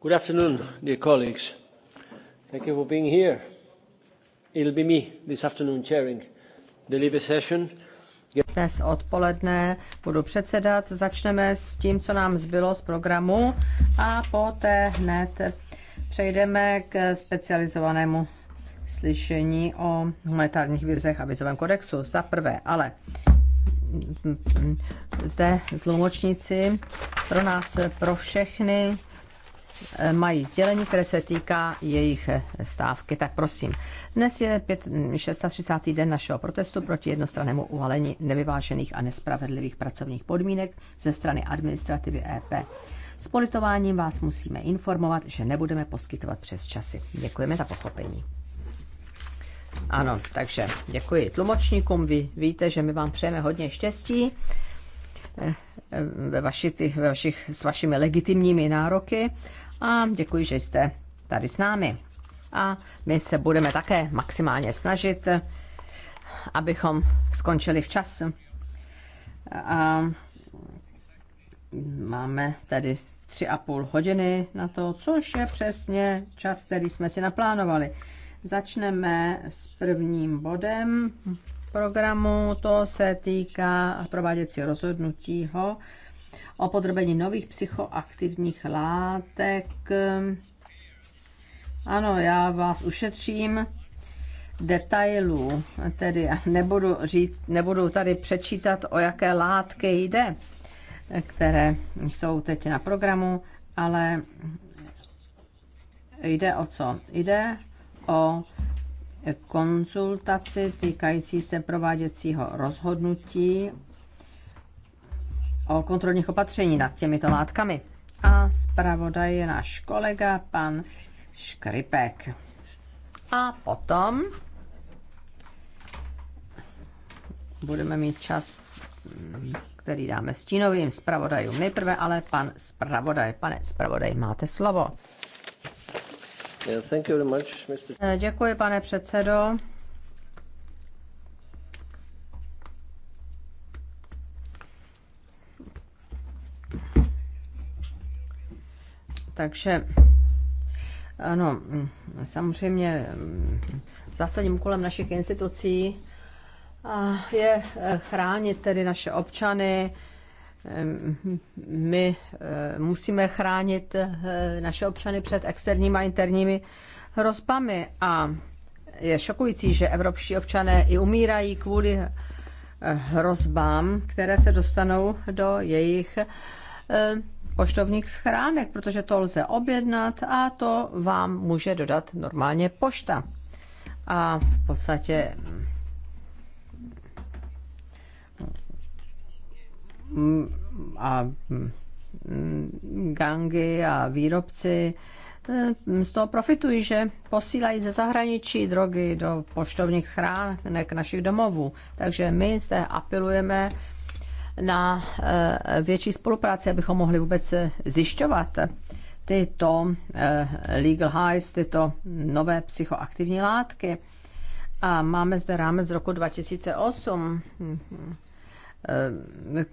Good afternoon, dear colleagues. Thank you for being here. It'll be me this afternoon chairing the Libe session. Dnes odpoledne budu předsedat. Začneme s tím, co nám zbylo z programu a poté hned přejdeme k specializovanému slyšení o humanitárních vizech a vizovém kodexu. Za prvé, ale zde tlumočníci pro nás, pro všechny Eh, mají sdělení, které se týká jejich eh, stávky. Tak prosím, dnes je 36. Hm, den našeho protestu proti jednostrannému uvalení nevyvážených a nespravedlivých pracovních podmínek ze strany administrativy EP. S politováním vás musíme informovat, že nebudeme poskytovat přes časy. Děkujeme za pochopení. Ano, takže děkuji tlumočníkům. Vy víte, že my vám přejeme hodně štěstí eh, ve vaši, ty, ve vašich, s vašimi legitimními nároky a děkuji, že jste tady s námi. A my se budeme také maximálně snažit, abychom skončili včas. A máme tady tři a půl hodiny na to, což je přesně čas, který jsme si naplánovali. Začneme s prvním bodem programu, to se týká prováděcího rozhodnutího o podrobení nových psychoaktivních látek. Ano, já vás ušetřím detailů, tedy nebudu, říct, nebudu tady přečítat, o jaké látky jde, které jsou teď na programu, ale jde o co? Jde o konzultaci týkající se prováděcího rozhodnutí o kontrolních opatření nad těmito látkami. A zpravodaj je náš kolega, pan Škripek. A potom budeme mít čas, který dáme stínovým zpravodajům nejprve, ale pan zpravodaj, pane zpravodaj, máte slovo. Yeah, thank you very much, Mr. Eh, děkuji, pane předsedo. Takže ano, samozřejmě mm, zásadním úkolem našich institucí je eh, chránit tedy naše občany. Eh, my eh, musíme chránit naše občany před externími a interními hrozbami a je šokující, že evropští občané i umírají kvůli hrozbám, které se dostanou do jejich poštovních schránek, protože to lze objednat a to vám může dodat normálně pošta. A v podstatě mm, a mm, gangy a výrobci mm, z toho profitují, že posílají ze zahraničí drogy do poštovních schránek našich domovů. Takže my zde apelujeme na eh, větší spolupráci, abychom mohli vůbec eh, zjišťovat tyto eh, legal highs, tyto nové psychoaktivní látky. A máme zde rámec z roku 2008.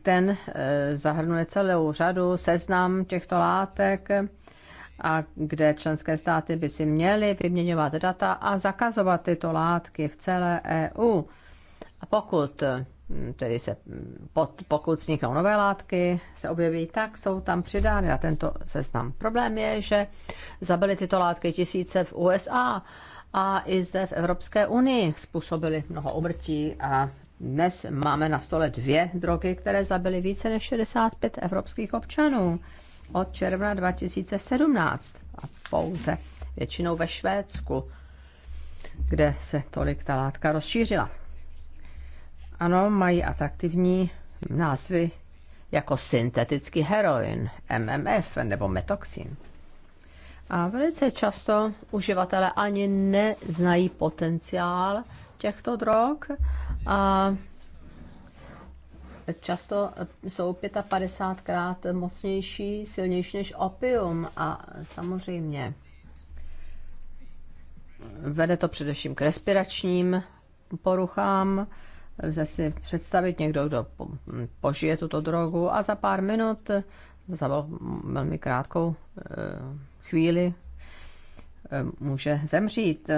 Ten zahrnuje celou řadu seznam těchto látek, a kde členské státy by si měly vyměňovat data a zakazovat tyto látky v celé EU. A pokud Mm, tedy se, mm, pokud vzniknou nové látky, se objeví, tak jsou tam přidány na tento seznam. Problém je, že zabili tyto látky tisíce v USA a i zde v Evropské unii způsobili mnoho obrtí a dnes máme na stole dvě drogy, které zabily více než 65 evropských občanů od června 2017 a pouze většinou ve Švédsku, kde se tolik ta látka rozšířila. Ano, mají atraktivní názvy jako syntetický heroin, MMF nebo metoxin. A velice často uživatelé ani neznají potenciál těchto drog a často jsou 55krát mocnější, silnější než opium a samozřejmě vede to především k respiračním poruchám, Lze si představit někdo, kdo hm, požije tuto drogu a za pár minut, za velmi krátkou eh, chvíli, eh, může zemřít.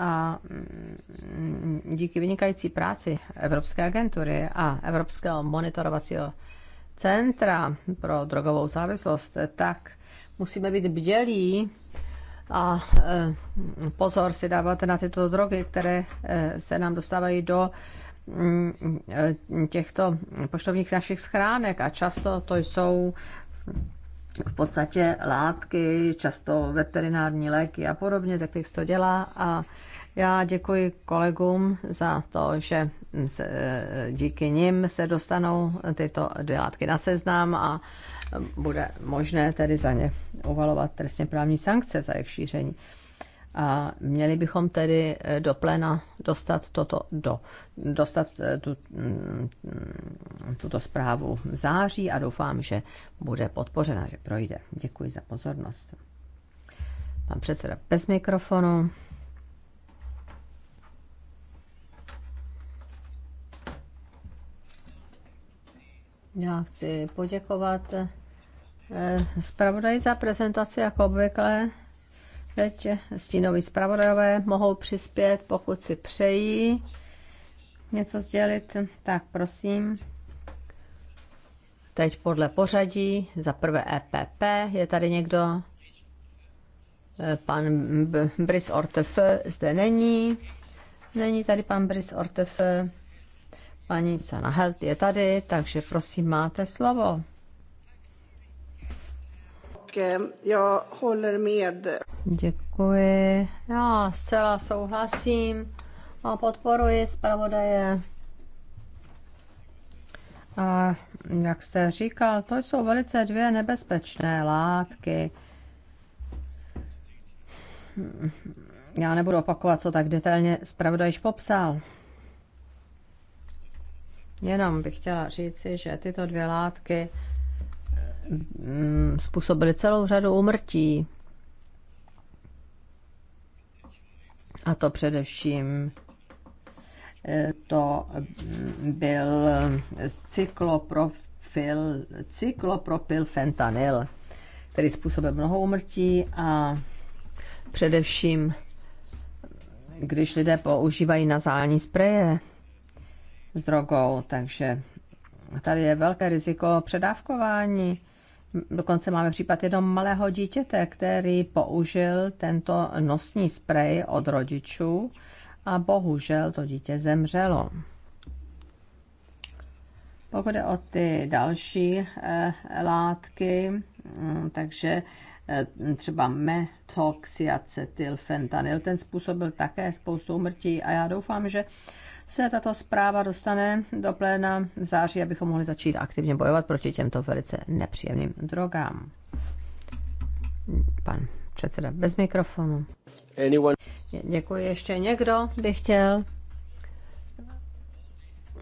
a hm, díky vynikající práci Evropské agentury a Evropského monitorovacího centra pro drogovou závislost, tak musíme být bdělí a eh, pozor si dáváte na tyto drogy, které eh, se nám dostávají do mm, eh, těchto poštovních našich schránek a často to jsou v podstatě látky, často veterinární léky a podobně, ze kterých se to dělá a já děkuji kolegům za to, že díky nim se dostanou tyto dvě látky na seznam a bude možné tedy za ně uvalovat trestně právní sankce za jejich šíření. A měli bychom tedy eh, do pléna dostat, toto do, dostat eh, tu, mm, tuto zprávu v září a doufám, že bude podpořena, že projde. Děkuji za pozornost. Pan předseda bez mikrofonu. Já chci poděkovat eh, zpravodaj za prezentaci, jako obvykle. Teď stínoví zpravodajové mohou přispět, pokud si přejí něco sdělit. Tak prosím. Teď podle pořadí, za prvé EPP, je tady někdo? Eh, pan Brice Ortef eh, zde není. Není tady pan Brice Ortef. Paní Sanahelt je tady, takže prosím, máte slovo. Děkuji. Já zcela souhlasím a podporuji zpravodaje. A jak jste říkal, to jsou velice dvě nebezpečné látky. Já nebudu opakovat, co tak detailně zpravodaj popsal. Jenom bych chtěla říci, že tyto dvě látky mm, způsobily celou řadu umrtí. A to především eh, to mm, byl eh, cyklopropil, cyklopropil fentanyl, který způsobil mnoho umrtí a především, když lidé používají nazální spreje, s drogou, takže tady je velké riziko předávkování. Dokonce máme případ jednoho malého dítěte, který použil tento nosní sprej od rodičů a bohužel to dítě zemřelo. Pokud je o ty další eh, látky, mm, takže eh, třeba metoxiacetylfentanyl, ten způsobil také spoustu umrtí a já doufám, že eh, se tato zpráva dostane do pléna v září, abychom mohli začít aktivně bojovat proti těmto velice nepříjemným drogám. Pan předseda bez mikrofonu. Anyone? Děkuji. Ještě někdo by chtěl?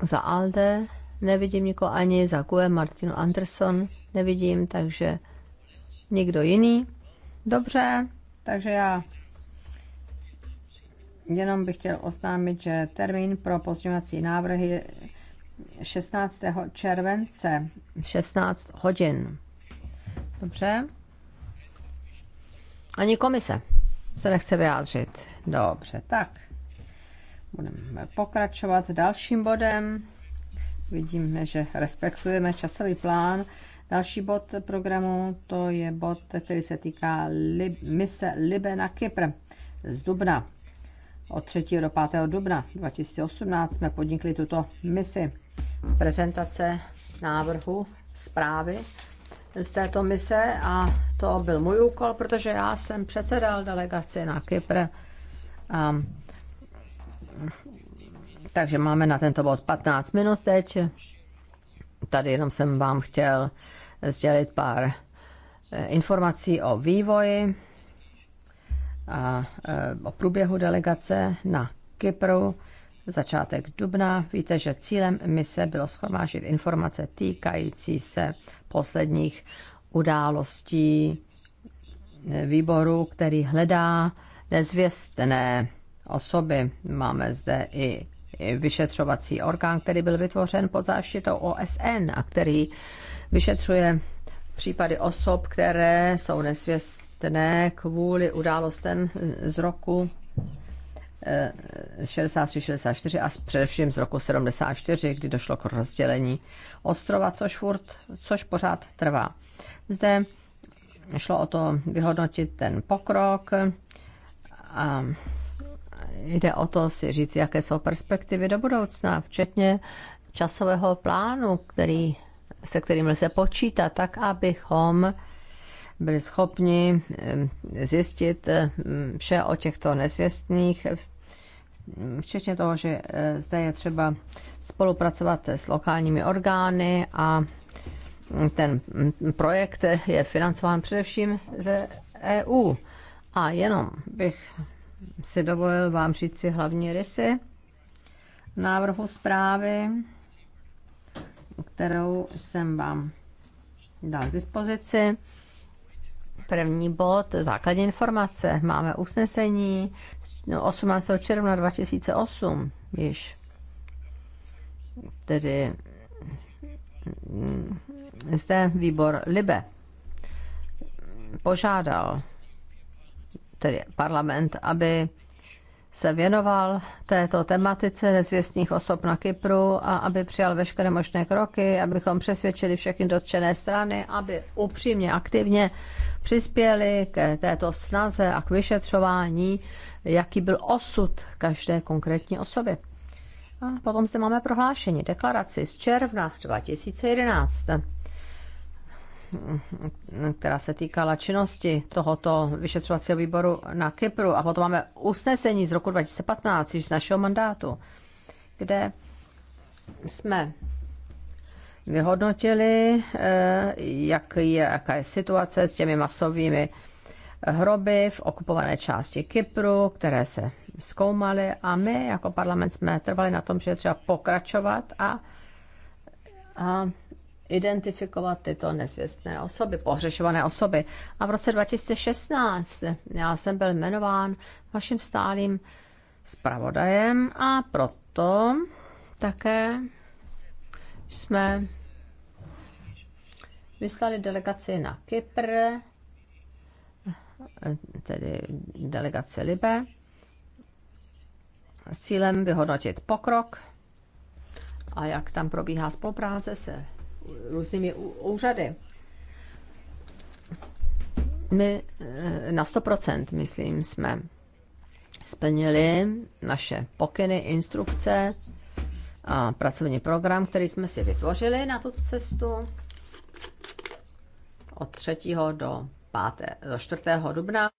Za Alde nevidím nikoho ani za QE Martinu Anderson nevidím, takže nikdo jiný. Dobře, takže já jenom bych chtěl oznámit, že termín pro pozměňovací návrhy je 16. července 16 hodin. Dobře. Ani komise se nechce vyjádřit. Dobře, tak. Budeme pokračovat dalším bodem. Vidíme, že respektujeme časový plán. Další bod programu to je bod, který se týká lib- mise Libe na Kypr z Dubna. Od 3. do 5. dubna 2018 jsme podnikli tuto misi. Prezentace návrhu zprávy z této mise a to byl můj úkol, protože já jsem předsedal delegaci na Kypr. A, takže máme na tento bod 15 minut teď. Tady jenom jsem vám chtěl sdělit pár eh, informací o vývoji a eh, o průběhu delegace na Kypru začátek dubna. Víte, že cílem mise bylo schromážit informace týkající se posledních událostí eh, výboru, který hledá nezvěstné osoby. Máme zde i vyšetřovací orgán, který byl vytvořen pod záštitou OSN a který vyšetřuje případy osob, které jsou nezvěstné dne kvůli událostem z roku 63, eh, 64 a především z roku 74, kdy došlo k rozdělení ostrova, což, furt, což pořád trvá. Zde šlo o to vyhodnotit ten pokrok a jde o to si říct, jaké jsou perspektivy do budoucna, včetně časového plánu, který, se kterým lze počítat, tak abychom byli schopni eh, zjistit eh, vše o těchto nezvěstných, eh, včetně toho, že zde je třeba spolupracovat s lokálními orgány a ten mm, projekt je financován především ze EU. A jenom bych si dovolil vám říct si hlavní rysy návrhu zprávy, kterou jsem vám dal k dispozici. První bod, základní informace. Máme usnesení 18. června 2008 již. Tedy mm, zde výbor Libe požádal tedy parlament, aby se věnoval této tematice nezvěstných osob na Kypru a aby přijal veškeré možné kroky, abychom přesvědčili všechny dotčené strany, aby upřímně, aktivně přispěli k této snaze a k vyšetřování, jaký byl osud každé konkrétní osoby. A potom zde máme prohlášení, deklaraci z června 2011 která se týkala činnosti tohoto vyšetřovacího výboru na Kypru. A potom máme usnesení z roku 2015, již z našeho mandátu, kde jsme vyhodnotili, eh, jak je, jaká je situace s těmi masovými hroby v okupované části Kypru, které se zkoumaly a my jako parlament jsme trvali na tom, že je třeba pokračovat a, a identifikovat tyto nezvěstné osoby, pohřešované osoby. A v roce 2016 já jsem byl jmenován vaším stálým zpravodajem a proto také jsme vyslali delegaci na Kypr, tedy delegaci Libe, s cílem vyhodnotit pokrok a jak tam probíhá spolupráce se různými úřady. My eh, na 100%, myslím, jsme splnili naše pokyny, instrukce a pracovní program, který jsme si vytvořili na tuto cestu od 3. do 5. do 4. dubna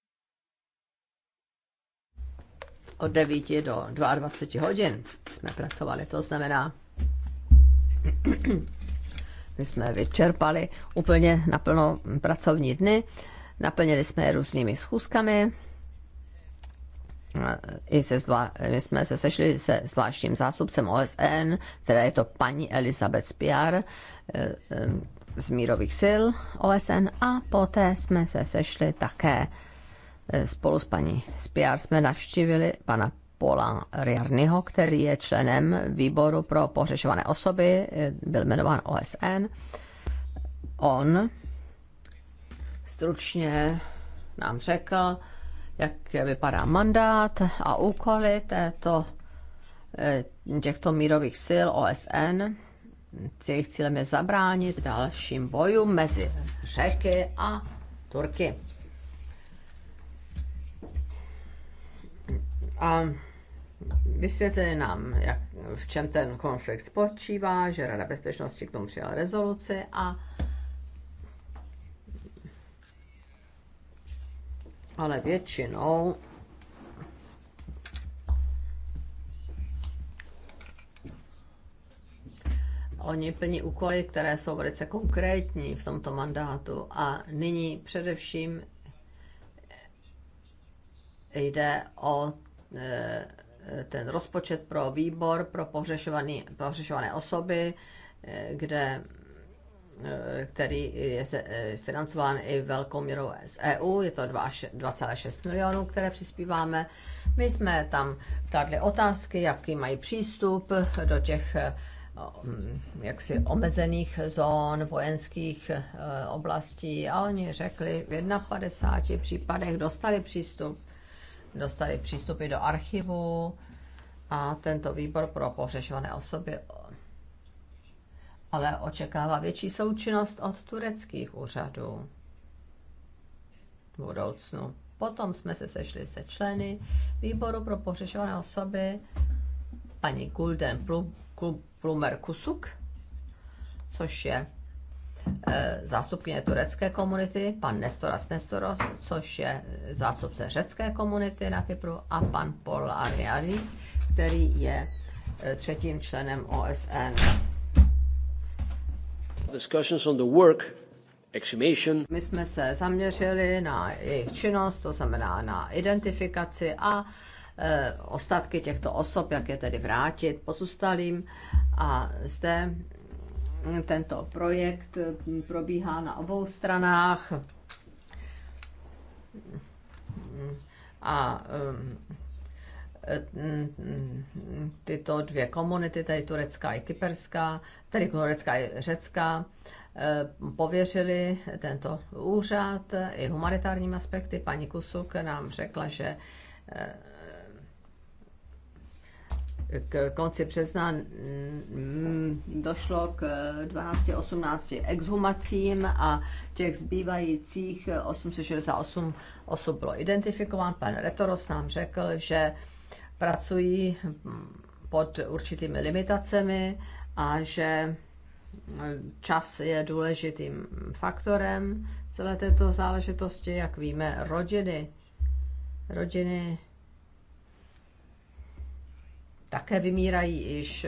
od 9 do 22 hodin jsme pracovali. To znamená, my jsme vyčerpali úplně naplno pracovní dny, naplnili jsme je různými schůzkami, i se zvla, my jsme se sešli se zvláštním zástupcem OSN, která je to paní Elizabeth Spiar eh, eh, z mírových sil OSN a poté jsme se sešli také eh, spolu s paní Spiar jsme navštívili pana Paula Riarnyho, který je členem výboru pro pohřešované osoby, byl jmenován OSN. On stručně nám řekl, jak vypadá mandát a úkoly této, eh, těchto mírových sil OSN. Jejich cílem je zabránit dalším bojům mezi Řeky a Turky. A Vysvětlili nám, jak, v čem ten konflikt spočívá, že Rada bezpečnosti k tomu přijala rezoluci a ale většinou Oni plní úkoly, které jsou velice konkrétní v tomto mandátu a nyní především jde o e, ten rozpočet pro výbor pro pohřešované osoby, eh, kde, eh, který je eh, financován i velkou měrou z EU, je to 2,6 milionů, které přispíváme. My jsme tam kladli otázky, jaký mají přístup do těch mm, jaksi omezených zón, vojenských oblastí a oni řekli, v 51 případech dostali přístup dostali přístupy do archivu a tento výbor pro pohřešované osoby ale očekává větší součinnost od tureckých úřadů v budoucnu. Potom jsme se sešli se členy výboru pro pohřešované osoby paní Gulden Plumer Kusuk, což je Eh, zástupkyně turecké komunity, pan Nestoras Nestoros, což je zástupce řecké komunity na Kypru, a pan Paul Ariari, který je eh, třetím členem OSN. Discussions on the work my jsme se zaměřili na jejich činnost, to znamená na identifikaci a e, ostatky těchto osob, jak je tedy vrátit pozůstalým. A zde tento projekt mm, probíhá na obou stranách a mm, mm, tyto dvě komunity, tady turecká i kyperská, tedy turecká i řecká, eh, pověřili tento úřad i humanitárním aspekty. Paní Kusuk nám řekla, že eh, k konci března mm, došlo k 12-18 exhumacím a těch zbývajících 868 osob bylo identifikován. Pan Retoros nám řekl, že pracují pod určitými limitacemi a že čas je důležitým faktorem celé této záležitosti, jak víme, rodiny rodiny také vymírají již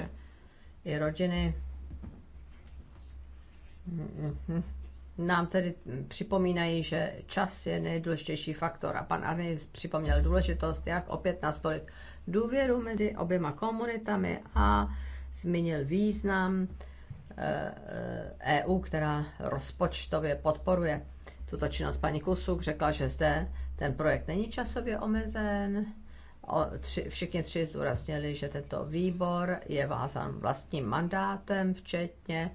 i rodiny. Nám tedy připomínají, že čas je nejdůležitější faktor a pan Arny připomněl důležitost, jak opět nastolit důvěru mezi oběma komunitami a zmínil význam EU, eh, eh, e která rozpočtově podporuje tuto činnost. Paní Kusuk řekla, že zde ten projekt není časově omezen, tři, všichni tři zdůraznili, že tento výbor je vázan vlastním mandátem, včetně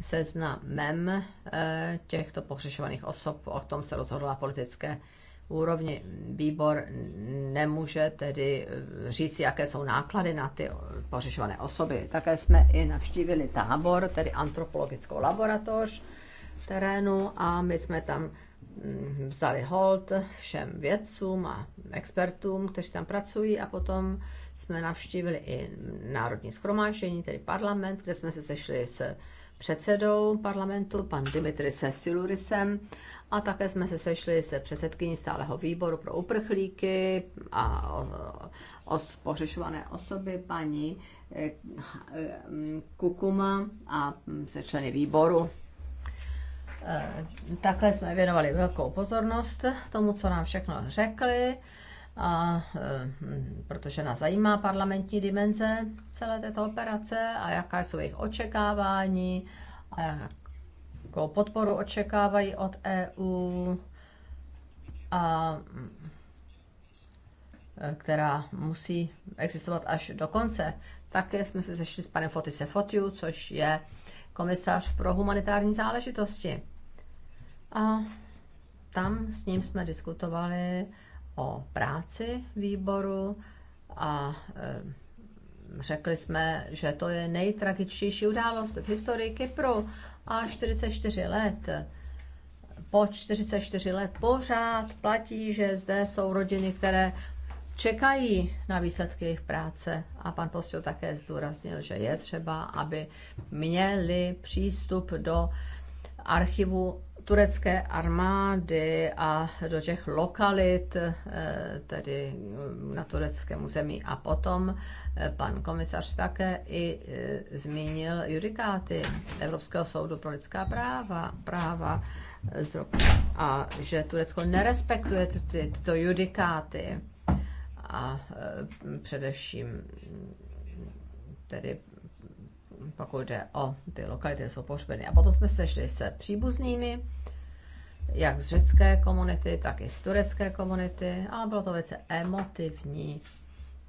seznamem eh, těchto pohřešovaných osob. O tom se rozhodla politické úrovni. Výbor nemůže tedy eh, říct, jaké jsou náklady na ty pohřešované osoby. Také jsme i navštívili tábor, tedy antropologickou laboratoř v terénu a my jsme tam Mm, vzali hold všem vědcům a expertům, kteří tam pracují a potom jsme navštívili i Národní schromáždění, tedy parlament, kde jsme se sešli s předsedou parlamentu, pan Dimitrise Silurisem, a také jsme se sešli se předsedkyní stáleho výboru pro uprchlíky a os, pořešované osoby, paní eh, eh, Kukuma a se členy výboru Eh, takhle jsme věnovali velkou pozornost tomu, co nám všechno řekli, a, eh, protože nás zajímá parlamentní dimenze celé této operace a jaká jsou jejich očekávání a jakou podporu očekávají od EU, a, eh, která musí existovat až do konce. Také jsme se sešli s panem Fotise Fotiu, což je komisař pro humanitární záležitosti. A tam s ním jsme diskutovali o práci výboru a eh, řekli jsme, že to je nejtragičtější událost v historii Kypru a 44 let po 44 let pořád platí, že zde jsou rodiny, které čekají na výsledky jejich práce. A pan Postil také zdůraznil, že je třeba, aby měli přístup do archivu turecké armády a do těch lokalit, eh, tedy mm, na tureckém území. A potom eh, pan komisař také i eh, zmínil judikáty Evropského soudu pro lidská práva, práva z roku, a že Turecko nerespektuje tyto judikáty a především tedy pokud jde o ty lokality, jsou pohřbeny. A potom jsme sešli se příbuznými, jak z řecké komunity, tak i z turecké komunity a bylo to velice emotivní.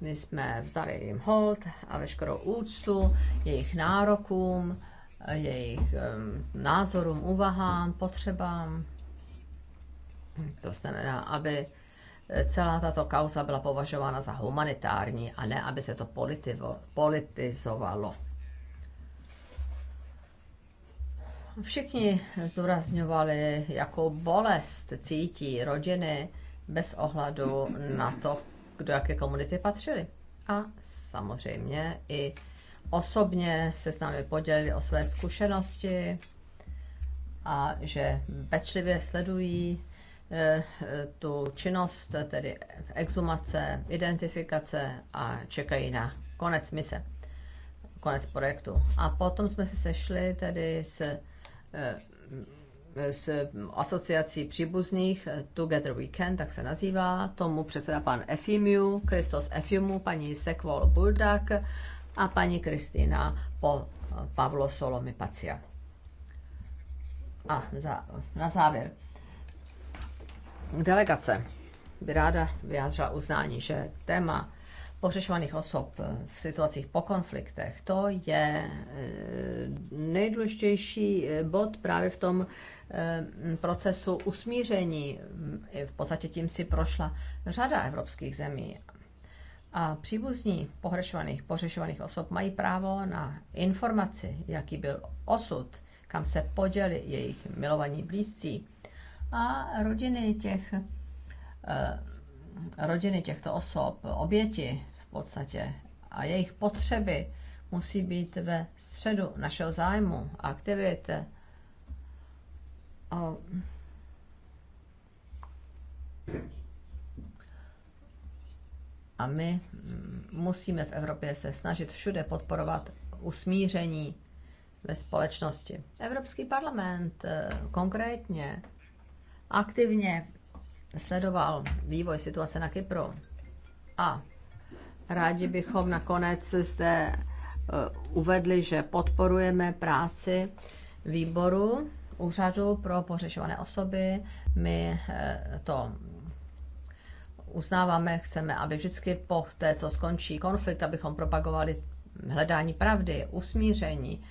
My jsme vzdali jim hold a veškerou úctu jejich nárokům, jejich názorům, úvahám, potřebám. To znamená, aby celá tato kauza byla považována za humanitární a ne, aby se to politivo, politizovalo. Všichni zdůrazňovali, jakou bolest cítí rodiny bez ohledu na to, kdo jaké komunity patřili. A samozřejmě i osobně se s námi podělili o své zkušenosti a že pečlivě sledují eh, eh, tu činnost, tedy exumace, identifikace a čekají na konec mise, konec projektu. A potom jsme se sešli tedy s Eh, s asociací příbuzných eh, Together Weekend, tak se nazývá, tomu předseda pan Efimiu, Kristos Efimu, paní Sekvol Buldak a paní Kristýna po eh, Pavlo Solomy Pacia. A za, na závěr. Delegace by ráda vyjádřila uznání, že téma pohřešovaných osob eh, v situacích po konfliktech, to je eh, nejdůležitější eh, bod právě v tom procesu usmíření. Mm, v podstatě tím si prošla řada evropských zemí. A příbuzní pohřešovaných, pohřešovaných osob mají právo na informaci, jaký byl osud, kam se poděli jejich milovaní blízcí. A rodiny těch rodiny těchto osob, oběti podstatě a jejich potřeby musí být ve středu našeho zájmu a eh, A a my mm, musíme v Evropě se snažit všude podporovat usmíření ve společnosti. Evropský parlament eh, konkrétně aktivně sledoval vývoj situace na Kypru a Rádi bychom nakonec zde eh, uvedli, že podporujeme práci výboru úřadu pro pořešované osoby. My eh, to uznáváme, chceme, aby vždycky po té, co skončí konflikt, abychom propagovali hledání pravdy, usmíření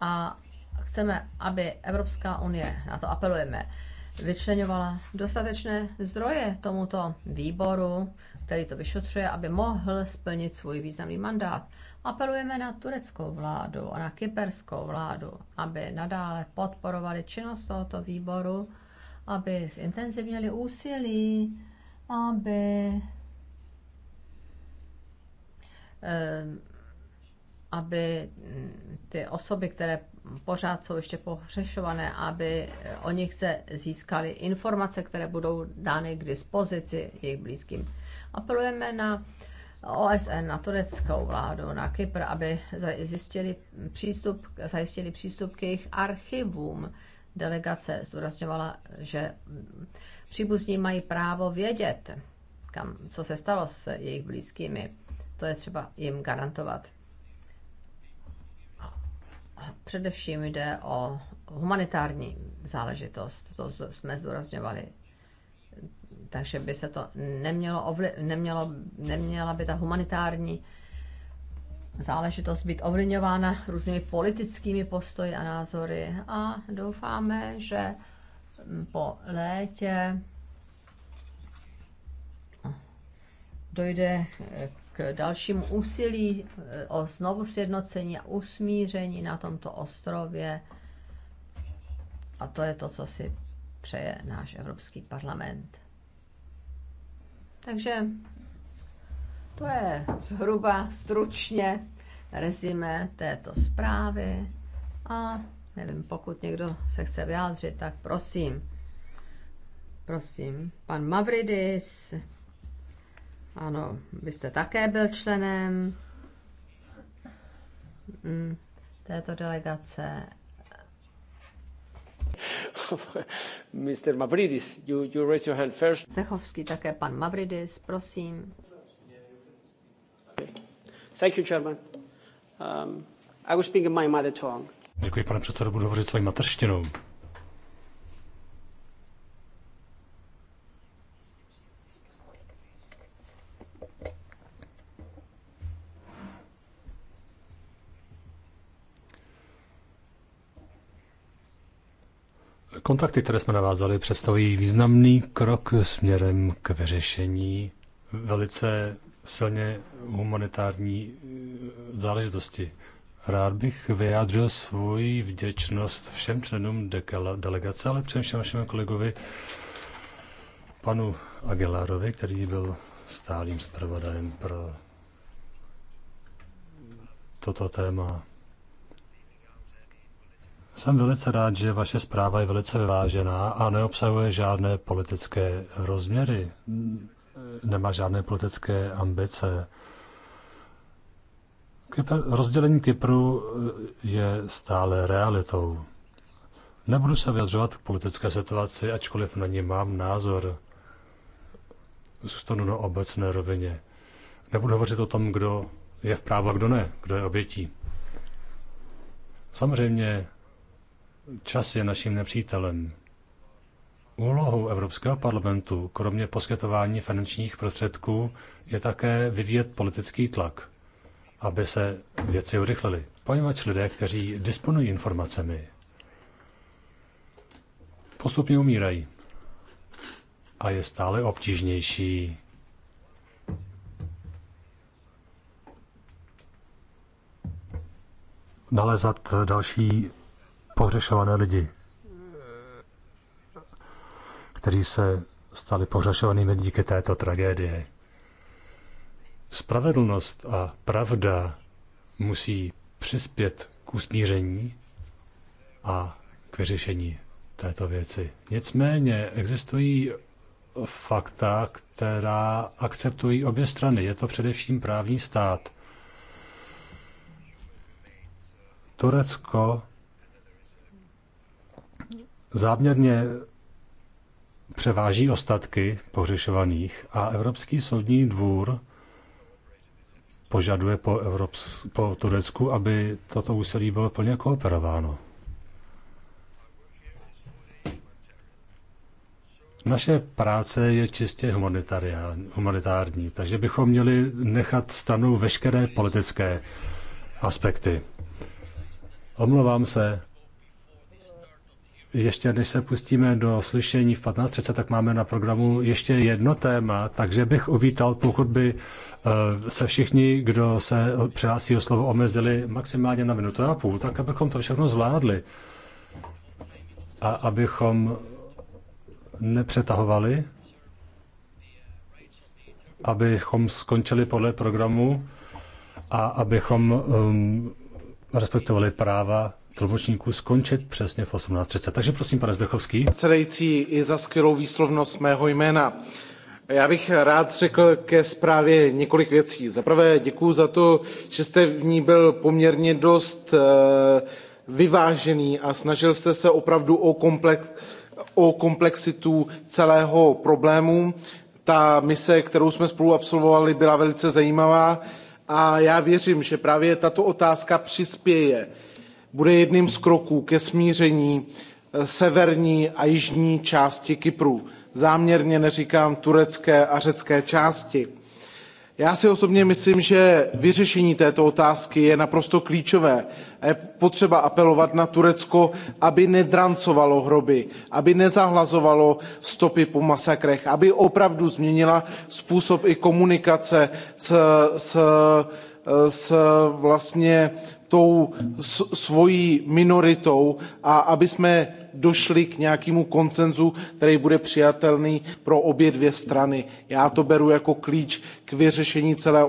a chceme, aby Evropská unie, na to apelujeme, vyčlenovala dostatečné zdroje tomuto výboru, který to vyšetřuje, aby mohl splnit svůj významný mandát. Apelujeme na tureckou vládu a na kyperskou vládu, aby nadále podporovali činnost tohoto výboru, aby zintenzivnili úsilí, aby eh, aby ty osoby, které pořád jsou ještě pohřešované, aby o nich se získaly informace, které budou dány k dispozici jejich blízkým. Apelujeme na OSN, na tureckou vládu, na Kypr, aby zajistili přístup, zajistili přístup k jejich archivům. Delegace zdůrazňovala, že příbuzní mají právo vědět, kam, co se stalo s jejich blízkými. To je třeba jim garantovat. Především jde o humanitární záležitost, to jsme zdůrazňovali. Takže by se to nemělo, ovli- nemělo neměla by ta humanitární záležitost být ovlivňována různými politickými postoji a názory. A doufáme, že po létě dojde k dalšímu úsilí eh, o znovu sjednocení a usmíření na tomto ostrově. A to je to, co si přeje náš Evropský parlament. Takže to je zhruba stručně rezime této zprávy a nevím, pokud někdo se chce vyjádřit, tak prosím. Prosím, pan Mavridis. Ano, vy jste také byl členem mm, této delegace. Mr. Mavridis, you, you raise your hand first. Zechovský také pan Mavridis, prosím. Thank you, Chairman. Um, I will speak in my mother tongue. Děkuji, pane předsedo, budu hovořit svojí materštinou. Kontakty, které jsme navázali, představují významný krok směrem k vyřešení velice silně humanitární eh, záležitosti. Rád bych vyjádřil svůj vděčnost všem členům delegace, ale především našemu kolegovi panu Aguilarovi, který byl stálým zpravodajem pro toto téma. Jsem velice rád, že vaše zpráva je velice vyvážená a neobsahuje žádné politické rozměry, nemá žádné politické ambice. Kypr, rozdělení Kypru eh, je stále realitou. Nebudu se vyjadřovat k politické situaci, ačkoliv na ní mám názor. Zůstanu na obecné rovině. Nebudu hovořit o tom, kdo je v právu a kdo ne, kdo je obětí. Samozřejmě Čas je naším nepřítelem. Úlohou Evropského parlamentu, kromě poskytování finančních prostředků, je také vyvíjet politický tlak, aby se věci urychlily. Poněvadž lidé, kteří disponují informacemi, postupně umírají a je stále obtížnější nalezat další pohřešované lidi, kteří se stali pohřešovanými díky této tragédii. Spravedlnost a pravda musí přispět k usmíření a k vyřešení této věci. Nicméně existují fakta, která akceptují obě strany. Je to především právní stát. Turecko záměrně převáží ostatky pohřešovaných a Evropský soudní dvůr požaduje po, Evrops, po Turecku, aby toto úsilí bylo plně kooperováno. Naše práce je čistě humanitární, takže bychom měli nechat stranou veškeré politické aspekty. Omlouvám se, ještě než se pustíme do slyšení v 15.30, tak máme na programu ještě jedno téma, takže bych uvítal, pokud by eh, se všichni, kdo se přihlásí o slovo, omezili maximálně na minutu a půl, tak abychom to všechno zvládli a abychom nepřetahovali, abychom skončili podle programu a abychom um, respektovali práva tlumočníků skončit přesně v 18.30. Takže prosím, pane Zdechovský. Předsedající i za skvělou výslovnost mého jména. Já bych rád řekl ke zprávě několik věcí. Za prvé děkuji za to, že jste v ní byl poměrně dost eh, vyvážený a snažil jste se opravdu o, komplex, o komplexitu celého problému. Ta mise, kterou jsme spolu absolvovali, byla velice zajímavá a já věřím, že právě tato otázka přispěje bude jedním z kroků ke smíření eh, severní a jižní části Kypru. Záměrně neříkám turecké a řecké části. Já si osobně myslím, že vyřešení této otázky je naprosto klíčové. Je potřeba apelovat na Turecko, aby nedrancovalo hroby, aby nezahlazovalo stopy po masakrech, aby opravdu změnila způsob i komunikace s, s, eh, s vlastně tou svojí minoritou a aby jsme došli k nějakému koncenzu, který bude přijatelný pro obě dvě strany. Já to beru jako klíč k vyřešení celé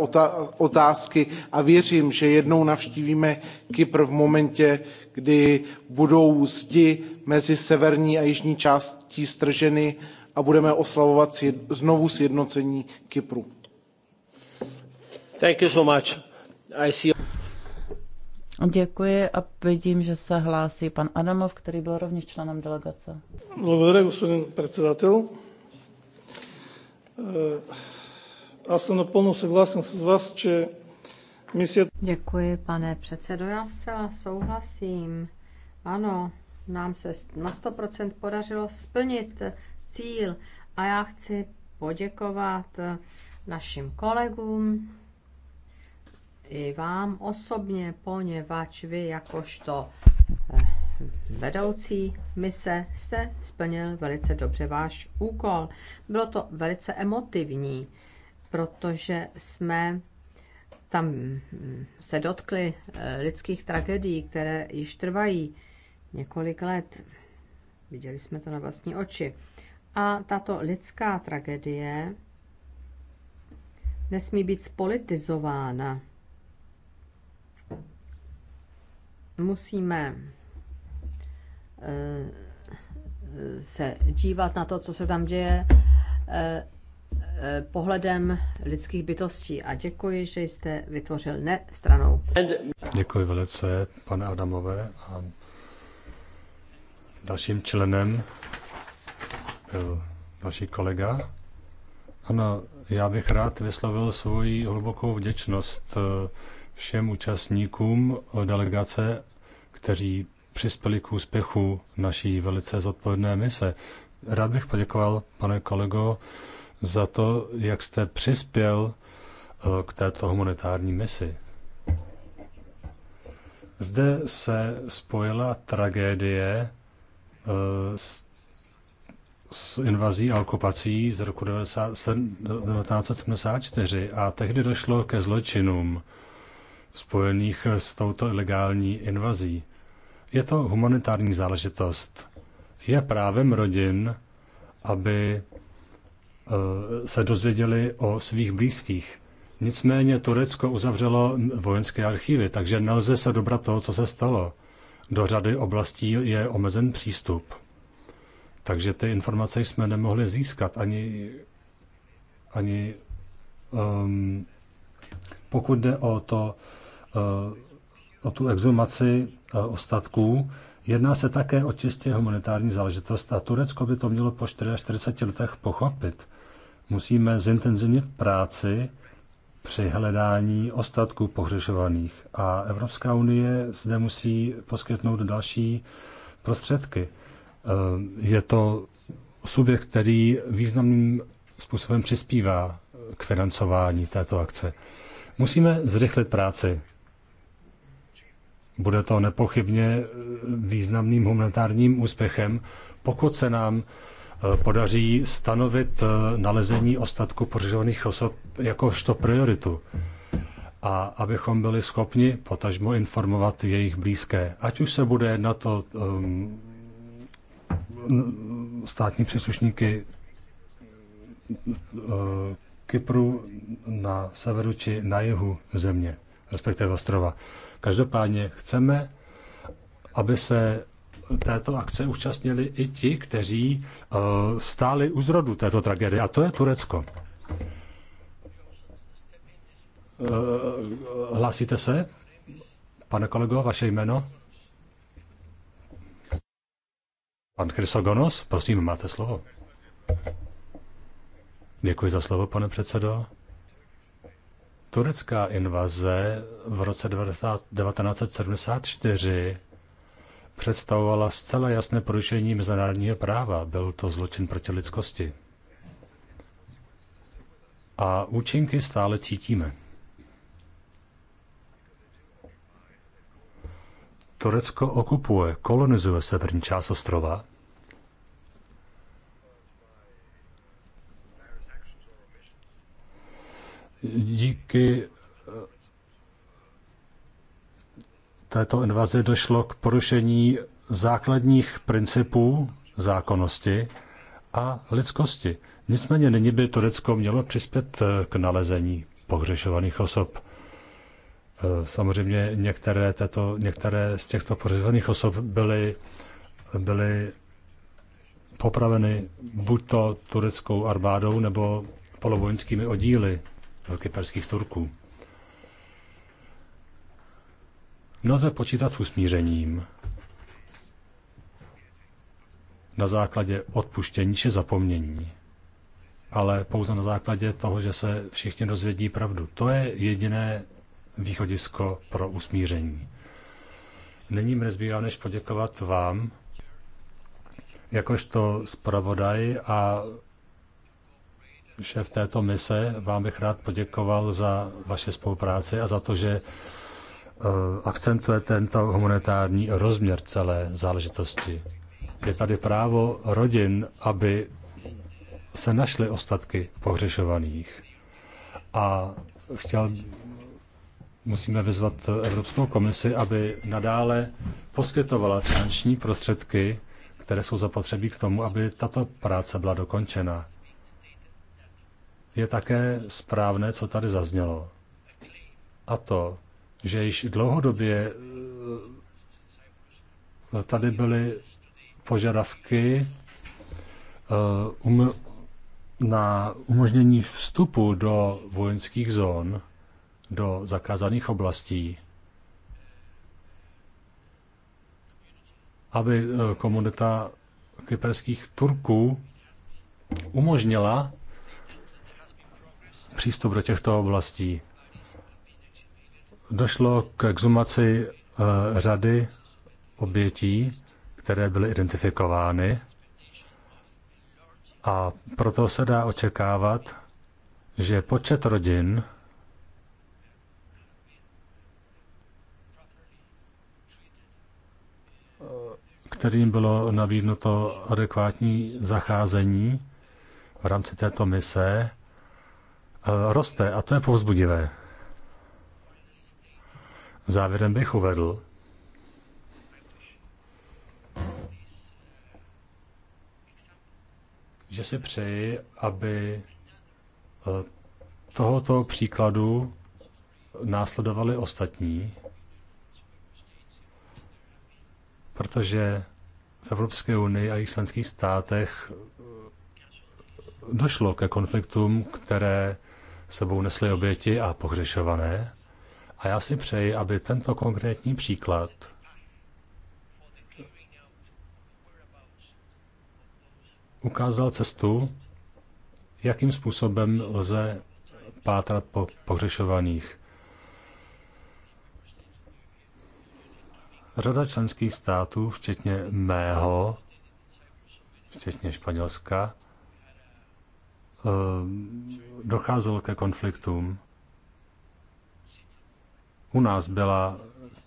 otázky a věřím, že jednou navštívíme Kypr v momentě, kdy budou zdi mezi severní a jižní částí strženy a budeme oslavovat znovu sjednocení Kypru. Thank you so much. I see... Děkuji a vidím, že se hlásí pan Adamov, který byl rovněž členem delegace. Благодаря, господин председател. Аз съм напълно съгласен с вас, че мисията... Děkuji, pane předsedo. Já zcela souhlasím. Ano, nám se na 100% podařilo splnit cíl a já chci poděkovat e, našim kolegům, i vám osobně, poněvadž vy jakožto eh, vedoucí mise jste splnil velice dobře váš úkol. Bylo to velice emotivní, protože jsme tam hm, se dotkli eh, lidských tragedií, které již trvají několik let. Viděli jsme to na vlastní oči. A tato lidská tragédie nesmí být spolitizována. musíme eh, se dívat na to, co se tam děje eh, eh, pohledem lidských bytostí a děkuji, že jste vytvořil ne stranou. Děkuji velice, pane Adamové. A dalším členem byl další kolega. Ano, já bych rád vyslovil svoji hlubokou vděčnost všem účastníkům delegace, kteří přispěli k úspěchu naší velice zodpovědné mise. Rád bych poděkoval, pane kolego, za to, jak jste přispěl eh, k této humanitární misi. Zde se spojila tragédie eh, s, s invazí a okupací z roku 1974 a tehdy došlo ke zločinům spojených s touto ilegální invazí. Je to humanitární záležitost. Je právem rodin, aby eh, se dozvěděli o svých blízkých. Nicméně Turecko uzavřelo vojenské archivy, takže nelze se dobrat toho, co se stalo. Do řady oblastí je omezen přístup. Takže ty informace jsme nemohli získat ani, ani um, pokud jde o to, Eh, o tu exhumaci eh, ostatků. Jedná se také o čistě humanitární záležitost a Turecko by to mělo po 44 letech pochopit. Musíme zintenzivnit práci při hledání ostatků pohřešovaných a Evropská unie zde musí poskytnout další prostředky. Eh, je to subjekt, který významným způsobem přispívá k financování této akce. Musíme zrychlit práci. Bude to nepochybně eh, významným humanitárním úspěchem, pokud se nám eh, podaří stanovit eh, nalezení ostatku pořizovaných osob jakožto prioritu a abychom byli schopni potažmo informovat jejich blízké. Ať už se bude na to um, ehm, státní příslušníky uh, Kypru na severu či na jihu země, respektive ostrova. Uh, Každopádně chceme, aby se této akce účastnili i ti, kteří eh, stáli u zrodu této tragédie, a to je Turecko. Eh, hlásíte se? Pane kolego, vaše jméno? Pan Chrysogonos, prosím, máte slovo. Děkuji za slovo, pane předsedo. Turecká invaze v roce 1974 představovala zcela jasné porušení mezinárodního práva. Byl to zločin proti lidskosti. A účinky stále cítíme. Turecko okupuje, kolonizuje severní část ostrova díky eh, této invazi došlo k porušení základních principů zákonnosti a lidskosti. Nicméně nyní by Turecko mělo přispět eh, k nalezení pohřešovaných osob. Eh, samozřejmě některé, této, některé z těchto pořizovaných osob byly, byly popraveny buď to tureckou armádou nebo polovojenskými oddíly velkyperských Turků. Nelze počítat s usmířením na základě odpuštění či zapomnění, ale pouze na základě toho, že se všichni dozvědí pravdu. To je jediné východisko pro usmíření. Není mi nezbývá, než poděkovat vám, jakožto zpravodaj a šéf této mise, vám bych rád poděkoval za vaše spolupráci a za to, že eh, akcentuje tento humanitární rozměr celé záležitosti. Je tady právo rodin, aby se našly ostatky pohřešovaných. A chtěl, musíme vyzvat Evropskou komisi, aby nadále poskytovala finanční prostředky, které jsou zapotřebí k tomu, aby tato práce byla dokončena je také správné, co tady zaznělo. A to, že již dlouhodobě eh, tady byly požadavky eh, um, na umožnění vstupu do vojenských zón, do zakázaných oblastí, aby eh, komunita kyperských Turků umožnila přístup do těchto oblastí. Došlo k exumaci eh, řady obětí, které byly identifikovány a proto se dá očekávat, že počet rodin, kterým bylo nabídnuto adekvátní zacházení v rámci této mise, Eh, roste a to je povzbudivé. Závěrem bych uvedl, že si přeji, aby eh, tohoto příkladu následovali ostatní, protože v Evropské unii a jejich státech eh, došlo ke konfliktům, které sebou nesli oběti a pohřešované. A já si přeji, aby tento konkrétní příklad ukázal cestu, jakým způsobem lze pátrat po pohřešovaných. Řada členských států, včetně mého, včetně Španělska, Eh, docházelo ke konfliktům. U nás byla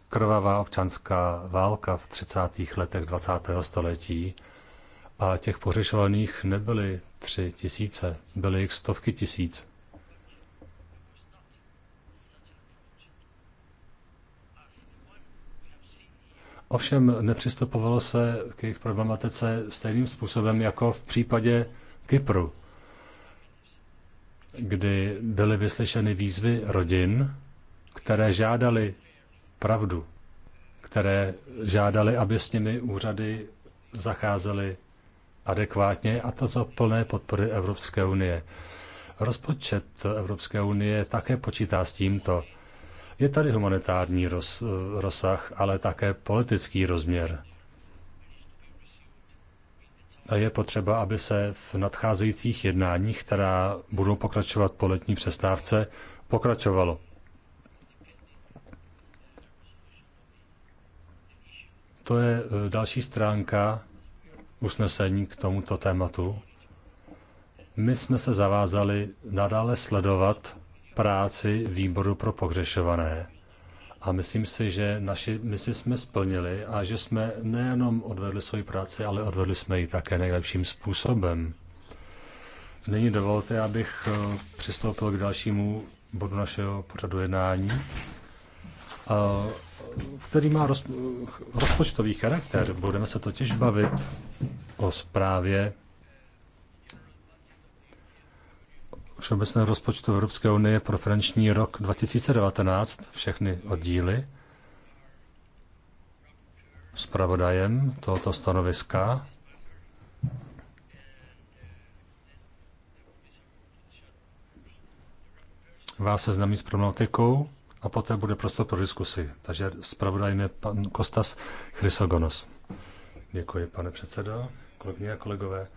krvavá občanská válka v 30. letech 20. století a těch pořešovaných nebyly tři tisíce, byly jich stovky tisíc. Ovšem nepřistupovalo se k jejich problematice stejným způsobem jako v případě Kypru kdy byly vyslyšeny výzvy rodin, které žádali pravdu, které žádali, aby s nimi úřady zacházely adekvátně a to za plné podpory Evropské unie. Rozpočet Evropské unie také počítá s tímto. Je tady humanitární roz, eh, rozsah, ale také politický rozměr je potřeba, aby se v nadcházejících jednáních, která budou pokračovat po letní přestávce, pokračovalo. To je e, další stránka usnesení k tomuto tématu. My jsme se zavázali nadále sledovat práci výboru pro pohřešované. A myslím si, že naši misi jsme splnili a že jsme nejenom odvedli svoji práci, ale odvedli jsme ji také nejlepším způsobem. Nyní dovolte, abych eh, přistoupil k dalšímu bodu našeho pořadu jednání, eh, který má rozpočtový charakter. Budeme se totiž bavit o zprávě všeobecného rozpočtu Evropské unie pro finanční rok 2019, všechny oddíly. Spravodajem tohoto stanoviska vás seznámí s problematikou a poté bude prostor pro diskusi. Takže zpravodajem je pan Kostas Chrysogonos. Děkuji, pane předsedo, kolegyně a kolegové.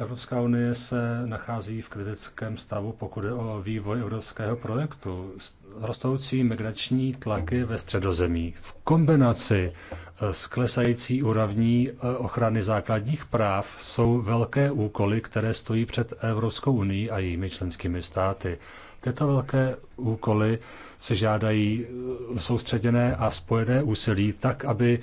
Evropská unie se nachází v kritickém stavu, pokud je o vývoj evropského projektu. Rostoucí migrační tlaky ve středozemí v kombinaci eh, s klesající úrovní eh, ochrany základních práv jsou velké úkoly, které stojí před Evropskou unii a jejími členskými státy. Tyto velké úkoly se žádají eh, soustředěné a spojené úsilí tak, aby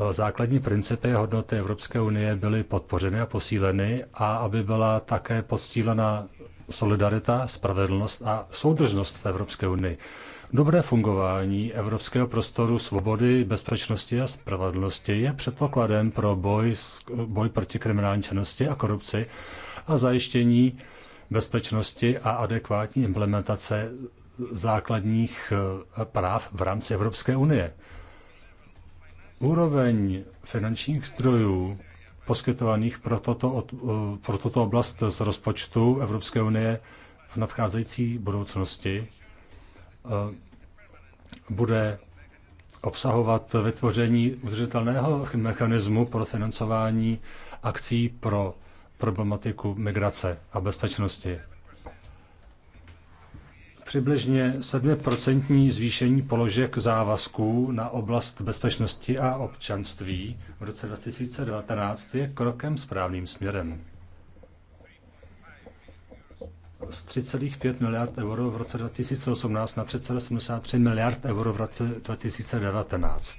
Eh, základní principy a hodnoty Evropské unie byly podpořeny a posíleny a aby byla také podstílena solidarita, spravedlnost a soudržnost v Evropské unii. Dobré fungování evropského prostoru svobody, bezpečnosti a spravedlnosti je předpokladem pro boj, boj proti kriminální činnosti a korupci a zajištění bezpečnosti a adekvátní implementace základních eh, práv v rámci Evropské unie. Úroveň finančních zdrojů poskytovaných pro toto, eh, pro toto oblast z rozpočtu Evropské unie v nadcházející budoucnosti eh, bude obsahovat vytvoření udržitelného mechanismu pro financování akcí pro problematiku migrace a bezpečnosti přibližně 7% zvýšení položek závazků na oblast bezpečnosti a občanství v roce 2019 je krokem správným směrem. Z 3,5 miliard euro v roce 2018 na 3,73 miliard euro v roce 2019.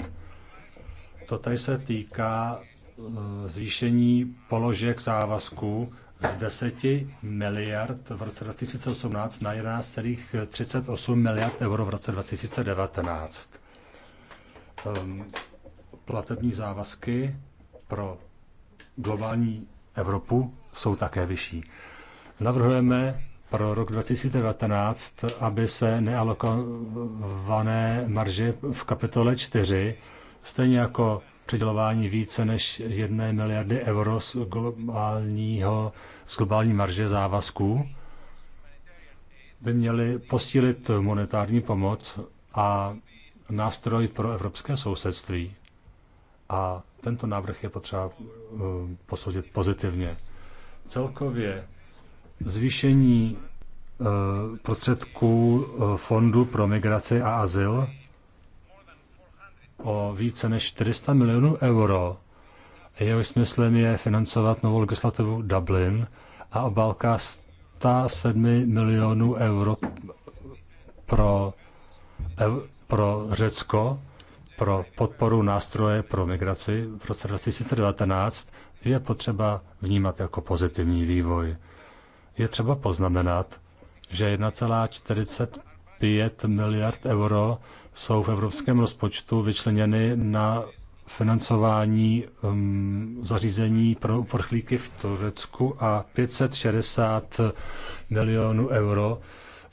Toto se týká eh, zvýšení položek závazků z 10 miliard v roce 2018 na 11,38 miliard euro v roce 2019. Ehm, platební závazky pro globální Evropu jsou také vyšší. Navrhujeme pro rok 2019, aby se nealokované marže v kapitole 4, stejně jako přidělování více než jedné miliardy euro z, globálního, z globální marže závazků by měli posílit monetární pomoc a nástroj pro evropské sousedství. A tento návrh je potřeba uh, posoudit pozitivně. Celkově zvýšení uh, prostředků uh, Fondu pro migraci a azyl o více než 400 milionů euro. Jeho smyslem je financovat novou legislativu Dublin a obálka 107 milionů euro pro, pro Řecko pro podporu nástroje pro migraci v roce 2019 je potřeba vnímat jako pozitivní vývoj. Je třeba poznamenat, že 1,45 miliard euro jsou v evropském rozpočtu vyčleněny na financování um, zařízení pro uprchlíky v Turecku a 560 milionů euro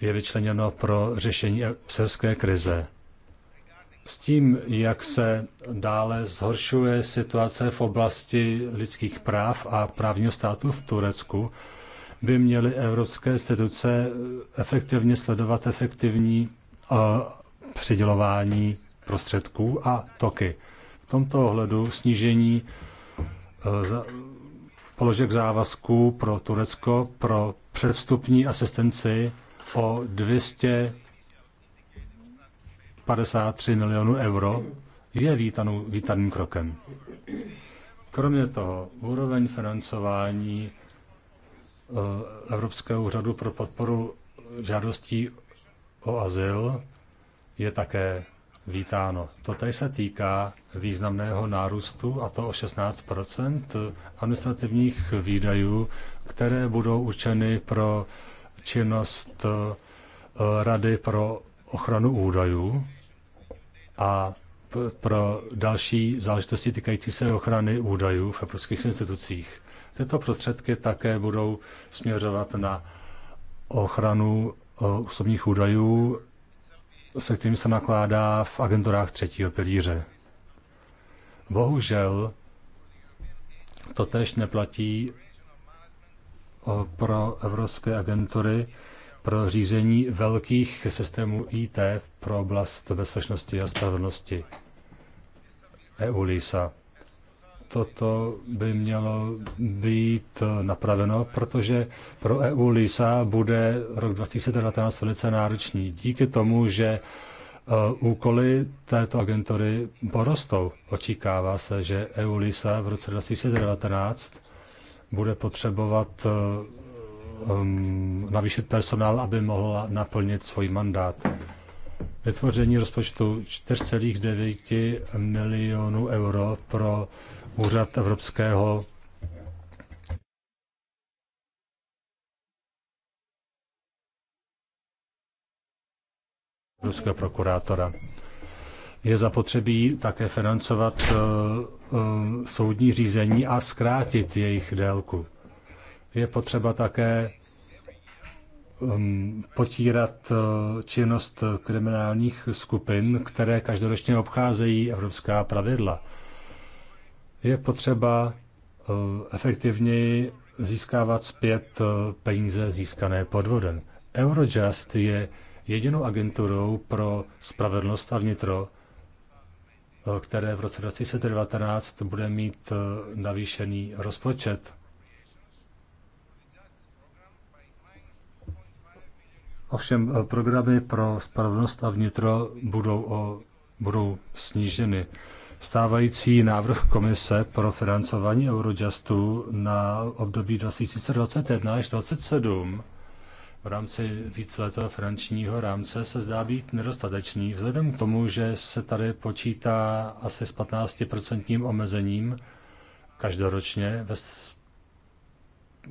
je vyčleněno pro řešení syrské krize. S tím, jak se dále zhoršuje situace v oblasti lidských práv a právního státu v Turecku, by měly evropské instituce efektivně sledovat efektivní a uh, přidělování prostředků a toky. V tomto ohledu snížení eh, položek závazků pro Turecko pro předstupní asistenci o 253 milionů euro je vítanou, vítaným krokem. Kromě toho, úroveň financování eh, Evropského úřadu pro podporu žádostí o azyl je také vítáno. Totež se týká významného nárůstu, a to o 16 administrativních výdajů, které budou určeny pro činnost eh, Rady pro ochranu údajů a pro další záležitosti týkající se ochrany údajů v evropských institucích. Tyto prostředky také budou směřovat na ochranu eh, osobních údajů se kterým se nakládá v agenturách třetího pilíře. Bohužel to tež neplatí pro evropské agentury pro řízení velkých systémů IT pro oblast bezpečnosti a spravedlnosti EU LISA toto by mělo být napraveno, protože pro EU LISA bude rok 2019 velice náročný. Díky tomu, že eh, úkoly této agentury porostou. Očekává se, že EU LISA v roce 2019 bude potřebovat um, navýšit personál, aby mohla naplnit svůj mandát. Vytvoření rozpočtu 4,9 milionů euro pro úřad evropského evropského prokurátora. Je zapotřebí také financovat eh, eh, soudní řízení a zkrátit jejich délku. Je potřeba také ehm, potírat eh, činnost kriminálních skupin, které každoročně obcházejí evropská pravidla je potřeba eh, efektivněji získávat zpět eh, peníze získané podvodem. Eurojust je jedinou agenturou pro spravedlnost a vnitro, eh, které v roce 2019 bude mít navýšený rozpočet. Ovšem programy pro spravedlnost a vnitro budou, o, budou sníženy stávající návrh komise pro financování Eurojustu na období 2021 až 2027 v rámci víceletého finančního rámce se zdá být nedostatečný, vzhledem k tomu, že se tady počítá asi s 15% omezením každoročně ve,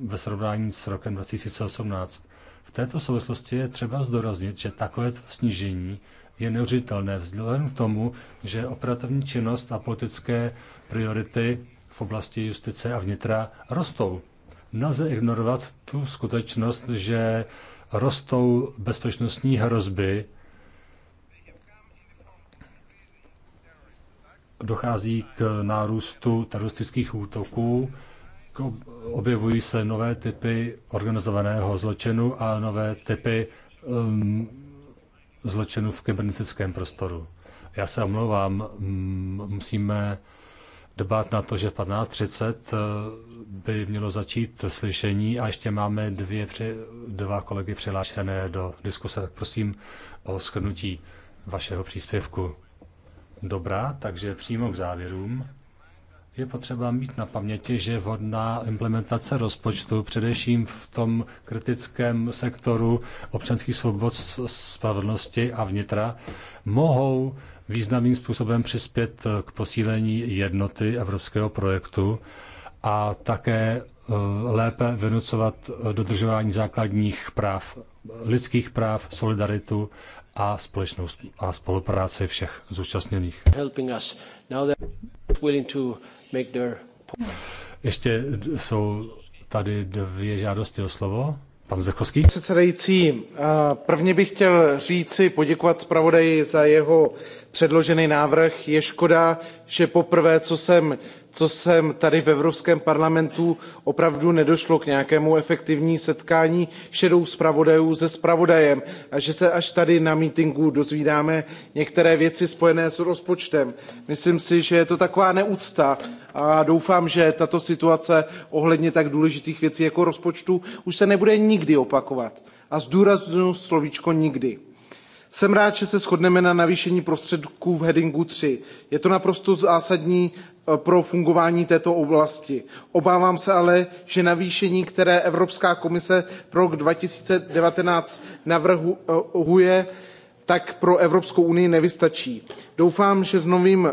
ve srovnání s rokem 2018. V této souvislosti je třeba zdoraznit, že takové snížení je neuřitelné vzhledem k tomu, že operativní činnost a politické priority v oblasti justice a vnitra rostou. Nelze ignorovat tu skutečnost, že rostou bezpečnostní hrozby, dochází k nárůstu teroristických útoků, jako objevují se nové typy organizovaného zločinu a nové typy um, zločinu v kybernetickém prostoru. Já se omlouvám, mm, musíme dbát na to, že 15.30 eh, by mělo začít slyšení a ještě máme dvě, dva kolegy přihlášené do diskuse, tak prosím o shrnutí vašeho příspěvku. Dobrá, takže přímo k závěrům. Je potřeba mít na paměti, že vhodná implementace rozpočtu, především v tom kritickém sektoru občanských svobod, spravedlnosti a vnitra, mohou významným způsobem přispět k posílení jednoty evropského projektu a také eh, lépe vynucovat dodržování základních práv, lidských práv, solidaritu a společnou a spolupráci všech zúčastněných. Ještě jsou tady dvě žádosti o slovo. Pan Zdechovský. Předsedající, eh, prvně bych chtěl říci, poděkovat zpravodaji za jeho předložený návrh. Je škoda, že poprvé, co jsem, co jsem tady v Evropském parlamentu, opravdu nedošlo k nějakému efektivní setkání šedou zpravodajů se zpravodajem a že se až tady na mítinku dozvídáme některé věci spojené s rozpočtem. Myslím si, že je to taková neúcta a doufám, že tato situace ohledně tak důležitých věcí jako rozpočtu už se nebude nikdy opakovat. A zdůraznuju slovíčko nikdy. Jsem rád, že se shodneme na navýšení prostředků v headingu 3. Je to naprosto zásadní eh, pro fungování této oblasti. Obávám se ale, že navýšení, které Evropská komise pro rok 2019 navrhuje, tak pro Evropskou unii nevystačí. Doufám, že s novým uh,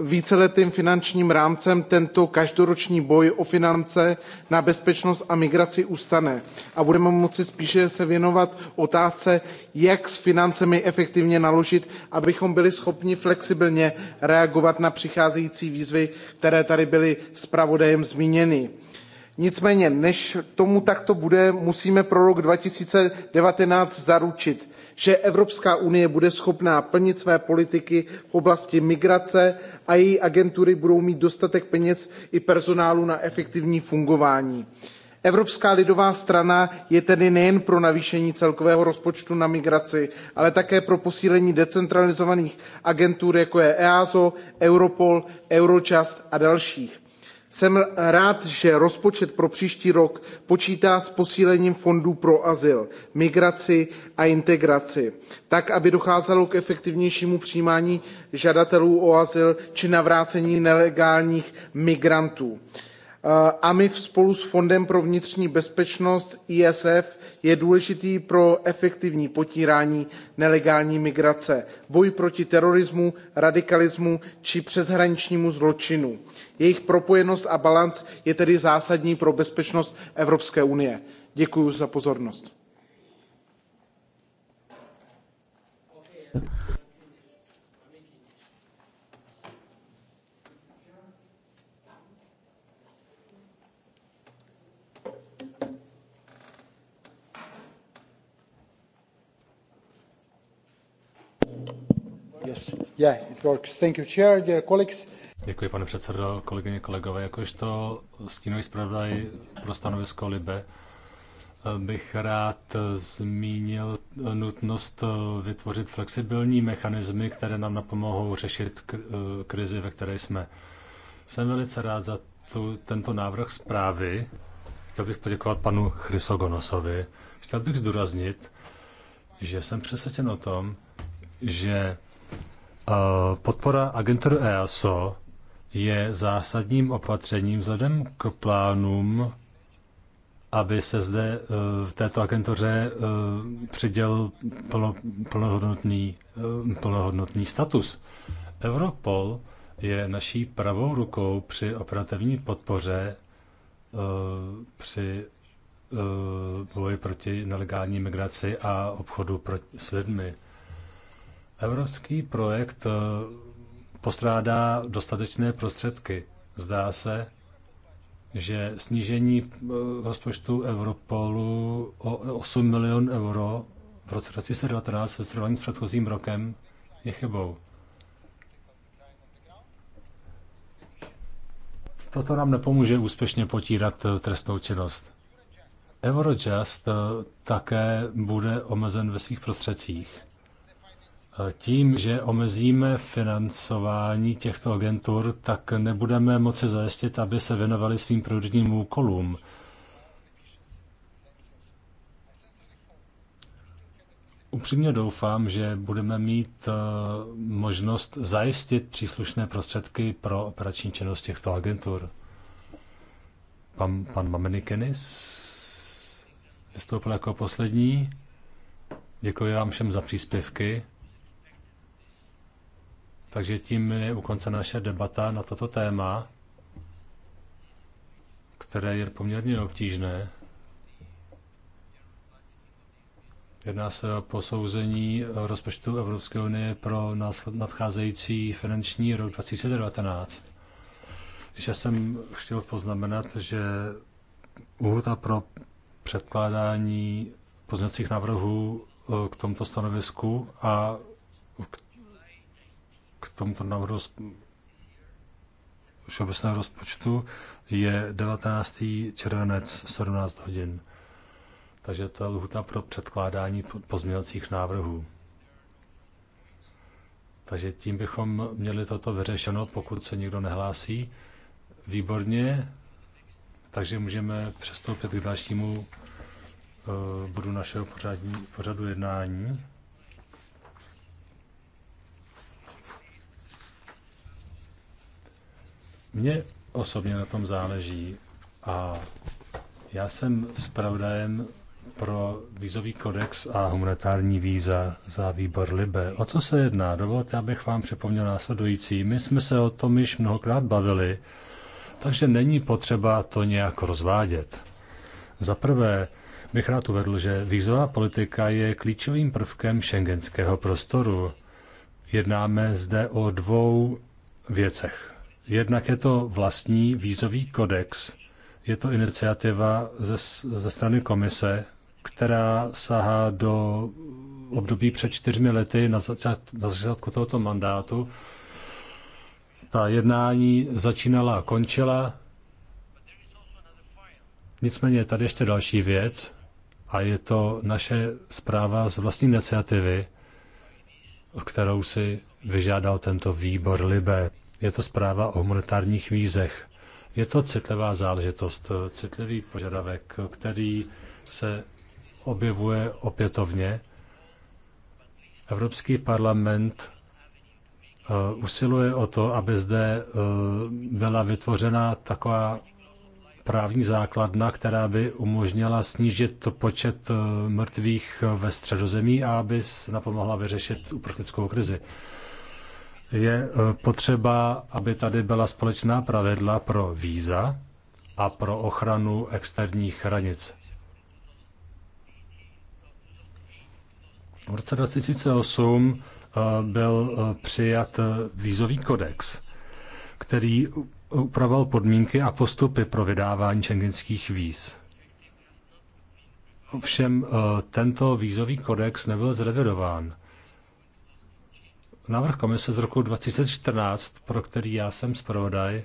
víceletým finančním rámcem tento každoroční boj o finance na bezpečnost a migraci ustane a budeme moci spíše se věnovat otázce, jak s financemi efektivně naložit, abychom byli schopni flexibilně reagovat na přicházející výzvy, které tady byly zpravodajem zmíněny nicméně než tomu takto bude musíme pro rok two thousand and nineteen zaručit že evropská unie bude schopna plnit své politiky v oblasti migrace a její agentury budou mít dostatek peněz i personálu na efektivní fungování. evropská lidová strana je tedy nejen pro navýšení celkového rozpočtu na migraci ale také pro posílení decentralizovaných agentur jako je easo europol eurojust a dalších jsem rád, že rozpočet pro příští rok počítá s posílením fondů pro azyl, migraci a integraci, tak, aby docházelo k efektivnějšímu přijímání žadatelů o azyl či navrácení nelegálních migrantů. A my spolu s Fondem pro vnitřní bezpečnost ISF je důležitý pro efektivní potírání nelegální migrace, boj proti terorismu, radikalismu či přeshraničnímu zločinu. Jejich propojenost a balanc je tedy zásadní pro bezpečnost Evropské unie. Děkuji za pozornost. Yes, yeah, it works. Thank you, Chair, dear colleagues. Děkuji, pane předsedo, kolegyně, kolegové. Jakožto stínový zpravodaj pro stanovisko Libe bych rád zmínil nutnost vytvořit flexibilní mechanismy, které nám napomohou řešit eh, krizi, ve které jsme. Jsem velice rád za tu, tento návrh zprávy. Chtěl bych poděkovat panu Chrysogonosovi. Chtěl bych zdůraznit, že jsem přesvědčen o tom, že eh, podpora agentury EASO je zásadním opatřením vzhledem k plánům, aby se zde eh, v této agentuře eh, přiděl plnohodnotný, eh, plnohodnotný status. Europol je naší pravou rukou při operativní podpoře, při boji proti nelegální migraci a obchodu s lidmi. Evropský projekt postrádá dostatečné prostředky. Zdá se, že snížení eh, rozpočtu Europolu o 8 milion euro v roce 2019 ve srovnání s předchozím rokem je chybou. Toto nám nepomůže úspěšně potírat eh, trestnou činnost. Eurojust eh, také bude omezen ve svých prostředcích. Tím, že omezíme financování těchto agentur, tak nebudeme moci zajistit, aby se věnovali svým prioritním úkolům. Upřímně doufám, že budeme mít e, možnost zajistit příslušné prostředky pro operační činnost těchto agentur. Pan, pan Mamenikenis vystoupil jako poslední. Děkuji vám všem za příspěvky. Takže tím je u konce naše debata na toto téma, které je poměrně obtížné. Jedná se o posouzení rozpočtu Evropské unie pro nadcházející finanční rok 2019. Já jsem chtěl poznamenat, že lhůta pro předkládání pozměňovacích návrhů eh, k tomuto stanovisku a k k tomuto návrhu všeobecného rozpočtu je 19. červenec 17 hodin. Takže to je lhuta pro předkládání pozměňovacích návrhů. Takže tím bychom měli toto vyřešeno, pokud se nikdo nehlásí. Výborně, takže můžeme přestoupit k dalšímu eh, bodu našeho pořadu jednání. Mně osobně na tom záleží a já jsem zpravodajem pro vízový kodex a humanitární víza za výbor Libe. O co se jedná? Dovolte, abych vám připomněl následující. My jsme se o tom již mnohokrát bavili, takže není potřeba to nějak rozvádět. Za prvé bych rád uvedl, že vízová politika je klíčovým prvkem šengenského prostoru. Jednáme zde o dvou věcech. Jednak je to vlastní vízový kodex. Je to iniciativa ze, ze strany komise, která sahá do období před čtyřmi lety na, začát, na začátku tohoto mandátu. Ta jednání začínala a končila. Nicméně je tady ještě další věc a je to naše zpráva z vlastní iniciativy, kterou si vyžádal tento výbor Libe. Je to zpráva o humanitárních vízech. Je to citlivá záležitost, citlivý požadavek, který se objevuje opětovně. Evropský parlament eh, usiluje o to, aby zde eh, byla vytvořena taková právní základna, která by umožnila snížit počet eh, mrtvých ve středozemí a aby napomohla vyřešit uprchlickou krizi je eh, potřeba, aby tady byla společná pravidla pro víza a pro ochranu externích hranic. V roce 2008 eh, byl eh, přijat vízový kodex, který upravoval podmínky a postupy pro vydávání šengenských víz. Ovšem tento vízový kodex nebyl zrevidován návrh komise z roku 2014, pro který já jsem zpravodaj,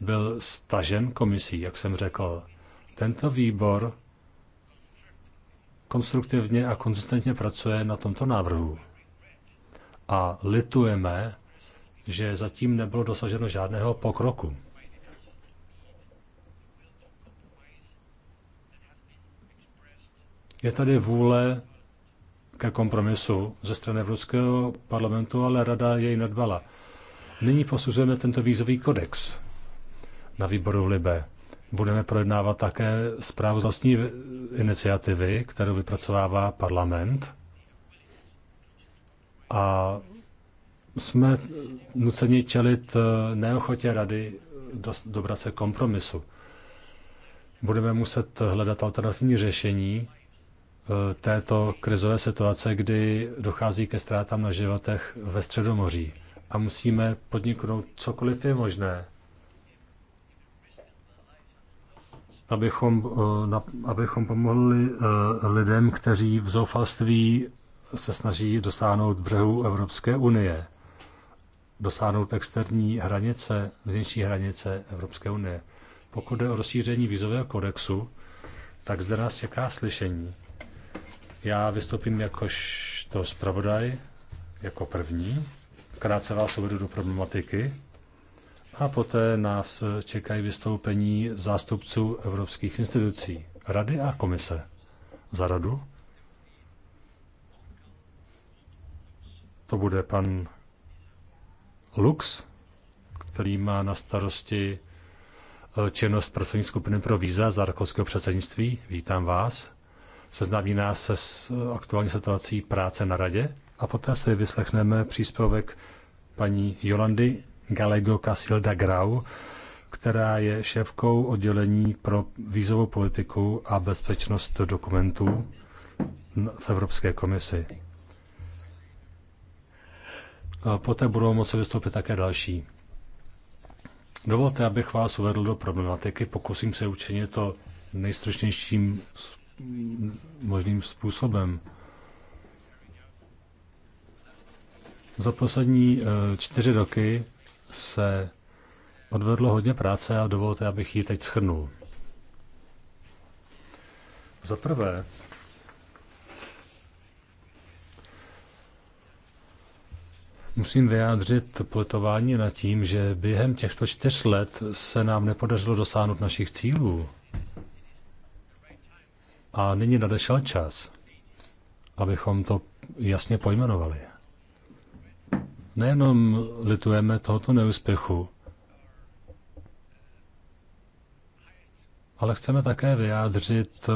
byl stažen komisí, jak jsem řekl. Tento výbor konstruktivně a konzistentně pracuje na tomto návrhu. A litujeme, že zatím nebylo dosaženo žádného pokroku. Je tady vůle ke kompromisu ze strany Evropského parlamentu, ale rada jej nadbala. Nyní posuzujeme tento vízový kodex na výboru Libe. Budeme projednávat také zprávu z vlastní iniciativy, kterou vypracovává parlament. A jsme nuceni čelit eh, neochotě rady dobrat se kompromisu. Budeme muset hledat alternativní řešení, Eh, této krizové situace, kdy dochází ke ztrátám na životech ve Středomoří a musíme podniknout cokoliv je možné, abychom, eh, abychom pomohli eh, lidem, kteří v zoufalství se snaží dosáhnout břehu Evropské unie, dosáhnout externí hranice, vnější hranice Evropské unie. Pokud jde o rozšíření vízového kodexu, tak zde nás čeká slyšení. Já vystoupím jakožto zpravodaj, jako první. Krátce vás uvedu do problematiky a poté nás čekají vystoupení zástupců evropských institucí, rady a komise. Za radu to bude pan Lux, který má na starosti eh, činnost pracovní skupiny pro víza za rakouského předsednictví. Vítám vás seznámí nás se s eh, aktuální situací práce na radě a poté si vyslechneme příspěvek paní Jolandy Galego Casilda Grau, která je šéfkou oddělení pro vízovou politiku a bezpečnost dokumentů v Evropské komisi. A poté budou moci vystoupit také další. Dovolte, abych vás uvedl do problematiky. Pokusím se učinit to nejstručnějším možným způsobem. Za poslední eh, čtyři roky se odvedlo hodně práce a dovolte, abych ji teď schrnul. Za prvé, musím vyjádřit politování nad tím, že během těchto čtyř let se nám nepodařilo dosáhnout našich cílů. A nyní nadešel čas, abychom to jasně pojmenovali. Nejenom litujeme tohoto neúspěchu, ale chceme také vyjádřit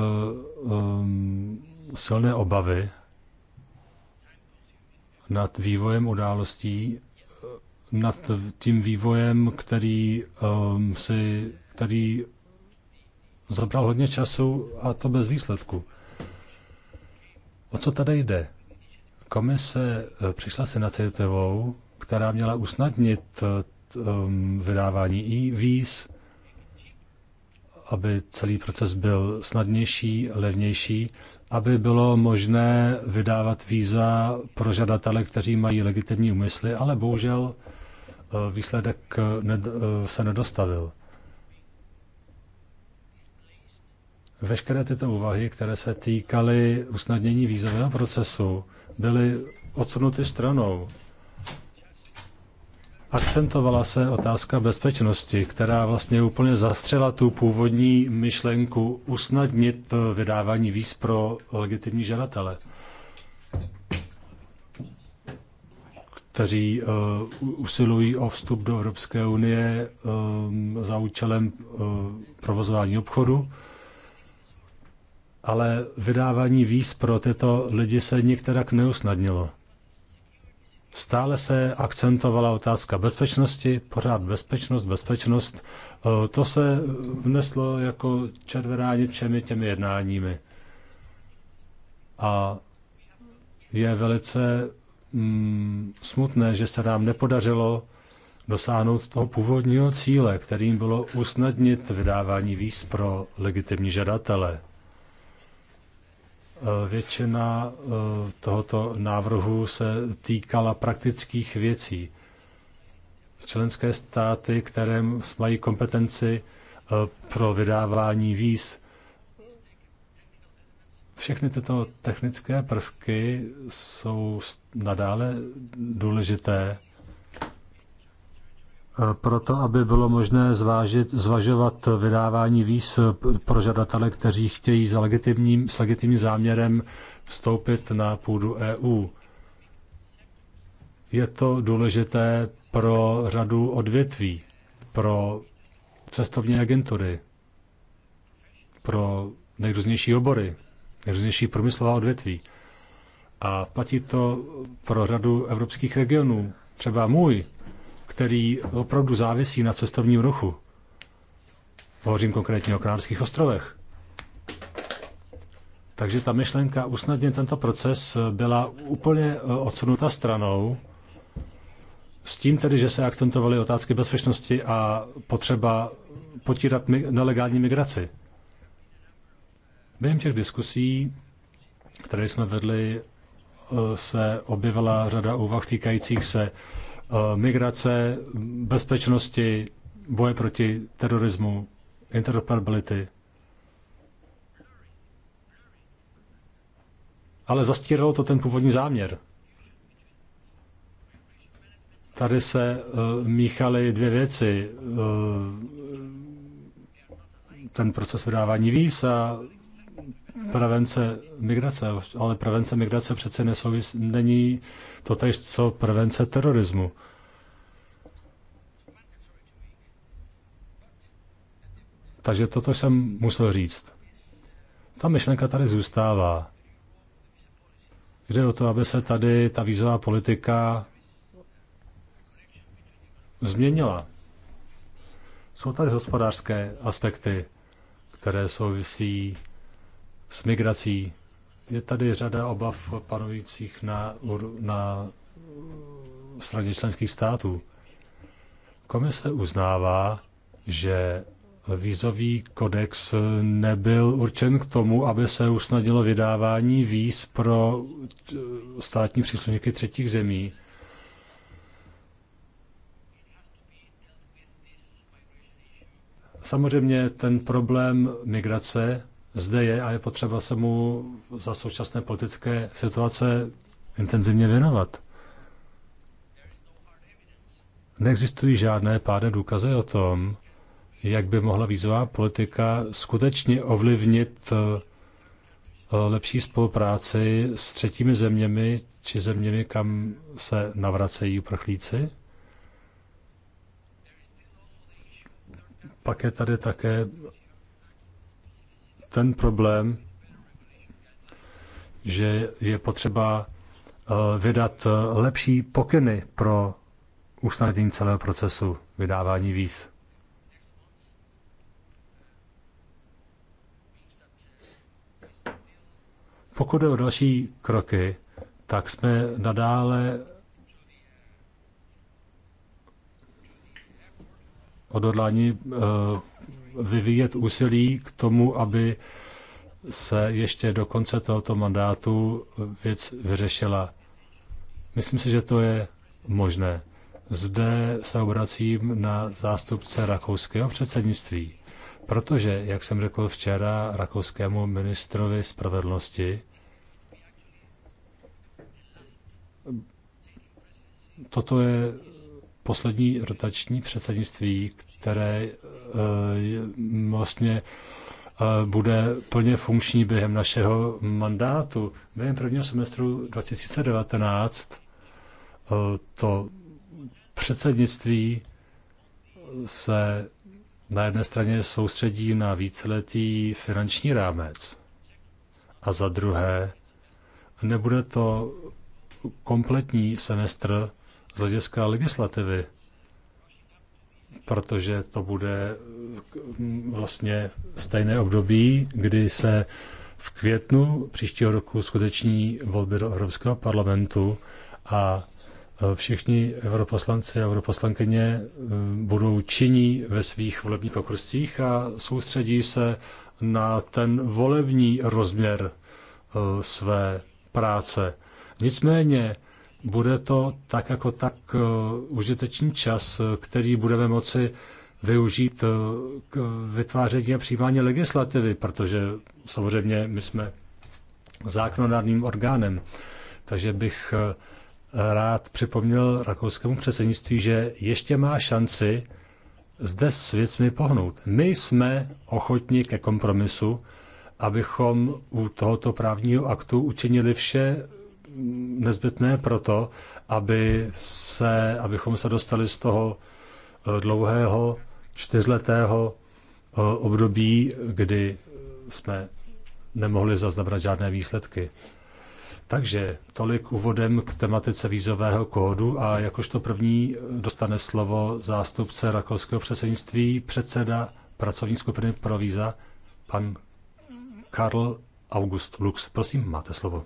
um, silné obavy nad vývojem událostí, nad tím vývojem, který um, si, který zabral hodně času a to bez výsledku. O co tady jde? Komise eh, přišla s iniciativou, která měla usnadnit eh, ehm, vydávání i víz, aby celý proces byl snadnější, levnější, aby bylo možné vydávat víza pro žadatele, kteří mají legitimní úmysly, ale bohužel eh, výsledek se nedostavil. Veškeré tyto úvahy, které se týkaly usnadnění vízového procesu, byly odsunuty stranou. Akcentovala se otázka bezpečnosti, která vlastně úplně zastřela tu původní myšlenku usnadnit vydávání víz pro legitimní žadatele, kteří uh, usilují o vstup do Evropské unie um, za účelem uh, provozování obchodu ale vydávání víz pro tyto lidi se některak neusnadnilo. Stále se akcentovala otázka bezpečnosti, pořád bezpečnost, bezpečnost. To se vneslo jako červenáni všemi těmi jednáními. A je velice mm, smutné, že se nám nepodařilo dosáhnout toho původního cíle, kterým bylo usnadnit vydávání víz pro legitimní žadatele. Eh, většina eh, tohoto návrhu se týkala praktických věcí. Členské státy, které mají kompetenci eh, pro vydávání víz, všechny tyto technické prvky jsou nadále důležité proto, aby bylo možné zvážit, zvažovat vydávání víz pro žadatele, kteří chtějí s legitimním, s legitimním záměrem vstoupit na půdu EU. Je to důležité pro řadu odvětví, pro cestovní agentury, pro nejrůznější obory, nejrůznější průmyslová odvětví. A platí to pro řadu evropských regionů. Třeba můj který opravdu závisí na cestovním ruchu. Hovořím konkrétně o Kanárských ostrovech. Takže ta myšlenka usnadnit tento proces byla úplně eh, odsunuta stranou, s tím tedy, že se akcentovaly otázky bezpečnosti a potřeba potírat mi- nelegální migraci. Během těch diskusí, které jsme vedli, eh, se objevila řada úvah týkajících se Eh, migrace, bezpečnosti, boje proti terorismu, interoperability. Ale zastíralo to ten původní záměr. Tady se uh, míchaly dvě věci. Uh, ten proces vydávání víz a prevence migrace, ale prevence migrace přece nesouvis, není to tež, co prevence terorismu. Takže toto jsem musel říct. Ta myšlenka tady zůstává. Jde o to, aby se tady ta vízová politika změnila. Jsou tady hospodářské aspekty, které souvisí s migrací. Je tady řada obav panujících na, na straně členských států. Komise uznává, že vízový kodex nebyl určen k tomu, aby se usnadnilo vydávání víz pro státní příslušníky třetích zemí. Samozřejmě ten problém migrace zde je a je potřeba se mu za současné politické situace intenzivně věnovat. Neexistují žádné pádné důkazy o tom, jak by mohla vízová politika skutečně ovlivnit eh, lepší spolupráci s třetími zeměmi či zeměmi, kam se navracejí uprchlíci? Pak je tady také ten problém, že je potřeba eh, vydat eh, lepší pokyny pro usnadnění celého procesu vydávání víz. Pokud jde o další kroky, tak jsme nadále odhodlání eh, vyvíjet úsilí k tomu, aby se ještě do konce tohoto mandátu věc vyřešila. Myslím si, že to je možné. Zde se obracím na zástupce rakouského předsednictví, protože, jak jsem řekl včera rakouskému ministrovi spravedlnosti, toto je poslední rotační předsednictví, které Eh, vlastně eh, bude plně funkční během našeho mandátu. Během prvního semestru 2019 eh, to předsednictví se na jedné straně soustředí na víceletý finanční rámec a za druhé nebude to kompletní semestr z hlediska legislativy protože to bude eh, vlastně stejné období, kdy se v květnu příštího roku skuteční volby do Evropského parlamentu a eh, všichni europoslanci a europoslankyně eh, budou činí ve svých volebních okrscích a soustředí se na ten volební rozměr své práce. Nicméně bude to tak jako tak eh, užitečný čas, eh, který budeme moci využít eh, k vytváření a přijímání legislativy, protože samozřejmě my jsme zákonodárným orgánem. Takže bych rád připomněl rakouskému předsednictví, že ještě má šanci zde s věcmi pohnout. My jsme ochotni ke kompromisu, abychom u tohoto právního aktu učinili vše, nezbytné proto, aby se, abychom se dostali z toho eh, dlouhého čtyřletého eh, období, kdy jsme nemohli zaznamenat žádné výsledky. Takže tolik úvodem k tematice vízového kódu a jakožto první eh, dostane slovo zástupce rakouského předsednictví, předseda pracovní skupiny pro víza, pan Karl August Lux. Prosím, máte slovo.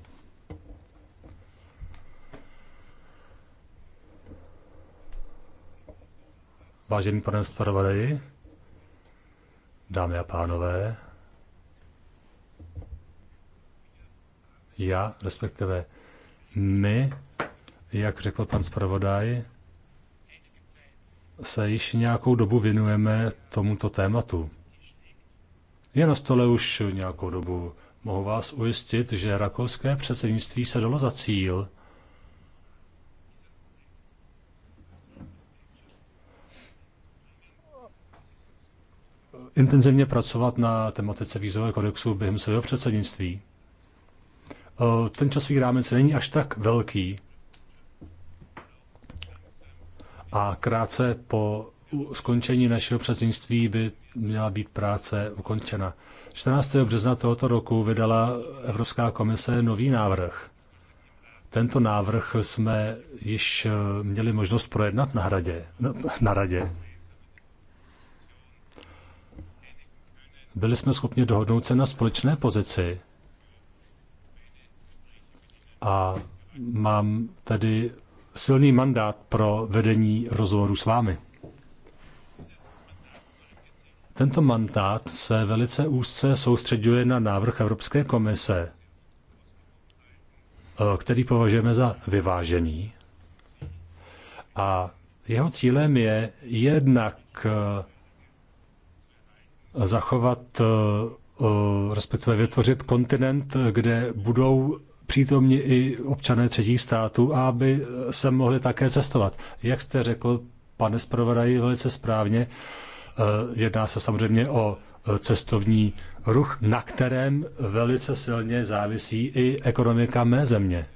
Vážený pane zpravodaji, dámy a pánové, já, respektive my, jak řekl pan zpravodaj, se již nějakou dobu věnujeme tomuto tématu. Je na stole už nějakou dobu. Mohu vás ujistit, že rakouské předsednictví se dalo za cíl intenzivně pracovat na tematice vízového kodexu během svého předsednictví. Eh, ten časový rámec není až tak velký. A krátce po skončení našeho předsednictví by měla být práce ukončena. 14. března tohoto roku vydala Evropská komise nový návrh. Tento návrh jsme již eh, měli možnost projednat na, hradě, na radě. byli jsme schopni dohodnout se na společné pozici. A mám tady silný mandát pro vedení rozhovoru s vámi. Tento mandát se velice úzce soustředuje na návrh Evropské komise, eh, který považujeme za vyvážený. A jeho cílem je jednak eh, zachovat, eh, eh, respektive vytvořit kontinent, kde budou přítomni i občané třetích států aby se mohli také cestovat. Jak jste řekl, pane zpravodaji, velice správně, eh, jedná se samozřejmě o cestovní ruch, na kterém velice silně závisí i ekonomika mé země.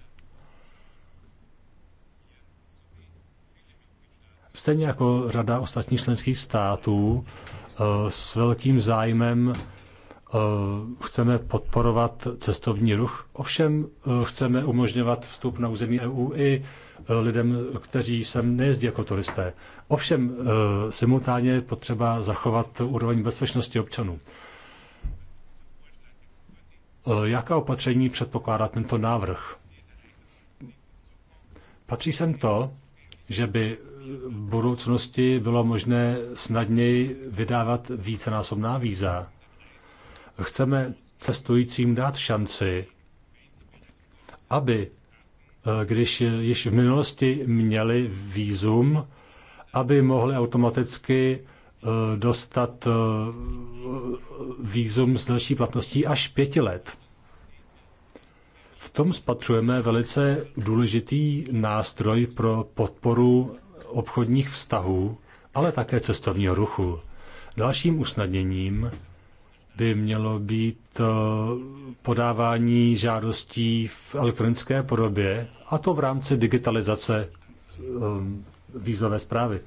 Stejně jako řada ostatních členských států, Eh, s velkým zájmem eh, chceme podporovat cestovní ruch, ovšem eh, chceme umožňovat vstup na území EU i lidem, kteří sem nejezdí jako turisté. Ovšem simultánně je potřeba zachovat úroveň bezpečnosti občanů. Jaká opatření předpokládá tento návrh? Patří sem to, že by v budoucnosti bylo možné snadněji vydávat vícenásobná víza. Chceme cestujícím dát šanci, aby, eh, když již v minulosti měli vízum, aby mohli automaticky eh, dostat eh, vízum s další platností až pěti let. V tom spatřujeme velice důležitý nástroj pro podporu obchodních vztahů, ale také cestovního ruchu. Dalším usnadněním by mělo být eh, podávání žádostí v elektronické podobě, a to v rámci digitalizace eh, vízové zprávy.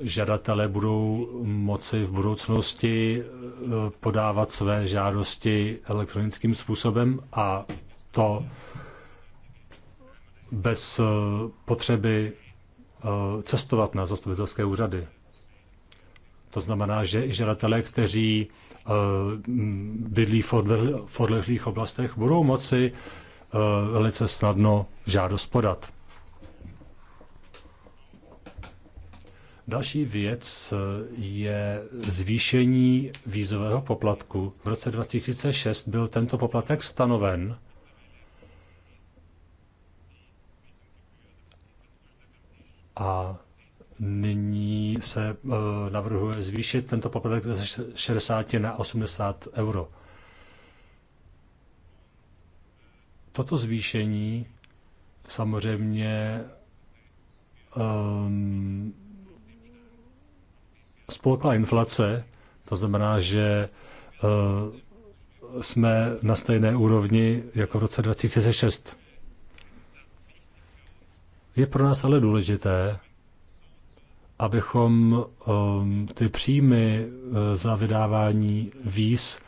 Žadatelé budou moci v budoucnosti eh, podávat své žádosti elektronickým způsobem a to bez eh, potřeby eh, cestovat na zastupitelské úřady. To znamená, že i žadatelé, kteří eh, bydlí v odlehlých oblastech, budou moci velice snadno žádost podat. Další věc je zvýšení vízového poplatku. V roce 2006 byl tento poplatek stanoven A nyní se eh, navrhuje zvýšit tento poplatek ze 60 na 80 euro. Toto zvýšení samozřejmě um, spolkla inflace, to znamená, že uh, jsme na stejné úrovni jako v roce 2006. Je pro nás ale důležité, abychom um, ty příjmy uh, za vydávání víz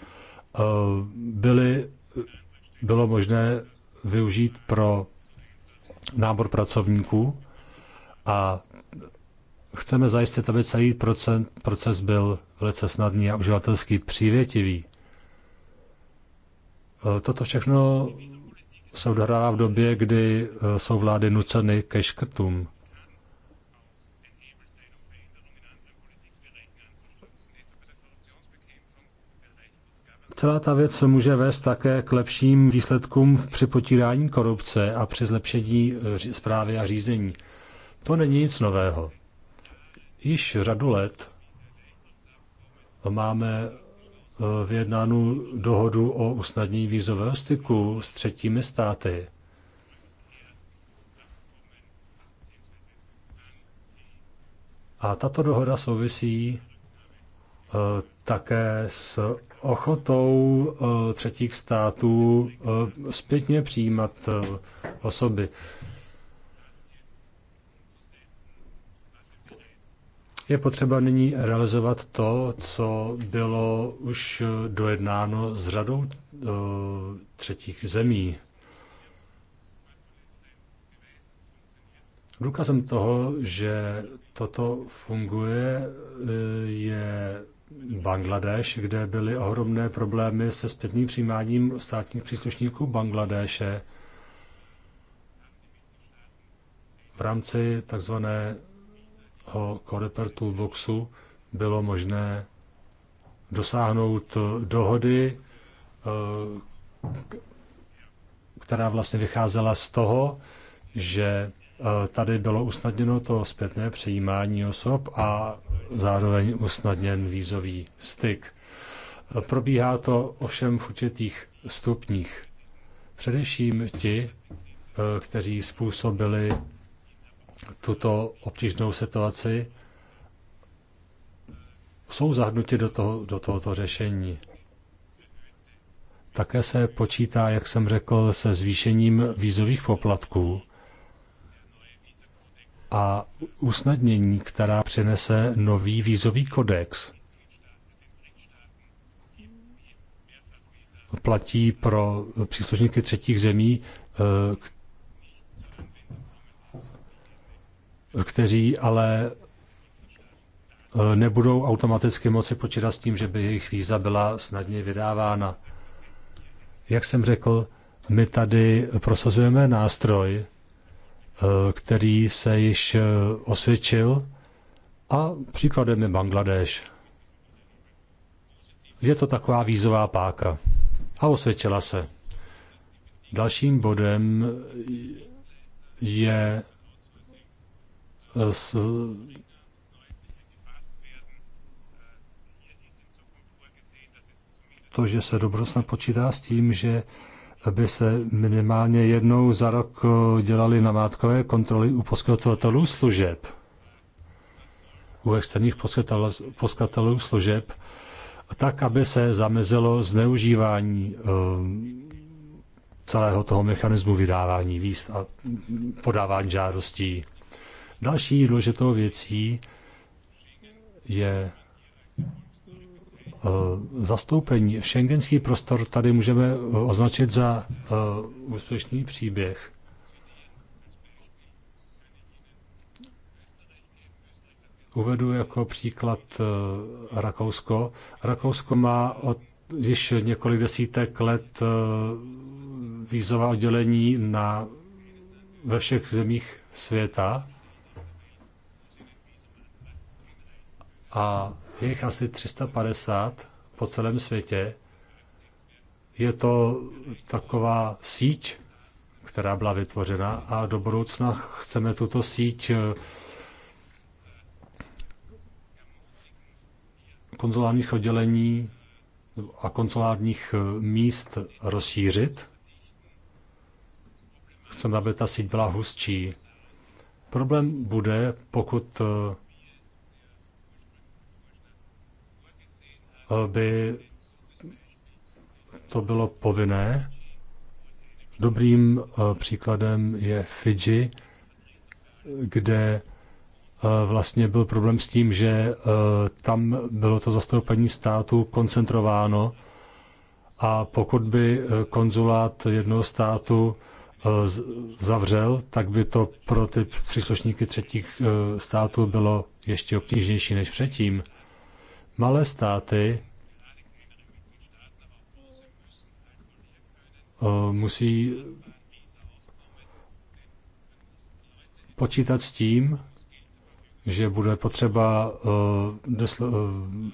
uh, byly, bylo možné využít pro nábor pracovníků a chceme zajistit, aby celý procent, proces byl velice snadný a uživatelsky přívětivý. Uh, toto všechno se odhrává v době, kdy eh, jsou vlády nuceny ke škrtům. Celá ta věc může vést také k lepším výsledkům při potírání korupce a při zlepšení zprávy eh, a řízení. To není nic nového. Již řadu let máme Eh, vyjednánu dohodu o usnadnění vízového styku s třetími státy. A tato dohoda souvisí eh, také s ochotou eh, třetích států zpětně přijímat osoby. Je vlastně potřeba nyní realizovat to, co bylo už dojednáno s řadou eh, třetích zemí. Důkazem toho, že toto funguje, eh, je Bangladeš, kde byly ohromné problémy se zpětným přijímáním státních příslušníků Bangladeše v rámci takzvané o Coreper Toolboxu bylo možné dosáhnout eh, dohody, eh, která vlastně vycházela z toho, že eh, tady bylo usnadněno to zpětné přejímání osob a zároveň usnadněn vízový styk. Probíhá to ovšem v určitých stupních. Především ti, kteří způsobili tuto obtížnou situaci, jsou zahrnuti do, toho, do tohoto řešení. Také se počítá, jak jsem řekl, se zvýšením vízových poplatků a usnadnění, která přinese nový vízový kodex. Platí pro příslušníky třetích zemí, eh, kteří ale eh, nebudou automaticky moci počítat s tím, že by jejich víza byla snadně vydávána. Jak jsem řekl, my tady prosazujeme nástroj, eh, který se již eh, osvědčil a příkladem je Bangladeš. Je to taková vízová páka. A osvědčila se. Dalším bodem je s, to, že se do budoucna počítá s tím, že by se minimálně jednou za rok eh, dělali namátkové kontroly u poskytovatelů služeb, u externích poskytovatelů služeb, tak, aby se zamezilo zneužívání eh, celého toho mechanismu vydávání výst a podávání žádostí. Další důležitou věcí je eh, zastoupení. Schengenský prostor tady můžeme eh, označit za eh, úspěšný příběh. Uvedu jako příklad Rakousko. Rakousko má od již několik desítek let vízová oddělení na, ve všech zemích světa. a je jich asi 350 po celém světě. Je to taková síť, která byla vytvořena a do budoucna chceme tuto síť eh, konzulárních oddělení a konzulárních eh, míst rozšířit. Chceme, aby ta síť byla hustší. Problém bude, pokud eh, by to bylo povinné. Dobrým eh, příkladem je Fidži, kde eh, vlastně byl problém s tím, že eh, tam bylo to zastoupení státu koncentrováno a pokud by konzulát jednoho státu zavřel, tak by to pro ty příslušníky třetích států bylo ještě obtížnější než předtím. Malé státy eh, musí počítat s tím, že bude potřeba eh, eh,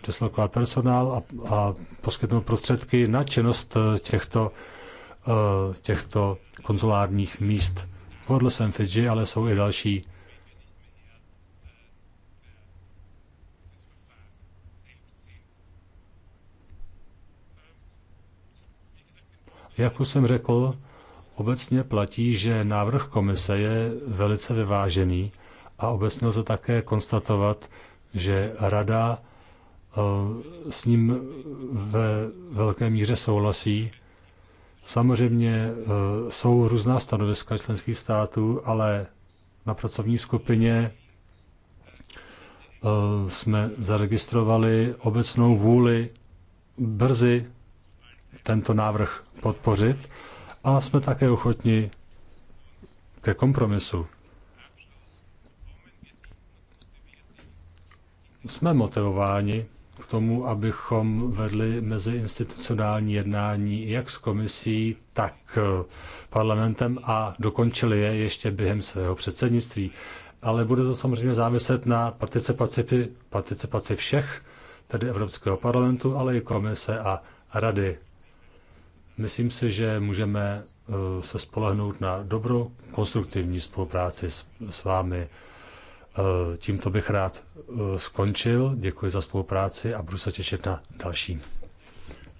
deslokovat personál a, a poskytnout prostředky na činnost těchto, těchto konzulárních míst. podle jsem Fidži, ale jsou i další Jak už jsem řekl, obecně platí, že návrh komise je velice vyvážený a obecně lze také konstatovat, že rada eh, s ním ve velké míře souhlasí. Samozřejmě eh, jsou různá stanoviska členských států, ale na pracovní skupině eh, jsme zaregistrovali obecnou vůli brzy tento návrh podpořit a jsme také ochotni ke kompromisu. Jsme motivováni k tomu, abychom vedli meziinstitucionální jednání jak s komisí, tak parlamentem a dokončili je ještě během svého předsednictví. Ale bude to samozřejmě záviset na participaci, participaci všech, tedy Evropského parlamentu, ale i komise a rady. Myslím si, že můžeme eh, se spolehnout na dobrou konstruktivní spolupráci s, s vámi. Eh, tímto bych rád eh, skončil. Děkuji za spolupráci a budu se těšit na další,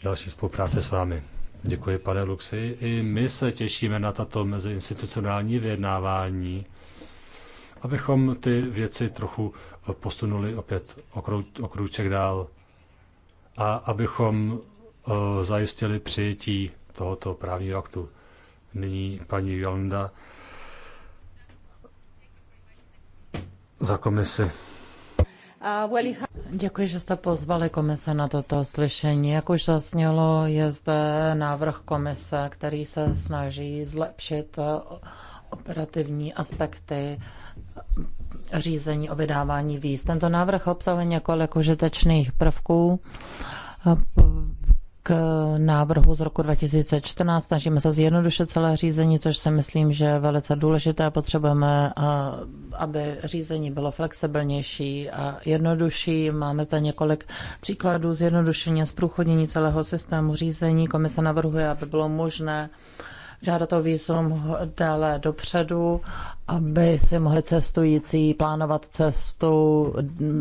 další spolupráce s vámi. Děkuji, pane Luxi. I my se těšíme na tato meziinstitucionální vyjednávání, abychom ty věci trochu posunuli opět o krůček dál a abychom Eh, zajistili přijetí tohoto právního aktu. Nyní paní Jolanda za komisi. Uh, Děkuji, že jste pozvali komise na toto slyšení. Jak už zasnělo, je zde návrh komise, který se snaží zlepšit eh, operativní aspekty eh, řízení o vydávání víz. Tento návrh obsahuje několik užitečných prvků k návrhu z roku 2014. Snažíme se zjednodušit celé řízení, což si myslím, že je velice důležité. Potřebujeme, eh, aby řízení bylo flexibilnější a jednodušší. Máme zde několik příkladů zjednodušení a zprůchodnění celého systému řízení. Komise navrhuje, aby bylo možné žádat o výzum dále dopředu, aby si mohli cestující plánovat cestu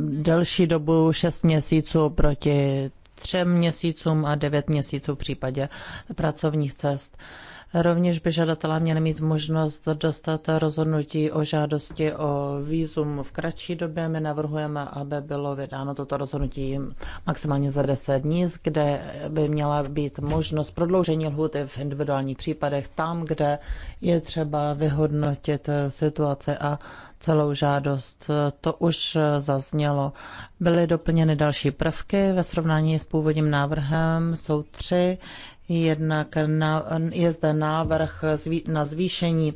delší dobu 6 měsíců proti třem měsícům a devět měsíců v případě pracovních cest. Rovněž by žadatelé měli mít možnost dostat rozhodnutí o žádosti o výzum v kratší době. My navrhujeme, aby bylo vydáno toto rozhodnutí maximálně za 10 dní, kde by měla být možnost prodloužení lhuty v individuálních případech tam, kde je třeba vyhodnotit situaci a celou žádost. To už zaznělo. Byly doplněny další prvky ve srovnání s původním návrhem. Jsou tři, Jednak na, je zde návrh zví, na zvýšení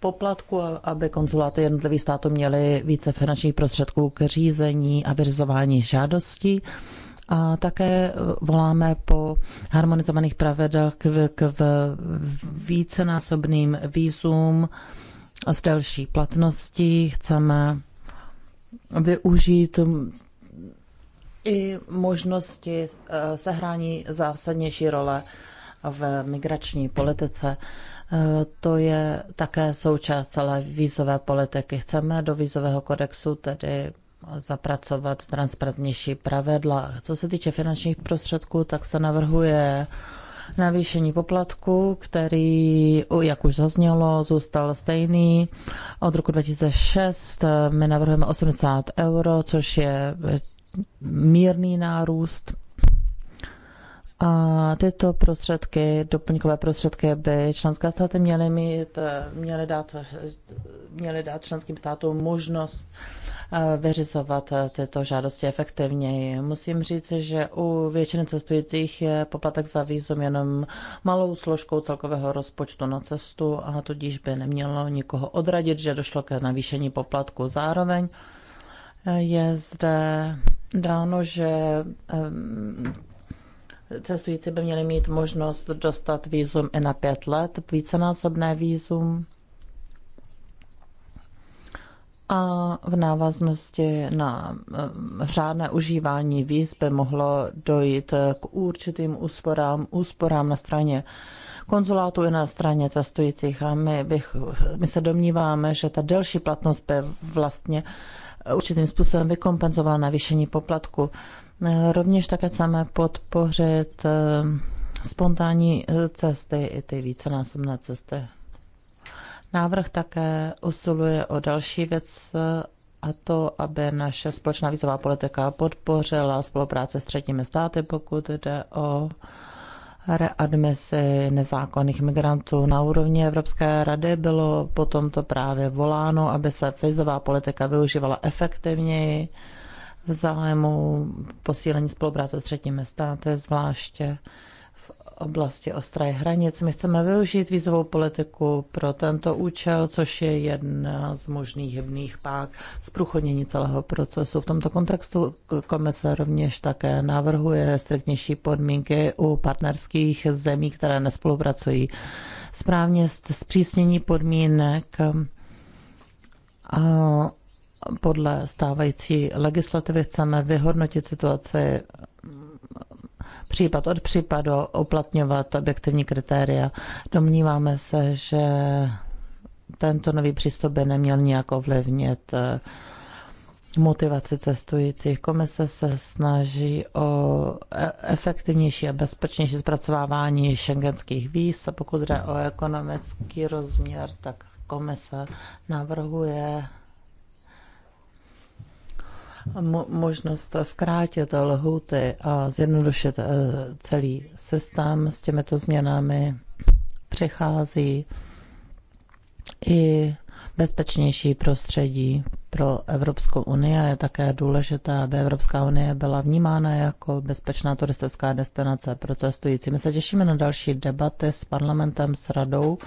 poplatku, aby konzuláty jednotlivých států měly více finančních prostředků k řízení a vyřizování žádostí. A také voláme po harmonizovaných pravidlech k, k v, vícenásobným výzům s delší platností. Chceme využít i možnosti eh, sehrání zásadnější role v migrační politice. Eh, to je také součást celé vízové politiky. Chceme do vízového kodexu tedy zapracovat transparentnější pravidla. Co se týče finančních prostředků, tak se navrhuje navýšení poplatku, který, jak už zaznělo, zůstal stejný. Od roku 2006 eh, my navrhujeme 80 euro, což je eh, mírný nárůst a tyto prostředky, doplňkové prostředky by členské státy měly mít, eh, měly dát, eh, měly dát členským státům možnost eh, vyřizovat tyto žádosti efektivněji. Musím říct, že u většiny cestujících je poplatek za výzum jenom malou složkou celkového rozpočtu na cestu a tudíž by nemělo nikoho odradit, že došlo ke navýšení poplatku. Zároveň je zde dáno, že Cestující by měli mít možnost dostat výzum i na pět let, vícenásobné výzum. A v návaznosti na eh, řádné užívání víz by mohlo dojít k určitým úsporám, úsporám na straně konzulátu i na straně cestujících. A my, bych, my se domníváme, že ta delší platnost by vlastně určitým způsobem vykompenzovala navýšení poplatku. Rovněž také chceme podpořit eh, spontánní eh, cesty i ty vícenásobné cesty. Návrh také usiluje o další věc, eh, a to, aby naše společná vízová politika podpořila spolupráce s třetími státy, pokud jde o readmisi nezákonných migrantů. Na úrovni Evropské rady bylo potom to právě voláno, aby se vizová politika využívala efektivněji v zájmu posílení spolupráce s třetími státy, zvláště v oblasti ostré hranic. My chceme využít vízovou politiku pro tento účel, což je jedna z možných hybných pák zprůchodnění celého procesu. V tomto kontextu komise rovněž také navrhuje striktnější podmínky u partnerských zemí, které nespolupracují. Správně zpřísnění podmínek a podle stávající legislativy chceme vyhodnotit situaci případ od případu, uplatňovat objektivní kritéria. Domníváme se, že tento nový přístup by neměl nějak ovlivnit eh, motivaci cestujících. Komise se snaží o e- efektivnější a bezpečnější zpracovávání šengenských víz a pokud jde o ekonomický rozměr, tak komise navrhuje možnost zkrátit lhuty a zjednodušit eh, celý systém s těmito změnami přichází i bezpečnější prostředí pro Evropskou unii a je také důležité, aby Evropská unie byla vnímána jako bezpečná turistická destinace pro cestující. My se těšíme na další debaty s parlamentem, s radou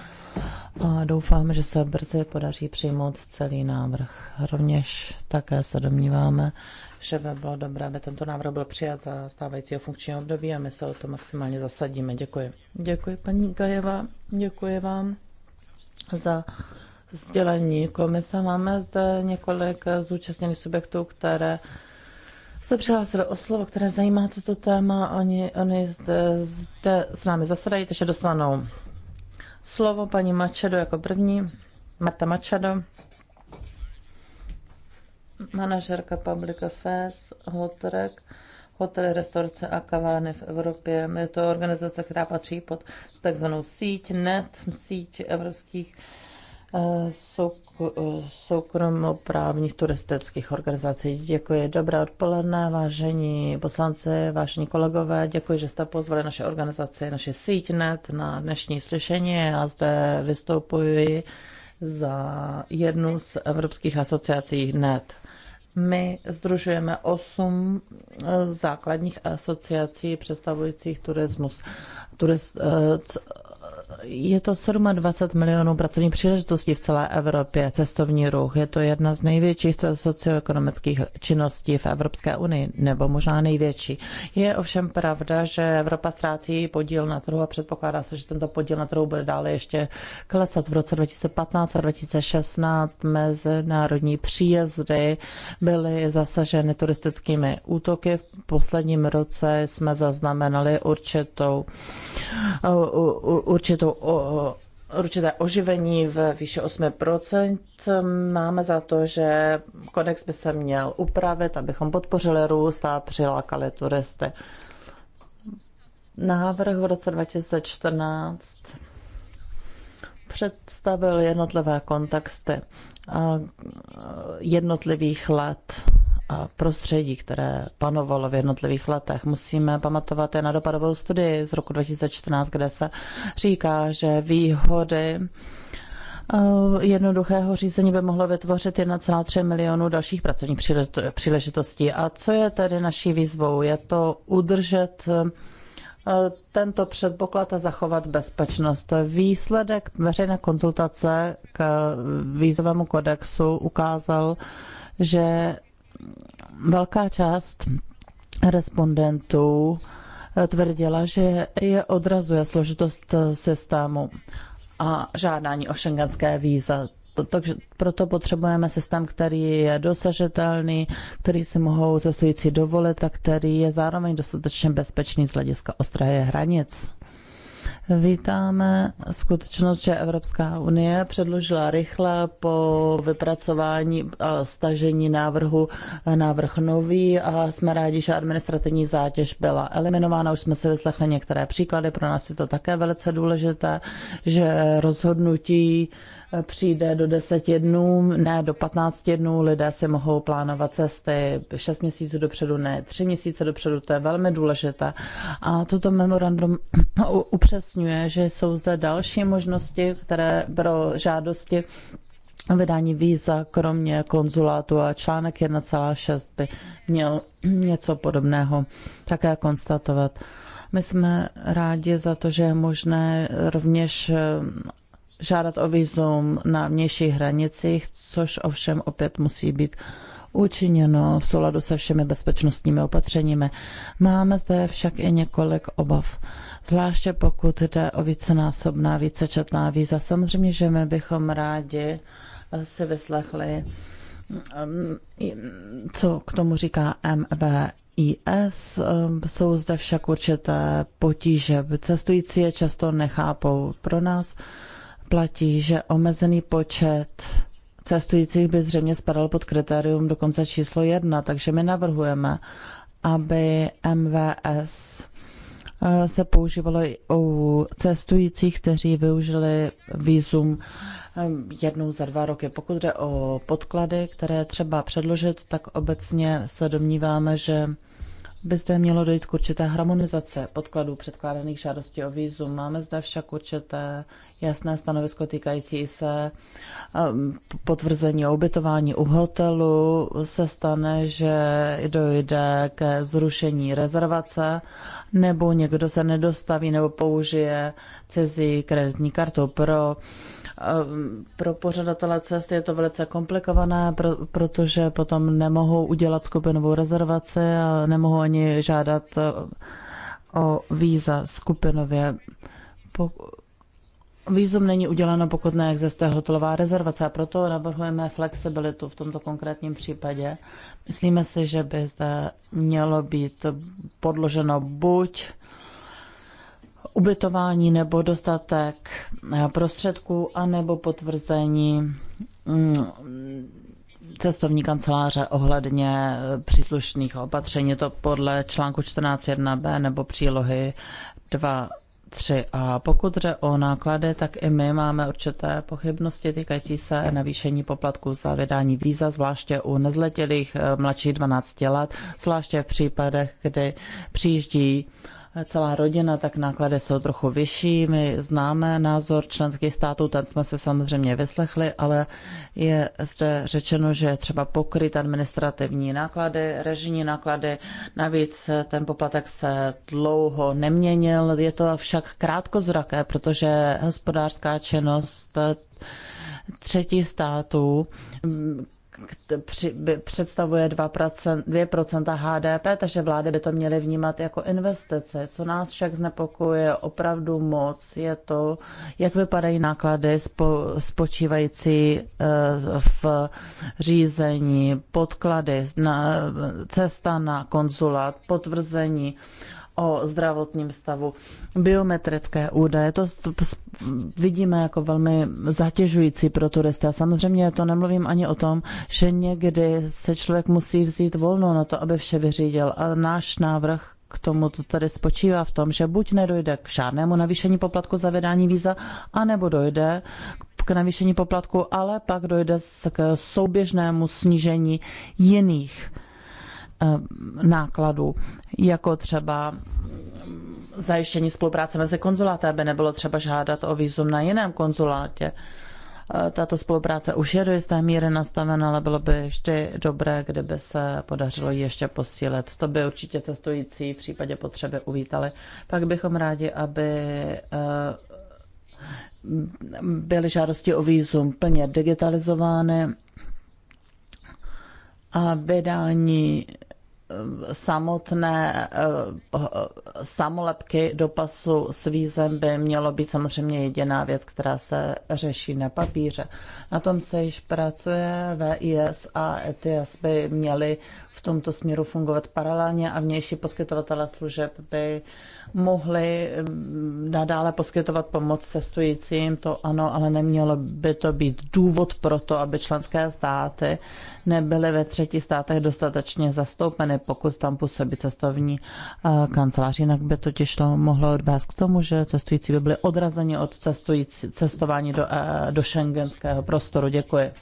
a doufáme, že se brzy podaří přijmout celý návrh. Rovněž také se domníváme, že by bylo dobré, aby tento návrh byl přijat za stávajícího funkčního období a my se o to maximálně zasadíme. Děkuji. Děkuji, paní Gajeva. Děkuji vám za sdělení komise. Máme zde několik zúčastněných subjektů, které se přihlásili o slovo, které zajímá toto téma. Oni, oni zde, zde s námi zasedají, takže dostanou slovo paní Mačedo jako první. Marta Mačedo, manažerka Public Affairs, Hotrek, hotely, restaurace a kavárny v Evropě. Je to organizace, která patří pod takzvanou síť NET, síť evropských soukromoprávních turistických organizací. Děkuji. Dobré odpoledne, vážení poslanci, vážení kolegové. Děkuji, že jste pozvali naše organizaci, naše síťnet na dnešní slyšení. Já zde vystupuji za jednu z evropských asociací NET. My združujeme osm základních asociací představujících turismus. Turist, eh, je to 27 milionů pracovních příležitostí v celé Evropě, cestovní ruch. Je to jedna z největších socioekonomických činností v Evropské unii, nebo možná největší. Je ovšem pravda, že Evropa ztrácí podíl na trhu a předpokládá se, že tento podíl na trhu bude dále ještě klesat. V roce 2015 a 2016 mezinárodní příjezdy byly zasaženy turistickými útoky. V posledním roce jsme zaznamenali určitou určitou určitou určité oživení v výše 8%. Máme za to, že kodex by se měl upravit, abychom podpořili růst a přilákali turisty. Návrh v roce 2014 představil jednotlivé kontexty jednotlivých let prostředí, které panovalo v jednotlivých letech. Musíme pamatovat i na dopadovou studii z roku 2014, kde se říká, že výhody eh, jednoduchého řízení by mohlo vytvořit 1,3 milionu dalších pracovních příležitostí. A co je tedy naší výzvou? Je to udržet eh, tento předpoklad a zachovat bezpečnost. Výsledek veřejné konzultace k vízovému kodexu ukázal, že velká část respondentů eh, tvrdila, že je odrazuje složitost eh, systému a žádání o šengenské víza. Takže proto potřebujeme systém, který je dosažitelný, který si mohou cestující dovolit a který je zároveň dostatečně bezpečný z hlediska ostrahy hranic. Vítáme skutečnost, že Evropská unie předložila rychle po vypracování a stažení návrhu návrh nový a jsme rádi, že administrativní zátěž byla eliminována. Už jsme si vyslechli některé příklady, pro nás je to také velice důležité, že rozhodnutí přijde do 10 dnů, ne do 15 dnů, lidé si mohou plánovat cesty 6 měsíců dopředu, ne 3 měsíce dopředu, to je velmi důležité. A toto memorandum upřesňuje, že jsou zde další možnosti, které pro žádosti vydání víza, kromě konzulátu a článek 1,6 by měl něco podobného také konstatovat. My jsme rádi za to, že je možné rovněž žádat o výzum na vnějších hranicích, což ovšem opět musí být učiněno v souladu se všemi bezpečnostními opatřeními. Máme zde však i několik obav, zvláště pokud jde o vícenásobná, vícečetná víza. Samozřejmě, že my bychom rádi si vyslechli, mm, co k tomu říká MVIS. Jsou zde však určité potíže. Cestující je často nechápou. Pro nás platí, že omezený počet cestujících by zřejmě spadal pod kritérium dokonce číslo jedna, takže my navrhujeme, aby MVS eh, se používalo i u cestujících, kteří využili výzum eh, jednou za dva roky. Pokud jde o podklady, které třeba předložit, tak obecně se domníváme, že by zde mělo dojít k určité harmonizace podkladů předkládaných žádostí o vízum. Máme zde však určité jasné stanovisko týkající se ehm, potvrzení o ubytování u hotelu. Se stane, že dojde ke zrušení rezervace nebo někdo se nedostaví nebo použije cizí kreditní kartu pro pro pořadatele cest je to velice komplikované, protože potom nemohou udělat skupinovou rezervaci a nemohou ani žádat e, o víza skupinově. Výzum není uděleno, pokud neexistuje hotelová rezervace a proto navrhujeme flexibilitu v tomto konkrétním případě. Myslíme si, že by zde mělo být podloženo buď ubytování nebo dostatek eh, prostředků anebo potvrzení mm, cestovní kanceláře ohledně eh, příslušných opatření, to podle článku 14.1b nebo přílohy 2 tři A pokud jde o náklady, tak i my máme určité pochybnosti týkající se navýšení poplatku za vydání víza, zvláště u nezletilých eh, mladších 12 let, zvláště v případech, kdy přijíždí celá rodina, tak náklady jsou trochu vyšší. My známe názor členských států, ten jsme se samozřejmě vyslechli, ale je zde řečeno, že třeba pokryt administrativní náklady, režijní náklady. Navíc ten poplatek se dlouho neměnil. Je to však krátkozraké, protože hospodářská činnost třetí států představuje 2%, 2% HDP, takže vlády by to měly vnímat jako investice. Co nás však znepokojuje opravdu moc, je to, jak vypadají náklady spočívající eh, v řízení, podklady, na, cesta na konzulát, potvrzení o zdravotním stavu, biometrické údaje. To vidíme jako velmi zatěžující pro turisty. A samozřejmě to nemluvím ani o tom, že někdy se člověk musí vzít volno na to, aby vše vyřídil. A náš návrh k tomu to tady spočívá v tom, že buď nedojde k žádnému navýšení poplatku za vydání víza, anebo dojde k navýšení poplatku, ale pak dojde k souběžnému snížení jiných eh, nákladů, jako třeba zajištění spolupráce mezi konzuláty, aby nebylo třeba žádat o výzum na jiném konzulátě. E, tato spolupráce už je do jisté míry nastavena, ale bylo by ještě dobré, kdyby se podařilo ji ještě posílit. To by určitě cestující v případě potřeby uvítali. Pak bychom rádi, aby e, byly žádosti o výzum plně digitalizovány a vydání Eh, samotné eh, eh, samolepky do pasu s vízem by mělo být samozřejmě jediná věc, která se řeší na papíře. Na tom se již pracuje, VIS a ETS by měly v tomto směru fungovat paralelně a vnější poskytovatele služeb by mohli nadále poskytovat pomoc cestujícím, to ano, ale nemělo by to být důvod pro to, aby členské státy nebyly ve třetí státech dostatečně zastoupeny, pokud tam působí cestovní eh, kancelář. Jinak by to těžlo mohlo odvést k tomu, že cestující by byli odrazeni od cestující, cestování do, eh, do šengenského prostoru. Děkuji.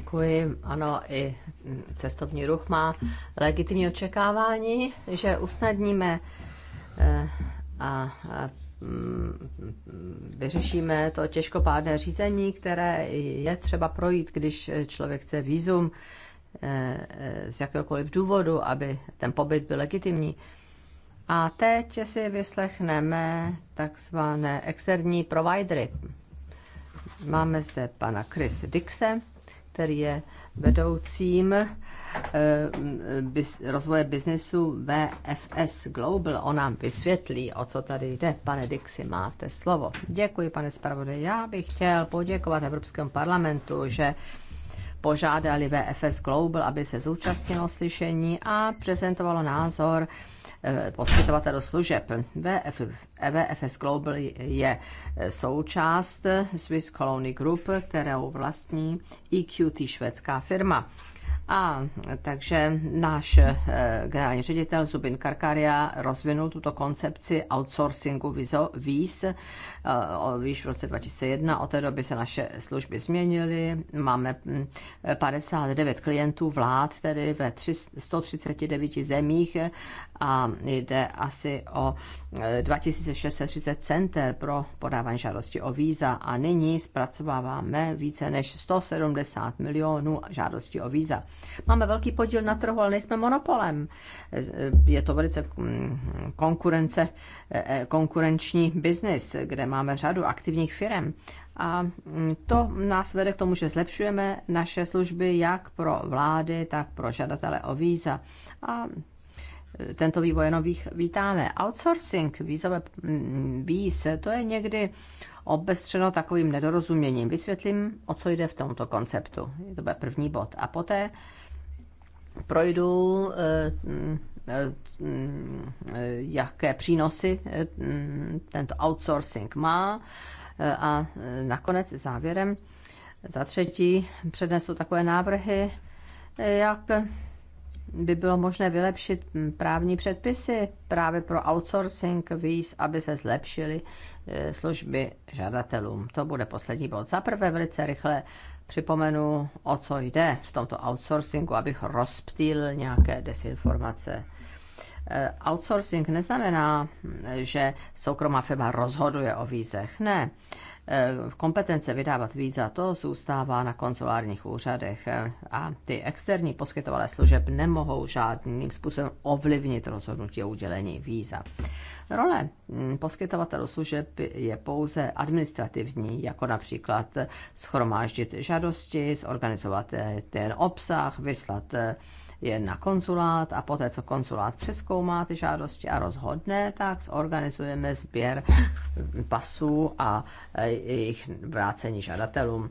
Děkuji. Ano, i cestovní ruch má legitimní očekávání, že usnadníme Eh, a eh, mm, vyřešíme to těžkopádné řízení, které je třeba projít, když člověk chce výzum eh, z jakéhokoliv důvodu, aby ten pobyt byl legitimní. A teď si vyslechneme takzvané externí providery. Máme zde pana Chris Dixe, který je vedoucím Eh, rozvoje biznesu VFS Global. On nám vysvětlí, o co tady jde. Pane Dixi, máte slovo. Děkuji, pane zpravodaj. Já bych chtěl poděkovat Evropskému parlamentu, že požádali VFS Global, aby se zúčastnilo slyšení a prezentovalo názor eh, poskytovatelů služeb. VFS, VFS Global je eh, součást Swiss Colony Group, kterou vlastní EQT švédská firma. A takže náš eh, generální ředitel Zubin Karkaria rozvinul tuto koncepci outsourcingu víz víš eh, v roce 2001. Od té doby se naše služby změnily. Máme 59 hm, klientů vlád, tedy ve 139 zemích a jde asi o 2630 e, center pro podávání žádosti o víza a nyní zpracováváme více než 170 milionů žádostí o víza. Máme velký podíl na trhu, ale nejsme monopolem. E, je to velice mm, konkurence, e, konkurenční biznis, kde máme řadu aktivních firm a mm, to nás vede k tomu, že zlepšujeme naše služby jak pro vlády, tak pro žadatele o víza. A tento vývoj jenom vítáme. Outsourcing vízové mm, víz, to je někdy obestřeno takovým nedorozuměním. Vysvětlím, o co jde v tomto konceptu. To bude první bod. A poté projdu, eh, mm, eh, mm, jaké přínosy eh, tento outsourcing má a nakonec závěrem za třetí přednesu takové návrhy, jak by bylo možné vylepšit hm, právní předpisy právě pro outsourcing víz, aby se zlepšily eh, služby žadatelům. To bude poslední bod. Za prvé velice rychle připomenu, o co jde v tomto outsourcingu, abych rozptýl nějaké desinformace. Eh, outsourcing neznamená, hm, že soukromá firma rozhoduje o vízech. Ne. Eh, kompetence vydávat víza, to zůstává na konzulárních úřadech a ty externí poskytovalé služeb nemohou žádným způsobem ovlivnit rozhodnutí o udělení víza. Role hm, poskytovatelů služeb je pouze administrativní, jako například schromáždit žádosti, zorganizovat eh, ten obsah, vyslat eh, je na konzulát a poté, co konzulát přeskoumá ty žádosti a rozhodne, tak zorganizujeme sběr pasů a e, jejich vrácení žadatelům.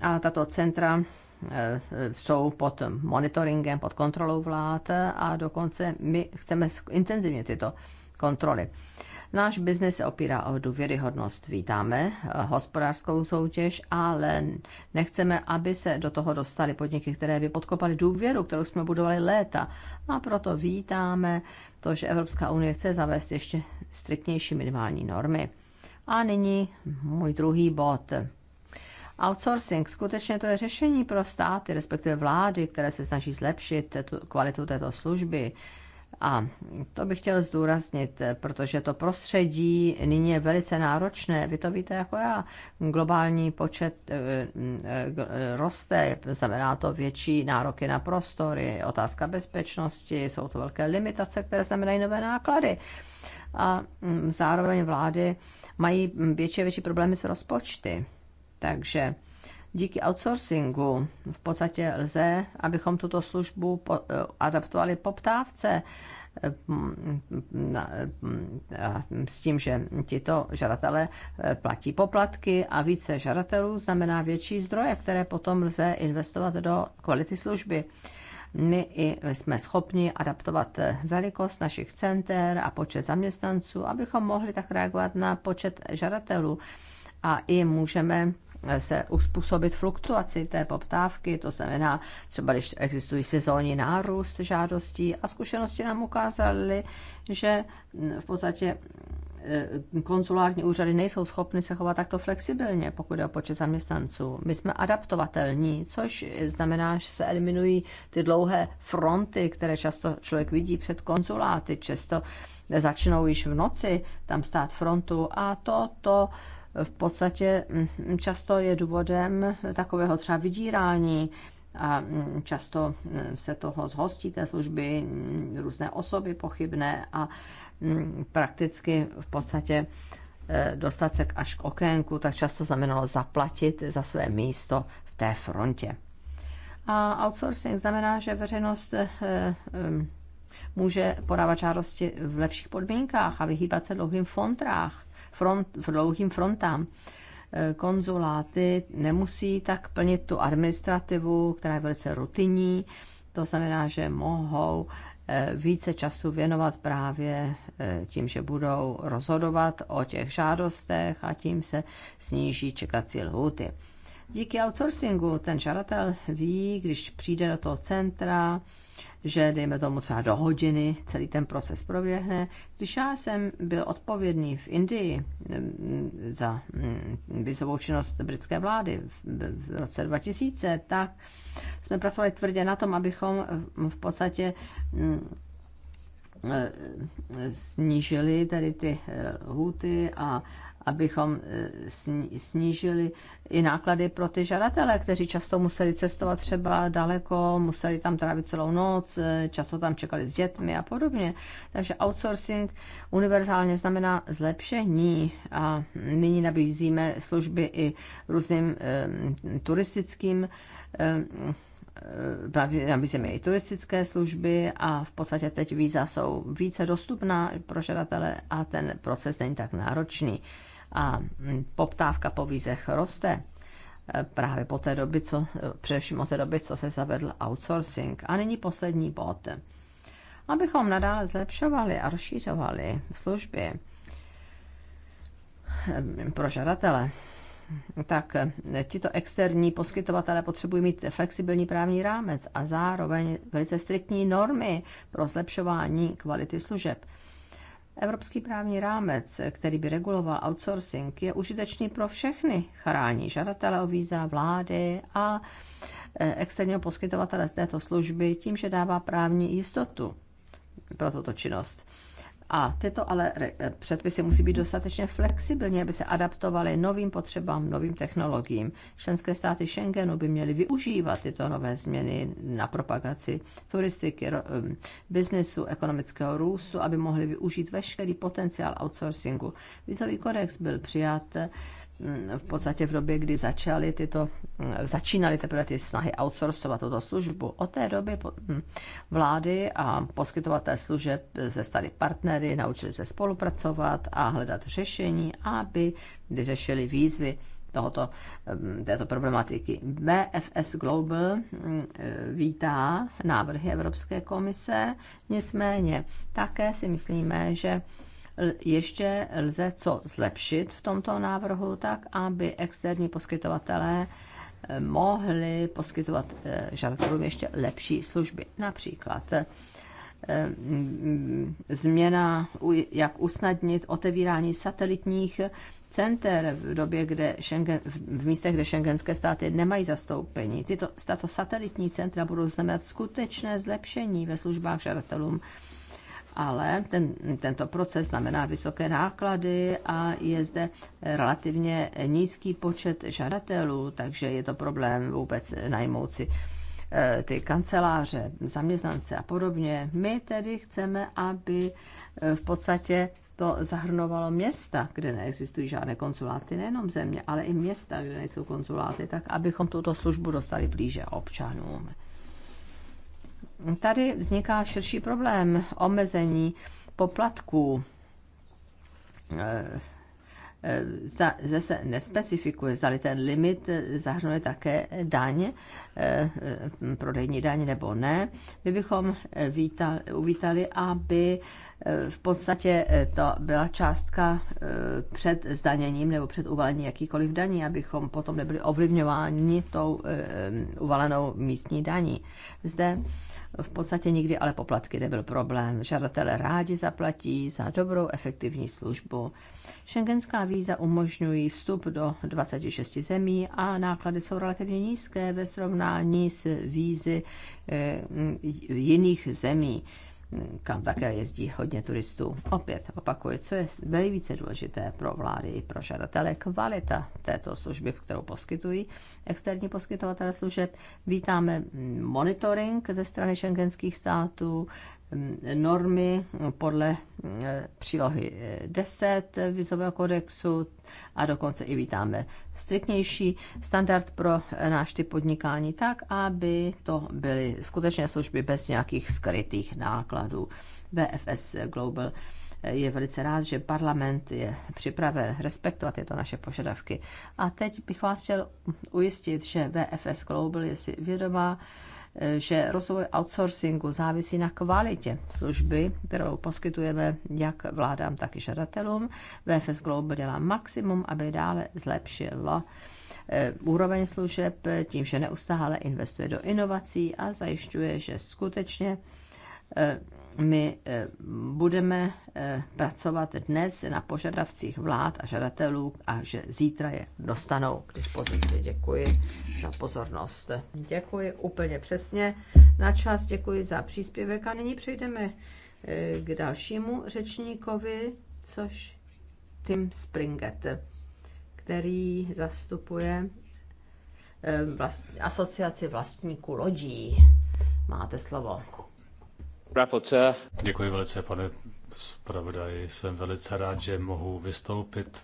A tato centra e, jsou pod monitoringem, pod kontrolou vlád a dokonce my chceme intenzivně tyto kontroly. Náš biznis se opírá o důvěryhodnost. Vítáme eh, hospodářskou soutěž, ale nechceme, aby se do toho dostali podniky, které by podkopaly důvěru, kterou jsme budovali léta. A proto vítáme to, že Evropská unie chce zavést ještě striktnější minimální normy. A nyní můj druhý bod. Outsourcing skutečně to je řešení pro státy, respektive vlády, které se snaží zlepšit tu, kvalitu této služby. A to bych chtěl zdůraznit, protože to prostředí nyní je velice náročné. Vy to víte jako já. Globální počet eh, eh, eh, roste, znamená to větší nároky na prostory, otázka bezpečnosti, jsou to velké limitace, které znamenají nové náklady. A mm, zároveň vlády mají mm, větší a větší problémy s rozpočty. Takže díky outsourcingu v podstatě lze, abychom tuto službu eh, adaptovali poptávce eh, mm, eh, mm, s tím, že tito žadatelé platí poplatky a více žadatelů znamená větší zdroje, které potom lze investovat do kvality služby. My i jsme schopni adaptovat velikost našich center a počet zaměstnanců, abychom mohli tak reagovat na počet žadatelů. A i můžeme se uspůsobit fluktuaci té poptávky, to znamená třeba, když existují sezónní nárůst žádostí a zkušenosti nám ukázaly, že mm, v podstatě eh, konzulární úřady nejsou schopny se chovat takto flexibilně, pokud je o počet zaměstnanců. My jsme adaptovatelní, což znamená, že se eliminují ty dlouhé fronty, které často člověk vidí před konzuláty, často začnou již v noci tam stát frontu a to, to v podstatě mm, často je důvodem takového třeba vydírání a mm, často mm, se toho zhostí té služby různé osoby pochybné a prakticky v podstatě e, dostat se až k okénku, tak často znamenalo zaplatit za své místo v té frontě. A outsourcing znamená, že veřejnost e, může podávat žádosti v lepších podmínkách a vyhýbat se dlouhým fontrách front, v dlouhým frontám. E, konzuláty nemusí tak plnit tu administrativu, která je velice rutinní, to znamená, že mohou e, více času věnovat právě e, tím, že budou rozhodovat o těch žádostech a tím se sníží čekací lhuty. Díky outsourcingu ten žadatel ví, když přijde do toho centra, že, dejme tomu, třeba do hodiny celý ten proces proběhne. Když já jsem byl odpovědný v Indii mm, za mm, vysovou činnost britské vlády v roce 2000, tak jsme pracovali tvrdě na tom, abychom v podstatě mm, e, e, snížili tady ty e, hůty a abychom e, snížili i náklady pro ty žadatele, kteří často museli cestovat třeba daleko, museli tam trávit celou noc, e, často tam čekali s dětmi a podobně. Takže outsourcing univerzálně znamená zlepšení a nyní nabízíme služby i různým e, turistickým nabízíme i turistické služby a v podstatě teď víza jsou více dostupná pro žadatele a ten proces není tak náročný a mm, poptávka po vízech roste e, právě po té doby, co, e, především od té doby, co se zavedl outsourcing. A nyní poslední bod. Abychom nadále zlepšovali a rozšířovali služby e, pro žadatele, tak tito externí poskytovatelé potřebují mít flexibilní právní rámec a zároveň velice striktní normy pro zlepšování kvality služeb. Evropský právní rámec, který by reguloval outsourcing, je užitečný pro všechny. Chrání žadatele o víza, vlády a eh, externího poskytovatele z této služby tím, že dává právní jistotu pro tuto činnost. A tyto ale eh, předpisy musí být dostatečně flexibilní, aby se adaptovaly novým potřebám, novým technologiím. Členské státy Schengenu by měly využívat tyto nové změny na propagaci turistiky, eh, biznesu, ekonomického růstu, aby mohly využít veškerý potenciál outsourcingu. Vizový kodex byl přijat Mm, v podstatě v době, kdy začaly tyto, mm, začínaly teprve ty snahy outsourcovat tuto službu. Od té doby mm, vlády a poskytovatelé služeb se stali partnery, naučili se spolupracovat a hledat řešení, aby vyřešili výzvy tohoto, této problematiky. BFS Global e, vítá návrhy Evropské komise, nicméně také si myslíme, že ještě lze co zlepšit v tomto návrhu, tak aby externí poskytovatelé eh, mohli poskytovat eh, žadatelům ještě lepší služby. Například eh, mm, změna, jak usnadnit otevírání satelitních center v době, kde Schengen, v místech, kde šengenské státy nemají zastoupení. Tyto, tato satelitní centra budou znamenat skutečné zlepšení ve službách žadatelům ale ten, tento proces znamená vysoké náklady a je zde relativně nízký počet žadatelů, takže je to problém vůbec najmout si eh, ty kanceláře, zaměstnance a podobně. My tedy chceme, aby eh, v podstatě to zahrnovalo města, kde neexistují žádné konzuláty, nejenom země, ale i města, kde nejsou konzuláty, tak abychom tuto službu dostali blíže občanům tady vzniká širší problém omezení poplatků. Eh, eh, Zde se nespecifikuje, zda ten limit zahrnuje také daň, eh, prodejní daň nebo ne. My bychom vítal, uvítali, aby v podstatě to byla částka před zdaněním nebo před uvalením jakýkoliv daní, abychom potom nebyli ovlivňováni tou uvalenou místní daní. Zde v podstatě nikdy ale poplatky nebyl problém. Žadatelé rádi zaplatí za dobrou efektivní službu. Schengenská víza umožňují vstup do 26 zemí a náklady jsou relativně nízké ve srovnání s vízy eh, jiných zemí kam také jezdí hodně turistů. Opět opakuji, co je velice důležité pro vlády i pro žadatele, kvalita této služby, kterou poskytují externí poskytovatele služeb. Vítáme monitoring ze strany šengenských států, Eh, normy eh, podle eh, přílohy 10 vizového kodexu a dokonce i vítáme striktnější standard pro náš typ podnikání tak, aby to byly skutečné služby bez nějakých skrytých nákladů. BFS Global je velice rád, že parlament je připraven respektovat tyto naše požadavky. A teď bych vás chtěl ujistit, že VFS Global je si vědomá že rozvoj outsourcingu závisí na kvalitě služby, kterou poskytujeme jak vládám, tak i žadatelům. VFS Global dělá maximum, aby dále zlepšilo eh, úroveň služeb tím, že neustále investuje do inovací a zajišťuje, že skutečně eh, my eh, budeme eh, pracovat dnes na požadavcích vlád a žadatelů a že zítra je dostanou k dispozici. Děkuji za pozornost. Děkuji úplně přesně na čas, děkuji za příspěvek a nyní přejdeme eh, k dalšímu řečníkovi, což Tim Springet, který zastupuje vlast, asociaci vlastníků lodí. Máte slovo. Děkuji velice, pane zpravodaji. Jsem velice rád, že mohu vystoupit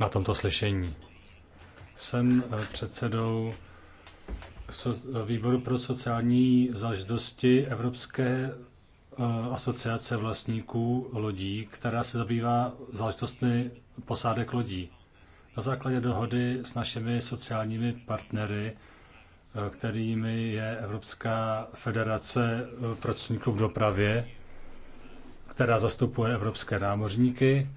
na tomto slyšení. Jsem eh, předsedou eh, výboru pro sociální záležitosti Evropské eh, asociace vlastníků lodí, která se zabývá záležitostmi posádek lodí. Na základě dohody s našimi sociálními partnery kterými je Evropská federace eh, pracovníků v dopravě, která zastupuje evropské námořníky.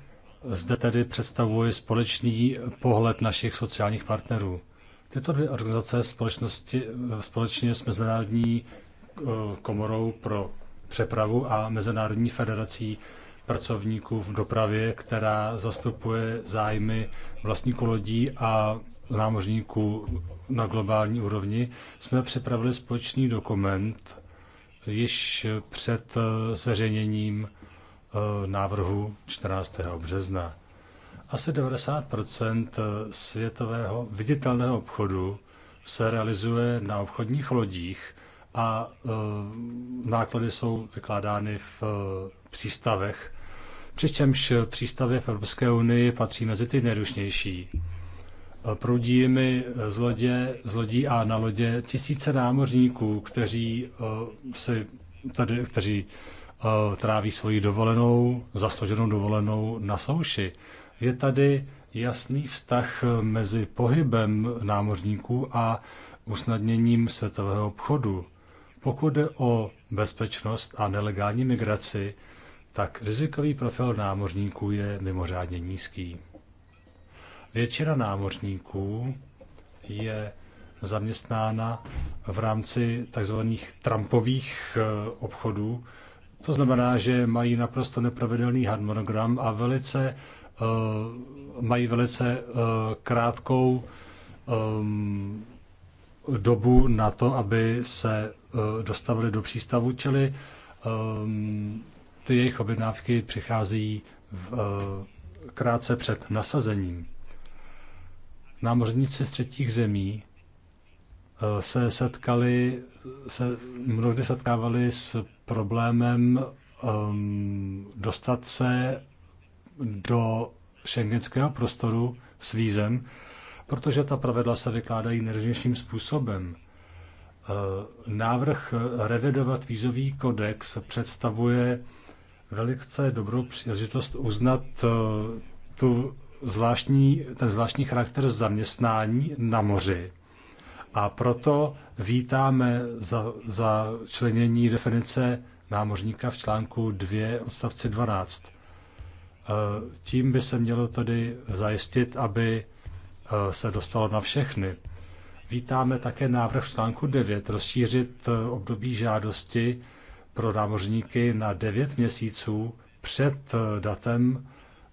Zde tedy představuje společný pohled našich sociálních partnerů. Tyto dvě organizace společnosti, eh, společně s Mezinárodní eh, komorou pro přepravu a Mezinárodní federací pracovníků v dopravě, která zastupuje zájmy vlastníků lodí a námořníků na globální úrovni, jsme připravili společný dokument již před eh, zveřejněním eh, návrhu 14. března. Asi 90 eh, světového viditelného obchodu se realizuje na obchodních lodích a náklady jsou vykládány v přístavech, přičemž přístavy v Evropské unii patří mezi ty nejrušnější. Prudí mi z, lodě, z lodí a na lodě tisíce námořníků, kteří eh, si tady, kteří eh, tráví svoji dovolenou, zaslouženou dovolenou na souši. Je tady jasný vztah mezi pohybem námořníků a usnadněním světového obchodu. Pokud jde o bezpečnost a nelegální migraci, tak rizikový profil námořníků je mimořádně nízký. Většina námořníků je zaměstnána v rámci takzvaných trampových eh, obchodů. To znamená, že mají naprosto neprovedelný harmonogram a velice, eh, mají velice eh, krátkou ehm, dobu na to, aby se dostavili do přístavu, čili ehm, ty jejich objednávky přicházejí v, krátce před nasazením námořníci z třetích zemí eh, se setkali, se mnohdy setkávali s problémem um, dostat se do šengenského prostoru s vízem, protože ta pravidla se vykládají nejrůznějším způsobem. Eh, návrh revidovat vízový kodex představuje velice dobrou příležitost uznat eh, tu zvláštní, ten zvláštní charakter zaměstnání na moři. A proto vítáme za, za členění definice námořníka v článku 2 odstavci 12. Tím by se mělo tedy zajistit, aby e, se dostalo na všechny. Vítáme také návrh v článku 9 rozšířit e, období žádosti pro námořníky na 9 měsíců před e, datem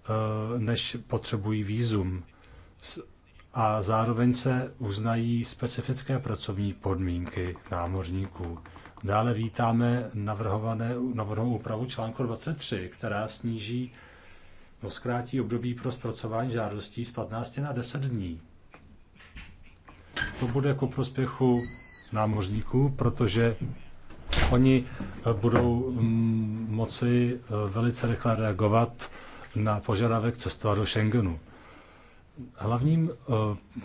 Eh, než potřebují výzum. A zároveň se uznají specifické pracovní podmínky námořníků. Dále vítáme navrhované, navrhovanou úpravu článku 23, která sníží no zkrátí období pro zpracování žádostí z 15 na 10 dní. To bude ku prospěchu námořníků, protože oni budou mm, moci eh, velice rychle reagovat na požadavek cestovat do Schengenu. Hlavním eh,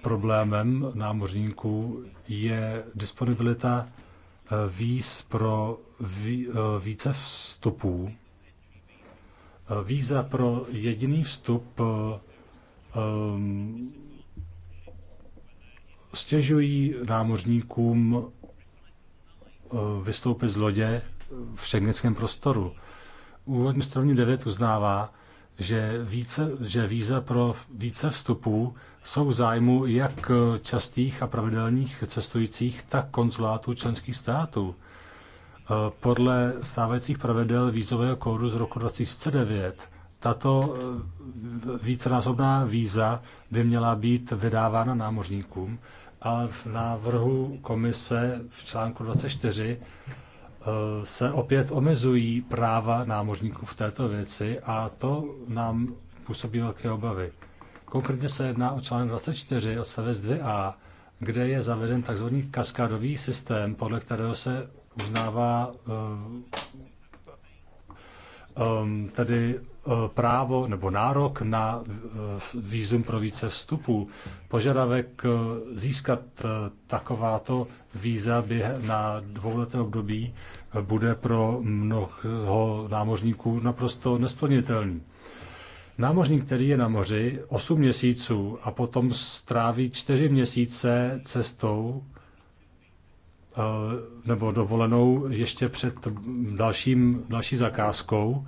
problémem námořníků je disponibilita eh, víz pro eh, více vstupů. Víza pro jediný vstup ehm, stěžují námořníkům vystoupit z lodě v šengenském prostoru. Úvodní strovní 9 uznává, že, více, že víza pro více vstupů jsou v zájmu jak častých a pravidelných cestujících, tak konzulátů členských států. E, podle stávajících pravidel vízového kódu z roku 2009 tato e, vícenásobná víza by měla být vydávána námořníkům, ale v návrhu komise v článku 24 Eh, se opět omezují práva námořníků v této věci a to nám působí velké obavy. Konkrétně se jedná o článek 24 odstavec 2a, kde je zaveden tzv. kaskádový systém, podle kterého se uznává um, tedy Eh, právo nebo nárok na eh, výzum pro více vstupů. Požadavek eh, získat takováto víza na dvouleté období bude pro mnoho námořníků naprosto nesplnitelný. Námořník, který je na moři 8 měsíců a potom stráví 4 měsíce cestou nebo dovolenou ještě před dalším, další zakázkou,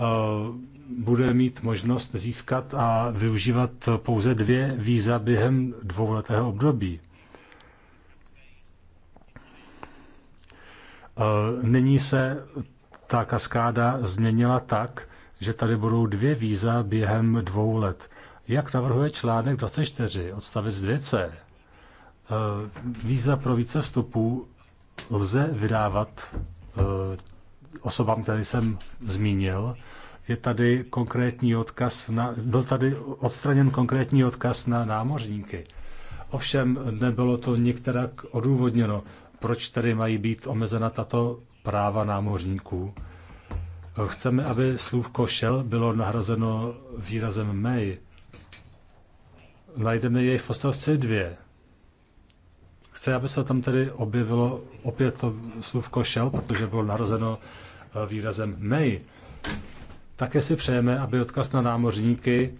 Eh, bude mít možnost získat a využívat pouze dvě víza během dvouletého období. Eh, nyní se ta kaskáda změnila tak, že tady budou dvě víza během dvou let. Jak navrhuje článek 24, odstavec 2c, eh, víza pro více vstupů lze vydávat osobám, které jsem zmínil. Je tady konkrétní odkaz na, byl tady odstraněn konkrétní odkaz na námořníky. Ovšem nebylo to některak odůvodněno, proč tady mají být omezena tato práva námořníků. Chceme, aby slůvko šel bylo nahrazeno výrazem may. Najdeme jej v odstavci 2 chce, aby se tam tedy objevilo opět to slůvko shell, protože bylo narozeno eh, výrazem may. Také si přejeme, aby odkaz na námořníky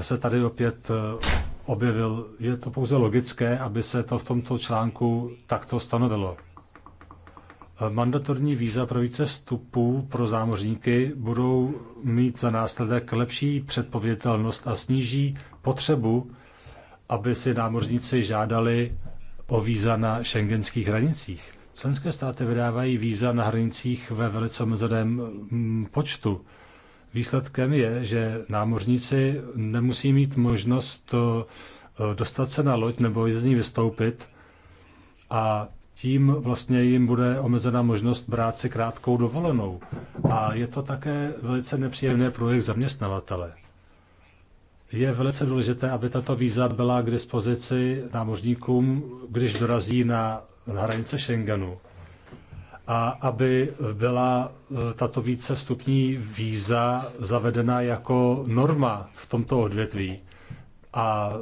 se tady opět eh, objevil. Je to pouze logické, aby se to v tomto článku takto stanovilo. Eh, mandatorní víza pro více vstupů pro zámořníky budou mít za následek lepší předpovědělnost a sníží potřebu, aby si námořníci žádali o víza na šengenských hranicích. Členské státy vydávají víza na hranicích ve velice omezeném mm, počtu. Výsledkem je, že námořníci nemusí mít možnost eh, dostat se na loď nebo z ní vystoupit a tím vlastně jim bude omezena možnost brát si krátkou dovolenou. A je to také velice nepříjemné pro jejich zaměstnavatele. Je velice důležité, aby tato víza byla k dispozici námořníkům, když dorazí na hranice Schengenu. A aby byla e, tato více vstupní víza zavedena jako norma v tomto odvětví. A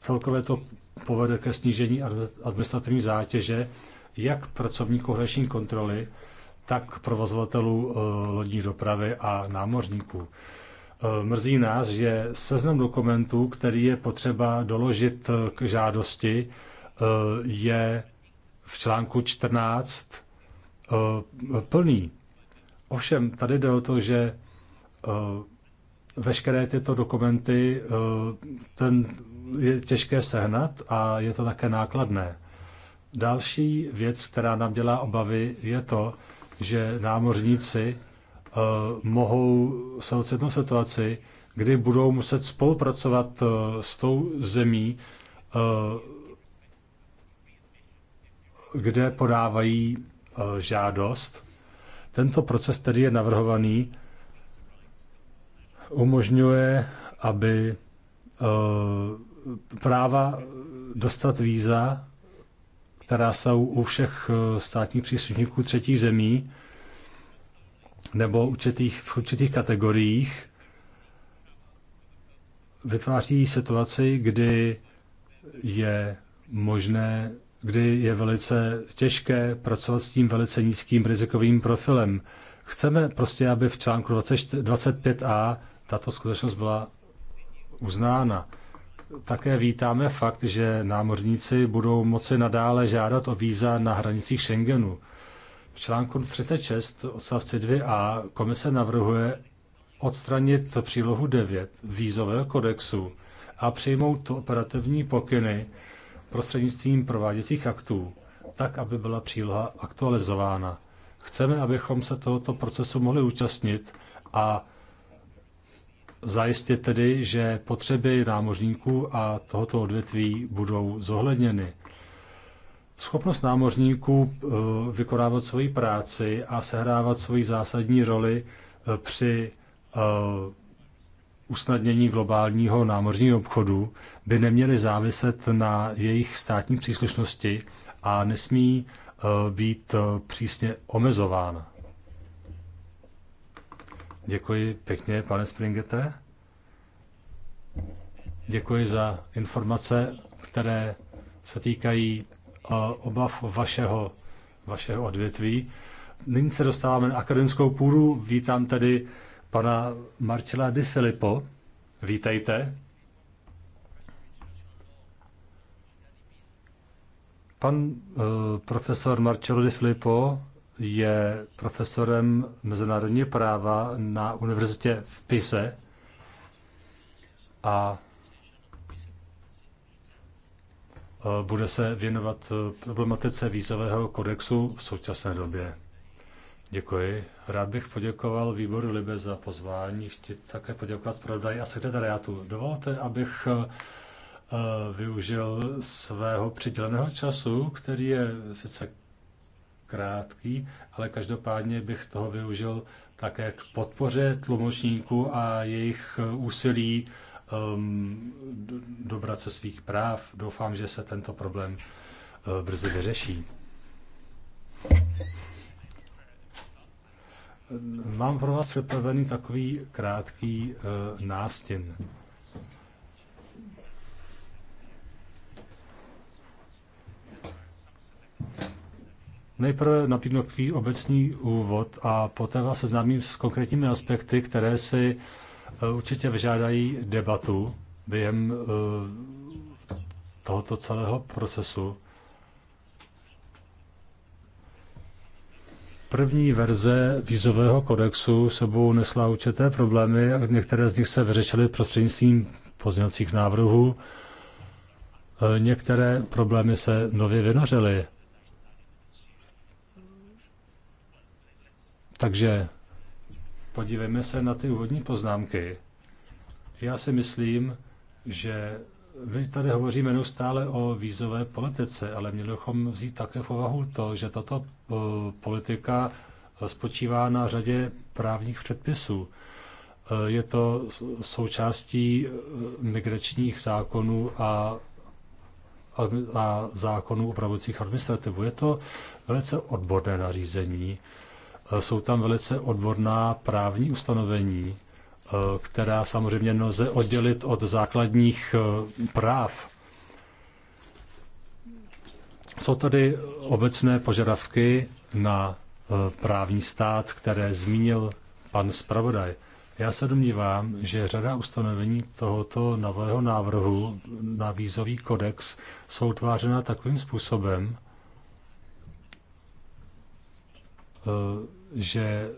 celkově to povede ke snížení administrativní zátěže jak pracovníků hraniční kontroly, tak provozovatelů e, lodní dopravy a námořníků. Eh, mrzí nás, že seznam dokumentů, který je potřeba doložit eh, k žádosti, eh, je v článku 14 plný. Ovšem, tady jde o to, že veškeré tyto dokumenty ten je těžké sehnat a je to také nákladné. Další věc, která nám dělá obavy, je to, že námořníci Eh, mohou se ocitnout situaci, kdy budou muset spolupracovat eh, s tou zemí, eh, kde podávají žádost. Tento proces, který je navrhovaný, umožňuje, aby práva dostat víza, která jsou u všech státních příslušníků třetích zemí, nebo určitých, v určitých kategoriích vytváří situaci, kdy je možné, kdy je velice těžké pracovat s tím velice nízkým rizikovým profilem. Chceme prostě, aby v článku 25a tato skutečnost byla uznána. Také vítáme fakt, že námořníci budou moci nadále žádat o víza na hranicích Schengenu. V článku 36 odstavce 2a komise navrhuje odstranit přílohu 9 vízového kodexu a přijmout operativní pokyny prostřednictvím prováděcích aktů, tak, aby byla příloha aktualizována. Chceme, abychom se tohoto procesu mohli účastnit a zajistit tedy, že potřeby námořníků a tohoto odvětví budou zohledněny. Schopnost námořníků eh, vykonávat svoji práci a sehrávat svoji zásadní roli eh, při eh, usnadnění globálního námořního obchodu by neměly záviset na jejich státní příslušnosti a nesmí být přísně omezována. Děkuji pěkně, pane Springete. Děkuji za informace, které se týkají obav vašeho, vašeho odvětví. Nyní se dostáváme na akademickou půdu. Vítám tedy pana Marcela Di Filippo. Vítejte. Pan uh, profesor Marcello Di Filippo je profesorem mezinárodního práva na univerzitě v Pise a Eh, bude se věnovat eh, problematice vízového kodexu v současné době. Děkuji. Rád bych poděkoval výboru Libe za pozvání. Chci také poděkovat zpravodaji a sekretariátu. Dovolte, abych eh, využil svého přiděleného času, který je sice krátký, ale každopádně bych toho využil také k podpoře tlumočníků a jejich úsilí um, dobrat se svých práv. Doufám, že se tento problém uh, brzy vyřeší. Mám pro vás připravený takový krátký uh, nástin. Nejprve nabídnu takový obecný úvod a poté vás seznámím s konkrétními aspekty, které si uh, Eh, určitě vyžádají debatu během eh, tohoto celého procesu. První verze vízového kodexu sebou nesla určité problémy a některé z nich se vyřešily prostřednictvím pozměňovacích návrhů. Eh, některé problémy se nově vynořily. Takže Podívejme se na ty úvodní poznámky. Já si myslím, že my tady hovoříme neustále o vízové politice, ale měli bychom vzít také v úvahu to, že tato eh, politika spočívá na řadě právních předpisů. Eh, je to součástí eh, migračních zákonů a, a, a zákonů upravujících administrativu. Je to velice odborné nařízení. Eh, jsou tam velice odborná právní ustanovení, eh, která samozřejmě nelze oddělit od základních eh, práv. Jsou tady obecné požadavky na právní stát, které zmínil pan zpravodaj. Já se domnívám, že řada ustanovení tohoto nového návrhu na vízový kodex jsou tvářena takovým způsobem, že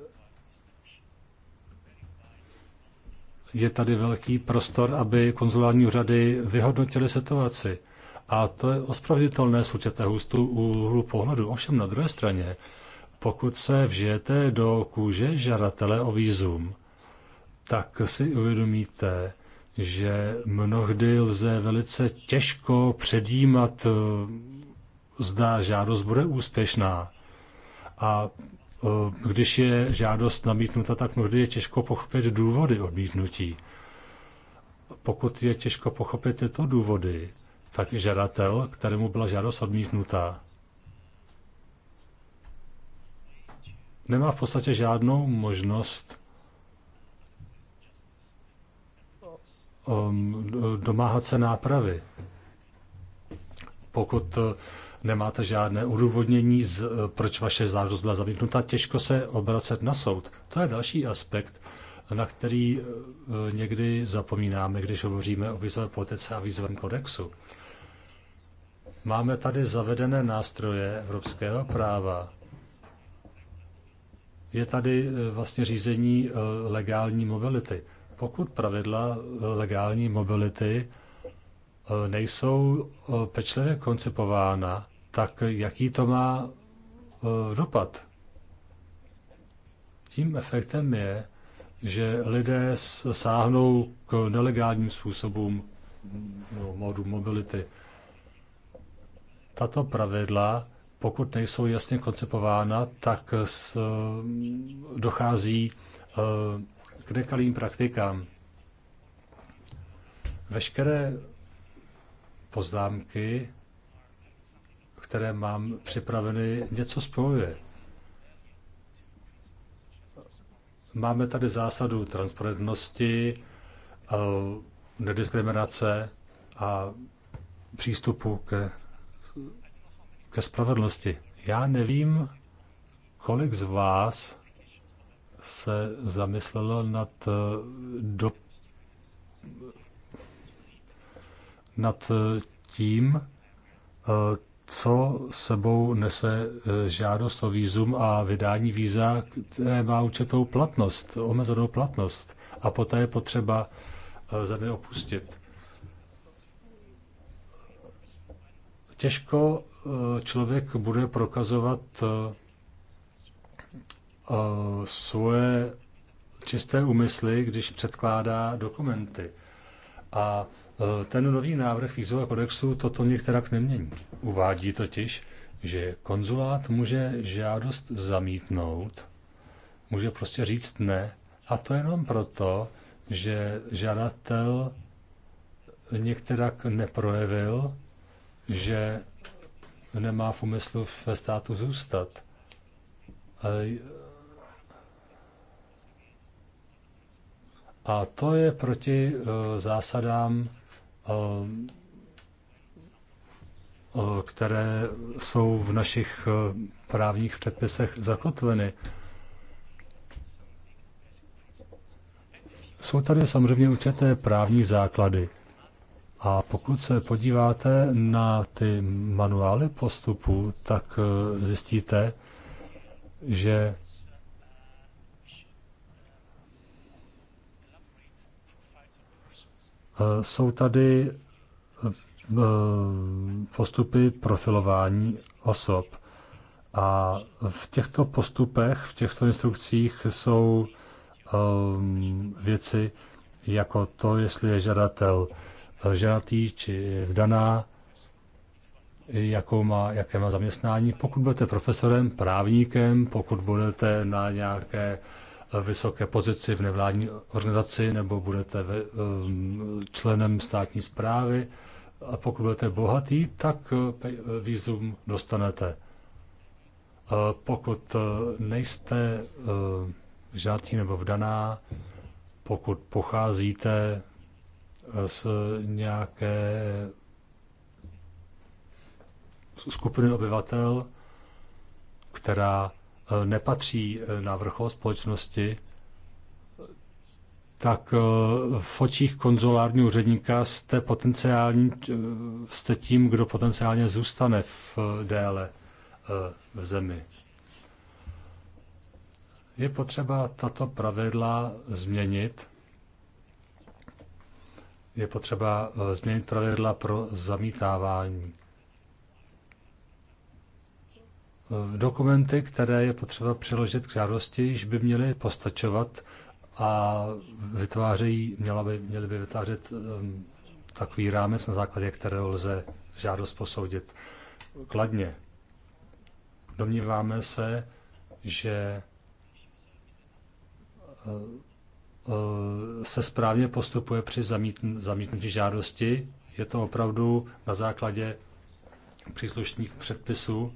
je tady velký prostor, aby konzulární úřady vyhodnotily situaci. A to je ospravedlitelné z hustu úhlu pohledu. Ovšem na druhé straně, pokud se vžijete do kůže žadatele o výzum, tak si uvědomíte, že mnohdy lze velice těžko předjímat, eh, zda žádost bude úspěšná. A Eh, když je žádost namítnuta, tak mnohdy je těžko pochopit důvody odmítnutí. Pokud je těžko pochopit tyto důvody, tak žadatel, kterému byla žádost odmítnutá, nemá v podstatě žádnou možnost ehm, domáhat se nápravy. Pokud eh, nemáte žádné udůvodnění, z, eh, proč vaše zářost byla zamítnuta, těžko se obracet na soud. To je další aspekt, na který eh, někdy zapomínáme, když hovoříme o vízové politice a vízovém kodexu. Máme tady zavedené nástroje evropského práva. Je tady eh, vlastně řízení legální mobility. Pokud pravidla legální mobility nejsou pečlivě koncipována, tak jaký to má eh, dopad? Tím efektem je, že lidé sáhnou k nelegálním způsobům no, modu mobility. Tato pravidla, pokud nejsou jasně koncepována, tak s, dochází eh, k nekalým praktikám. Veškeré poznámky které mám připraveny, něco spojuje. Máme tady zásadu transparentnosti, eh, nediskriminace a přístupu ke, ke spravedlnosti. Já nevím, kolik z vás se zamyslelo nad eh, do, nad eh, tím, co sebou nese e, žádost o výzum a vydání víza, které má určitou platnost, omezenou platnost a poté je potřeba e, zemi opustit. Těžko e, člověk bude prokazovat svoje čisté úmysly, když předkládá dokumenty. A Eh, ten nový návrh vízového kodexu toto některak nemění. Uvádí totiž, že konzulát může žádost zamítnout, může prostě říct ne, a to jenom proto, že žadatel některak neprojevil, že nemá v úmyslu ve státu zůstat. A to je proti eh, zásadám Eh, eh, které jsou v našich eh, právních předpisech zakotveny. Jsou tady samozřejmě určité právní základy. A pokud se podíváte na ty manuály postupu, tak zjistíte, že Eh, jsou tady eh, postupy profilování osob. A v těchto postupech, v těchto instrukcích jsou um, věci jako to, jestli je žadatel ženatý či vdaná, jakou má, jaké má zaměstnání. Pokud budete profesorem, právníkem, pokud budete na nějaké uh, vysoké pozici v nevládní organizaci nebo budete um, členem státní zprávy. A pokud budete bohatý, tak eh, výzum dostanete. Eh, pokud eh, nejste žádný nebo vdaná, pokud pocházíte z nějaké skupiny obyvatel, která nepatří eh, na vrchol společnosti, tak eh, v očích konzulárního úředníka jste, potenciální, eh, jste tím, kdo potenciálně zůstane v déle v zemi. Je potřeba tato pravidla změnit. Je potřeba změnit pravidla pro zamítávání. Dokumenty, které je potřeba přiložit k žádosti, již by měly postačovat a vytvářejí, měla by, měly by vytvářet um, takový rámec, na základě kterého lze žádost posoudit kladně. Domníváme se, že uh, uh, se správně postupuje při zamítnutí žádosti. Je to opravdu na základě příslušných předpisů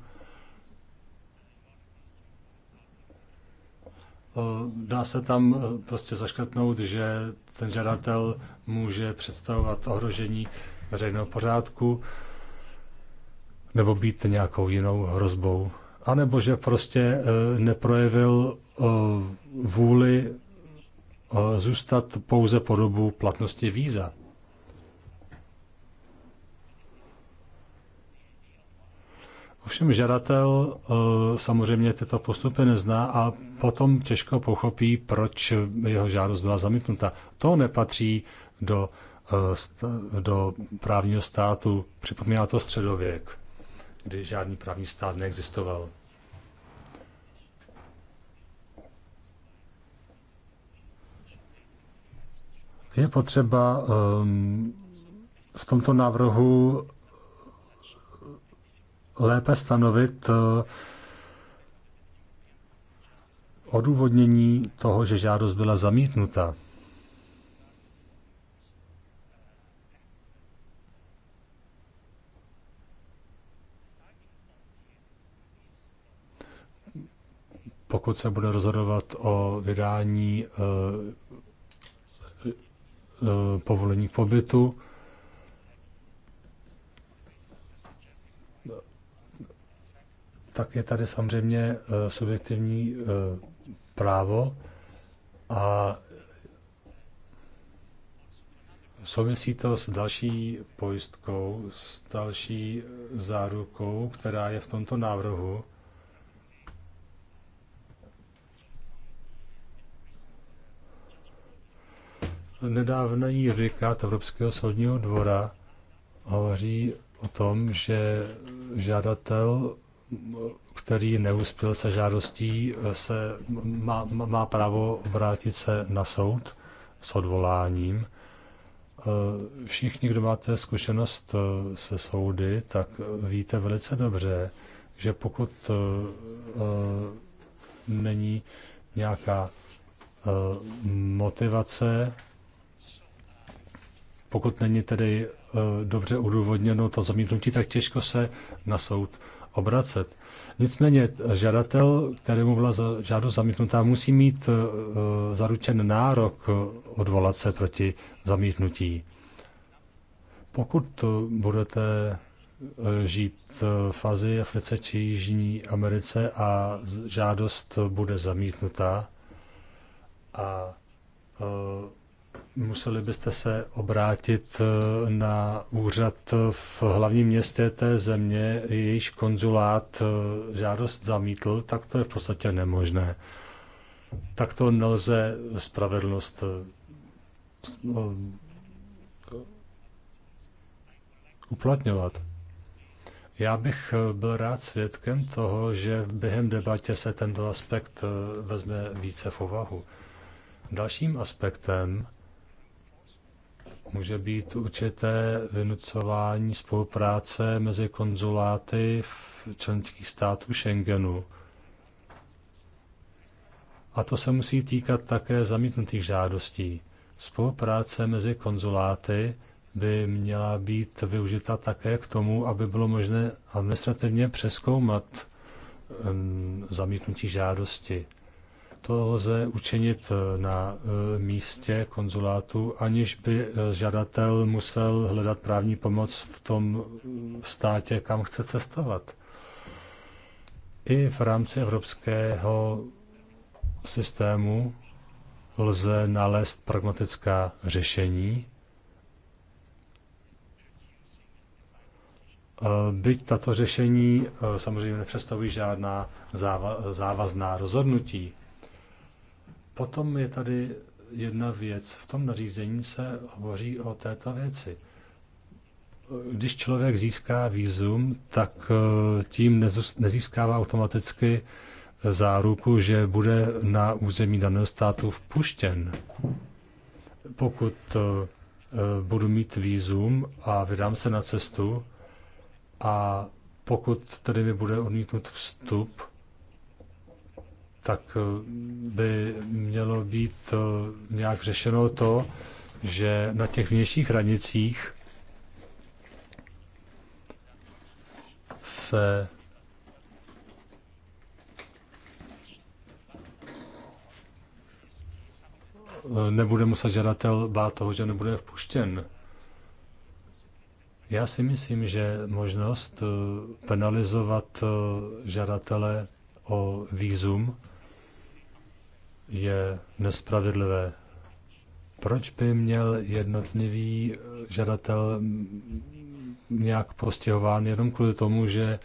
Dá se tam e, prostě zaškrtnout, že ten žadatel může představovat ohrožení veřejného pořádku nebo být nějakou jinou hrozbou. A nebo že prostě e, neprojevil e, vůli zůstat pouze po dobu platnosti víza. Ovšem žadatel eh, samozřejmě tyto postupy nezná a potom těžko pochopí, proč jeho žádost byla zamítnuta. To nepatří do, eh, do právního státu. Připomíná to středověk, kdy žádný právní stát neexistoval. Je potřeba um, v tomto návrhu lépe stanovit eh, odůvodnění toho, že žádost byla zamítnuta. Pokud se bude rozhodovat o vydání eh, eh, povolení k pobytu, tak je tady samozřejmě eh, subjektivní eh, právo a souvisí to s další pojistkou, s další zárukou, která je v tomto návrhu. Nedávný judikát Evropského soudního dvora hovoří o tom, že žádatel který neuspěl se žádostí, se má, má právo vrátit se na soud s odvoláním. Eh, všichni, kdo máte zkušenost eh, se soudy, tak eh, víte velice dobře, že pokud není nějaká motivace, pokud není tedy dobře udůvodněno to zamítnutí, tak těžko se na soud obracet. Nicméně žadatel, kterému byla žádost zamítnutá, musí mít eh, zaručen nárok eh, odvolat se proti zamítnutí. Pokud budete eh, žít v Azii, Africe či Jižní Americe a žádost bude zamítnutá a museli byste se obrátit eh, na úřad v hlavním městě té země, jejíž konzulát eh, žádost zamítl, tak to je v podstatě nemožné. Tak to nelze spravedlnost eh, uplatňovat. Já bych byl rád svědkem toho, že během debatě se tento aspekt vezme více v úvahu. Dalším aspektem může být určité vynucování spolupráce mezi konzuláty v členských států Schengenu. A to se musí týkat také zamítnutých žádostí. Spolupráce mezi konzuláty by měla být využita také k tomu, aby bylo možné administrativně přeskoumat ehm, zamítnutí žádosti. To lze učinit eh, na eh, místě konzulátu, aniž by eh, žadatel musel hledat právní pomoc v tom státě, kam chce cestovat. I v rámci evropského systému lze nalézt pragmatická řešení. Byť tato řešení samozřejmě nepředstavují žádná závazná rozhodnutí, Potom je tady jedna věc. V tom nařízení se hovoří o této věci. Když člověk získá výzum, tak eh, tím nezískává automaticky záruku, že bude na území daného státu vpuštěn. Pokud eh, eh, budu mít výzum a vydám se na cestu a pokud tedy mi bude odmítnut vstup, tak eh, by mělo být eh, nějak řešeno to, že na těch vnějších hranicích se eh, nebude muset žadatel bát toho, že nebude vpuštěn. Já si myslím, že možnost penalizovat žadatele o výzum je nespravedlivé. Proč by měl jednotlivý eh, žadatel nějak postihován jenom kvůli tomu, že eh,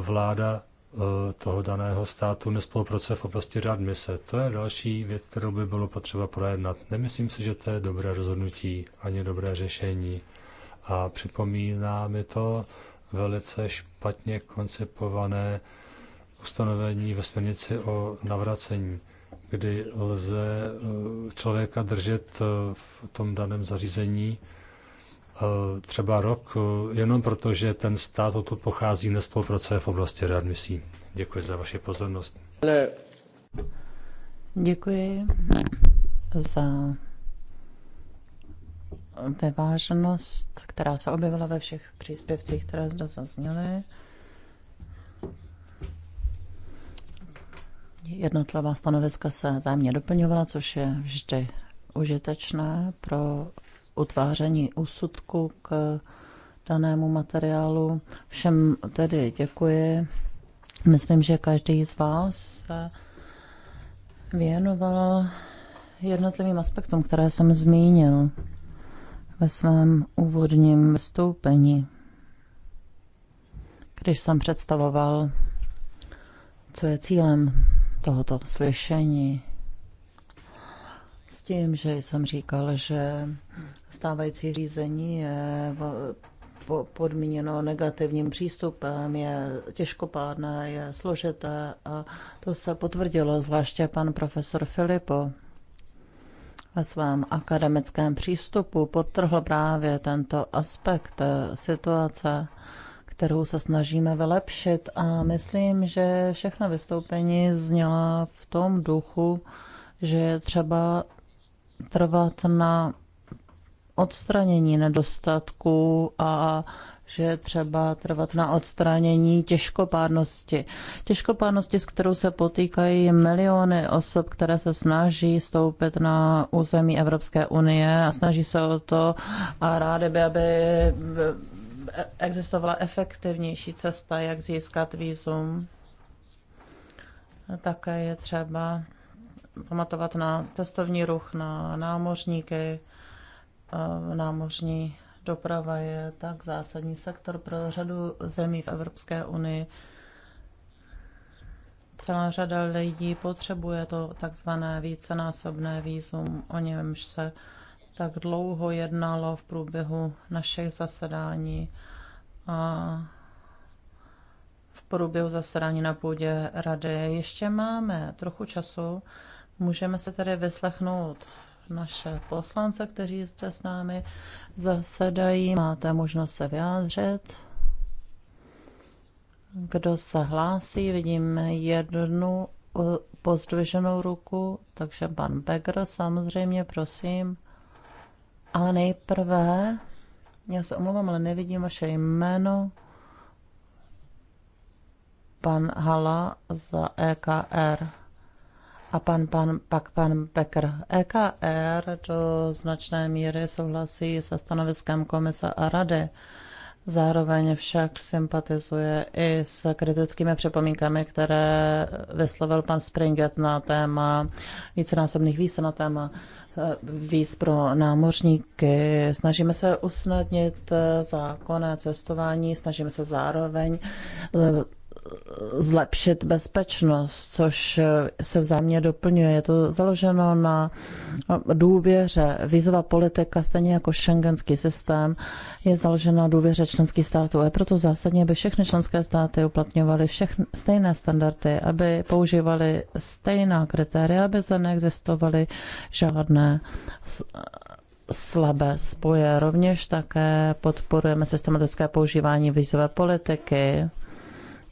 vláda eh, toho daného státu nespolupracuje v oblasti readmise. To je další věc, kterou by bylo potřeba projednat. Nemyslím si, že to je dobré rozhodnutí ani dobré řešení. A připomíná mi to velice špatně koncipované ustanovení ve směrnici o navracení kdy lze eh, člověka držet eh, v tom daném zařízení eh, třeba rok, jenom proto, že ten stát odtud pochází, nespolupracuje v oblasti readmisí. Děkuji za vaši pozornost. Děkuji za vyváženost, která se objevila ve všech příspěvcích, které zde zazněly. Jednotlivá stanoviska se zájemně doplňovala, což je vždy užitečné pro utváření úsudku k danému materiálu. Všem tedy děkuji. Myslím, že každý z vás se věnoval jednotlivým aspektům, které jsem zmínil ve svém úvodním vystoupení, když jsem představoval, co je cílem tohoto slyšení. S tím, že jsem říkal, že stávající řízení je podmíněno negativním přístupem, je těžkopádné, je složité a to se potvrdilo, zvláště pan profesor Filipo ve svém akademickém přístupu potrhl právě tento aspekt eh, situace kterou se snažíme vylepšit a myslím, že všechna vystoupení zněla v tom duchu, že je třeba trvat na odstranění nedostatků a že je třeba trvat na odstranění těžkopádnosti. Těžkopádnosti, s kterou se potýkají miliony osob, které se snaží stoupit na území Evropské unie a snaží se o to a rádi by, aby existovala efektivnější cesta, jak získat výzum. Také je třeba pamatovat na cestovní ruch, na námořníky. Námořní doprava je tak zásadní sektor pro řadu zemí v Evropské unii. Celá řada lidí potřebuje to takzvané vícenásobné výzum, o němž se uh, tak dlouho jednalo v průběhu našich zasedání a v průběhu zasedání na půdě rady. Ještě máme trochu času, můžeme se tedy vyslechnout naše poslance, kteří zde s námi zasedají. Máte možnost se vyjádřit. Kdo se hlásí, vidím jednu eh, pozdvěženou ruku, takže pan Becker samozřejmě, prosím. Ale nejprve, já se omlouvám, ale nevidím vaše jméno. Pan Hala za EKR a pan, pan, pak pan Becker. EKR do značné míry souhlasí se stanoviskem komise a rady. Zároveň však sympatizuje i s kritickými připomínkami, které vyslovil pan Springet na téma vícenásobných víz na téma eh, víz pro námořníky. Snažíme se usnadnit eh, zákonné cestování, snažíme se zároveň eh, zlepšit bezpečnost, což eh, se vzájemně doplňuje. Je to založeno na důvěře. Vízová politika, stejně jako šengenský systém, je založena na důvěře členských států. A proto zásadně aby všechny členské státy uplatňovaly všechny, stejné standardy, aby používaly stejná kritéria, aby zde neexistovaly žádné slabé spoje. Rovněž také podporujeme systematické používání vízové politiky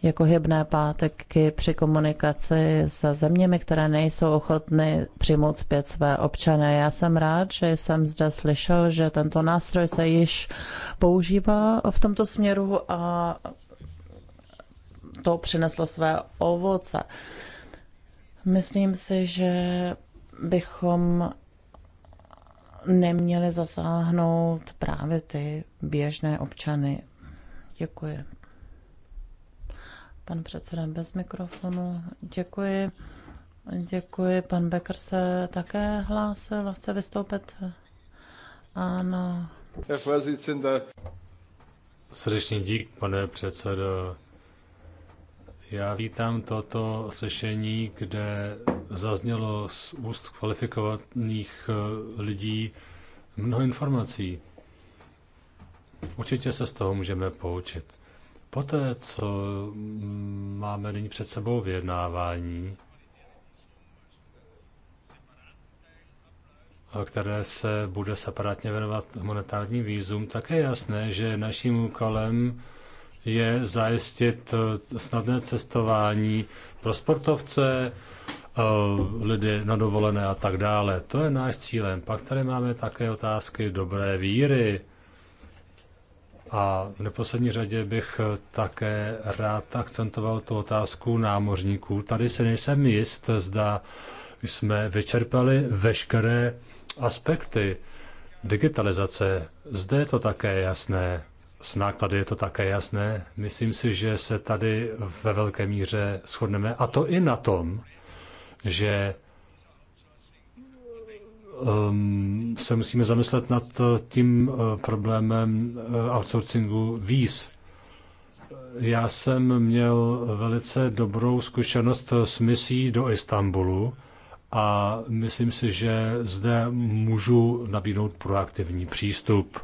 jako hybné páteky při komunikaci se zeměmi, které nejsou ochotny přijmout zpět své občany. Já jsem rád, že jsem zde slyšel, že tento nástroj se již používá v tomto směru a to přineslo své ovoce. Myslím si, že bychom neměli zasáhnout právě ty běžné občany. Děkuji pan předseda bez mikrofonu. Děkuji. Děkuji. Pan Becker se také hlásil a chce vystoupit. Ano. Srdečný dík, pane předsedo. Já vítám toto slyšení, kde zaznělo z úst kvalifikovaných eh, lidí mnoho informací. Určitě se z toho můžeme poučit. Poté, co mm, máme nyní před sebou vyjednávání, které se bude separátně věnovat humanitárním výzum, tak je jasné, že naším úkolem je zajistit eh, snadné cestování pro sportovce, eh, lidi na dovolené a tak dále. To je náš cílem. Pak tady máme také otázky dobré víry, a v neposlední řadě bych také rád akcentoval tu otázku námořníků. Tady si nejsem jist, zda jsme vyčerpali veškeré aspekty digitalizace. Zde je to také jasné. S náklady je to také jasné. Myslím si, že se tady ve velké míře shodneme, a to i na tom, že um, se musíme zamyslet nad eh, tím uh, problémem uh, outsourcingu víz. Já jsem měl velice dobrou zkušenost s misí do Istanbulu a myslím si, že zde můžu nabídnout proaktivní přístup.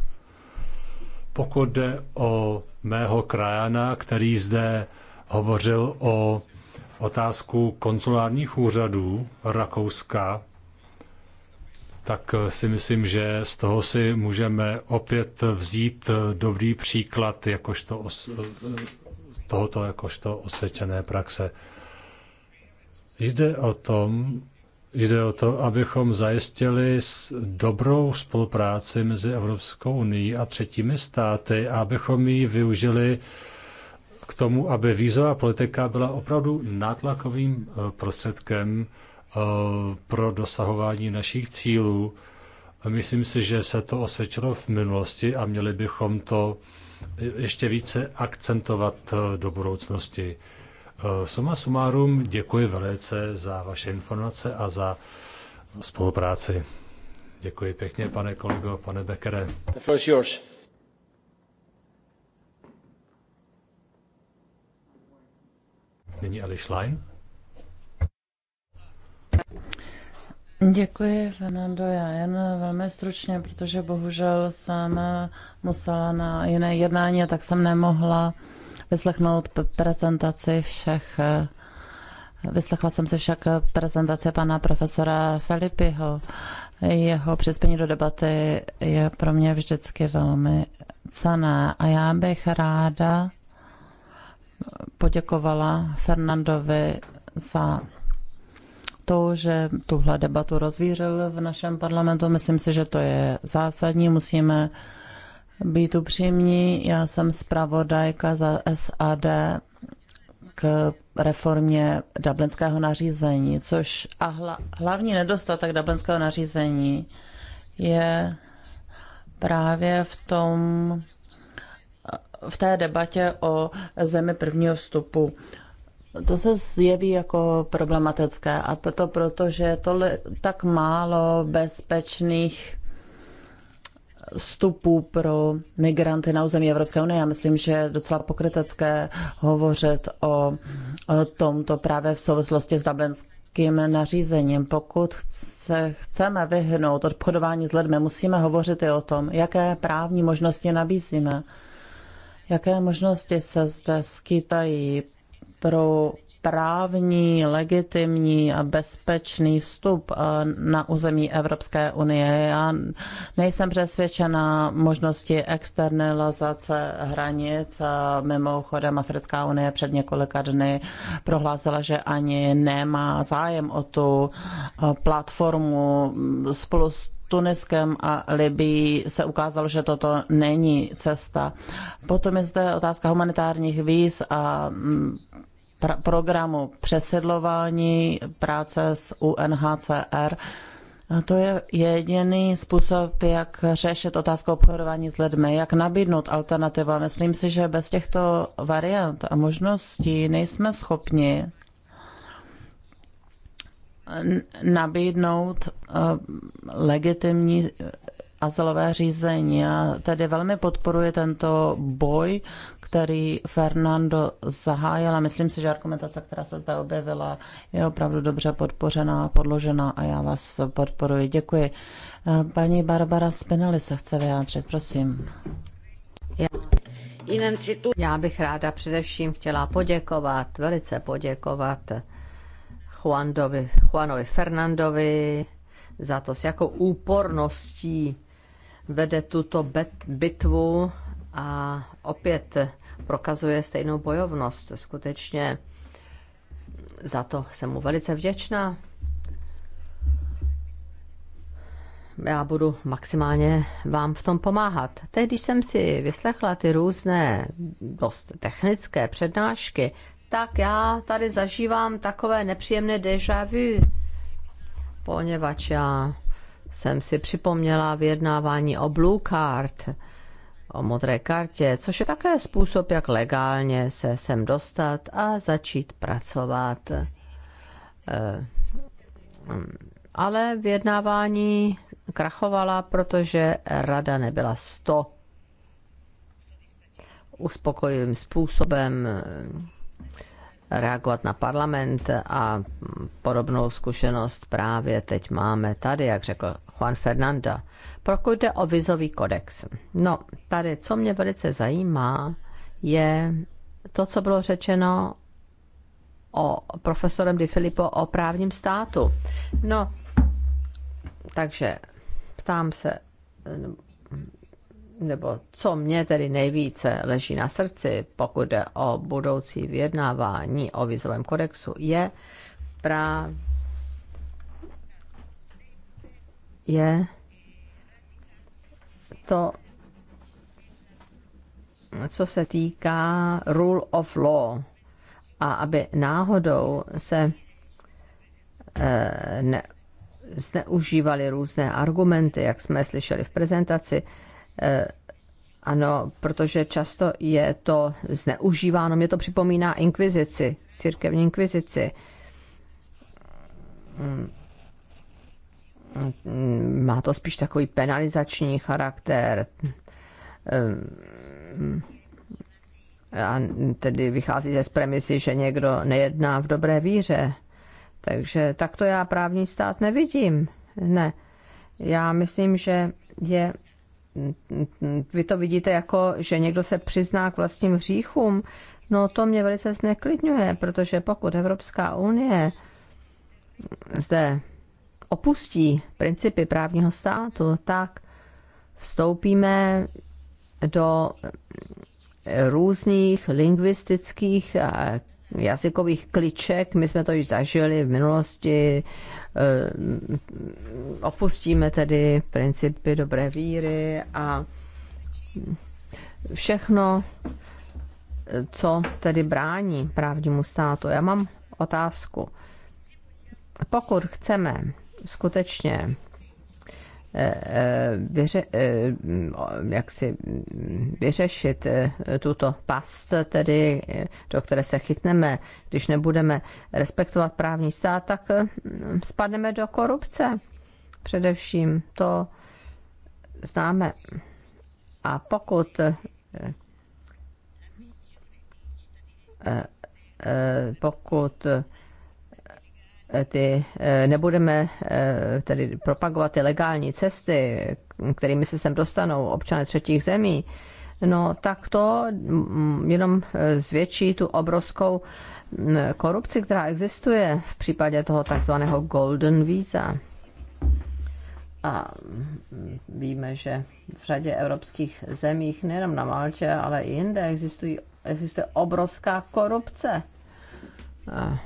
Pokud jde o mého krajana, který zde hovořil o otázku konzulárních úřadů Rakouska, tak eh, si myslím, že z toho si můžeme opět vzít eh, dobrý příklad jakožto os, eh, tohoto jakožto osvědčené praxe. Jde o tom, Jde o to, abychom zajistili dobrou spolupráci mezi Evropskou unii a třetími státy a abychom ji využili k tomu, aby vízová politika byla opravdu nátlakovým prostředkem Eh, pro dosahování našich cílů. Myslím si, že se to osvědčilo v minulosti a měli bychom to ještě více akcentovat eh, do budoucnosti. Eh, suma sumárum, děkuji velice za vaše informace a za spolupráci. Děkuji pěkně, pane kolego, pane Beckere. The floor is yours. Nyní Ali Line. Děkuji, Fernando. Já jen velmi stručně, protože bohužel jsem musela na jiné jednání, tak jsem nemohla vyslechnout prezentaci všech. Vyslechla jsem si však prezentaci pana profesora Felipiho. Jeho přispění do debaty je pro mě vždycky velmi cené a já bych ráda poděkovala Fernandovi za to, že tuhle debatu rozvířil v našem parlamentu. Myslím si, že to je zásadní. Musíme být upřímní. Já jsem zpravodajka za SAD k reformě dublinského nařízení, což a hla, hlavní nedostatek dublinského nařízení je právě v tom, v té debatě o zemi prvního vstupu to se zjeví jako problematické a to proto, že je tak málo bezpečných vstupů pro migranty na území Evropské unie. Já myslím, že je docela pokrytecké hovořit o, o tomto právě v souvislosti s dublinským nařízením. Pokud se chceme vyhnout obchodování s lidmi, musíme hovořit i o tom, jaké právní možnosti nabízíme. Jaké možnosti se zde skýtají pro právní, legitimní a bezpečný vstup eh, na území Evropské unie. Já nejsem přesvědčena možnosti externalizace hranic. A mimochodem Africká unie před několika dny prohlásila, že ani nemá zájem o tu eh, platformu spolu s Tuniskem a Libií se ukázalo, že toto není cesta. Potom je zde otázka humanitárních víz a mm, pr- programu přesedlování práce s UNHCR. A to je jediný způsob, jak řešit otázku obchodování s lidmi, jak nabídnout alternativa. Myslím si, že bez těchto variant a možností nejsme schopni nabídnout eh, legitimní eh, azylové řízení. Já tedy velmi podporuji tento boj, který Fernando zahájil a myslím si, že argumentace, která se zde objevila, je opravdu dobře podpořená, podložená a já vás podporuji. Děkuji. Eh, paní Barbara Spinelli se chce vyjádřit, prosím. Já. bych ráda především chtěla poděkovat, velice poděkovat Juanovi, Juanovi Fernandovi za to, s jakou úporností vede tuto bitvu a opět prokazuje stejnou bojovnost. Skutečně za to jsem mu velice vděčná. já budu maximálně vám v tom pomáhat. Teď, když jsem si vyslechla ty různé dost technické přednášky, tak já tady zažívám takové nepříjemné déjà vu, poněvadž já jsem si připomněla vyjednávání o Blue Card – o modré kartě, což je také způsob, jak legálně se sem dostat a začít pracovat. Eh, mm, ale vyjednávání krachovala, protože rada nebyla 100 uspokojivým způsobem eh, reagovat na parlament a podobnou zkušenost právě teď máme tady, jak řekl Juan Fernanda. Pokud jde o vizový kodex, no tady, co mě velice zajímá, je to, co bylo řečeno o profesorem Di Filippo o právním státu. No, takže ptám se, nebo co mě tedy nejvíce leží na srdci, pokud jde o budoucí vyjednávání o vizovém kodexu, je právě je to, co se týká rule of law a aby náhodou se e, ne, různé argumenty, jak jsme slyšeli v prezentaci, Eh, ano, protože často je to zneužíváno. Mě to připomíná inkvizici, církevní inkvizici. Mm. Má to spíš takový penalizační charakter. Eh, a tedy vychází ze premisy, že někdo nejedná v dobré víře. Takže takto já právní stát nevidím. Ne. Já myslím, že je vy to vidíte jako, že někdo se přizná k vlastním hříchům, no to mě velice zneklidňuje, protože pokud Evropská unie zde opustí principy právního státu, tak vstoupíme do různých lingvistických jazykových kliček. My jsme to již zažili v minulosti. Eh, opustíme tedy principy dobré víry a všechno, co tedy brání právnímu státu. Já mám otázku. Pokud chceme skutečně Eh, eh, vyře, eh, mm, jak si mm, vyřešit tuto past, tedy do které se chytneme, když nebudeme respektovat právní stát, tak mm, spadneme do korupce. Především to známe. A pokud pokud Eh, ty, eh, nebudeme eh, tedy propagovat ty legální cesty, kterými se sem dostanou občané třetích zemí, no tak to mm, jenom zvětší tu obrovskou mm, korupci, která existuje v případě toho takzvaného Golden Visa. A mm, víme, že v řadě evropských zemích, nejenom na Maltě, ale i jinde, existují, existuje obrovská korupce. A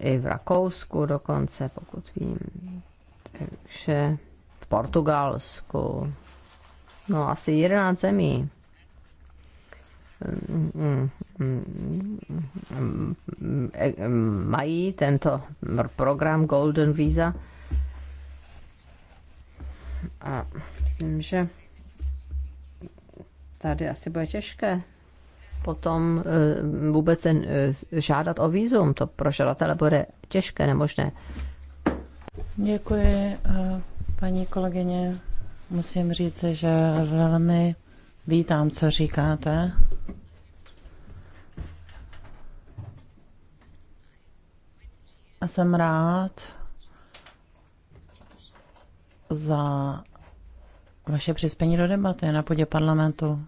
i v Rakousku dokonce, pokud vím, takže v Portugalsku, no asi 11 zemí mají tento program Golden Visa a myslím, že tady asi bude těžké potom eh, vůbec ten, eh, žádat o výzum. To pro žadatele bude těžké, nemožné. Děkuji, eh, paní kolegyně. Musím říct, že velmi vítám, co říkáte. A jsem rád za vaše přispění do debaty na půdě parlamentu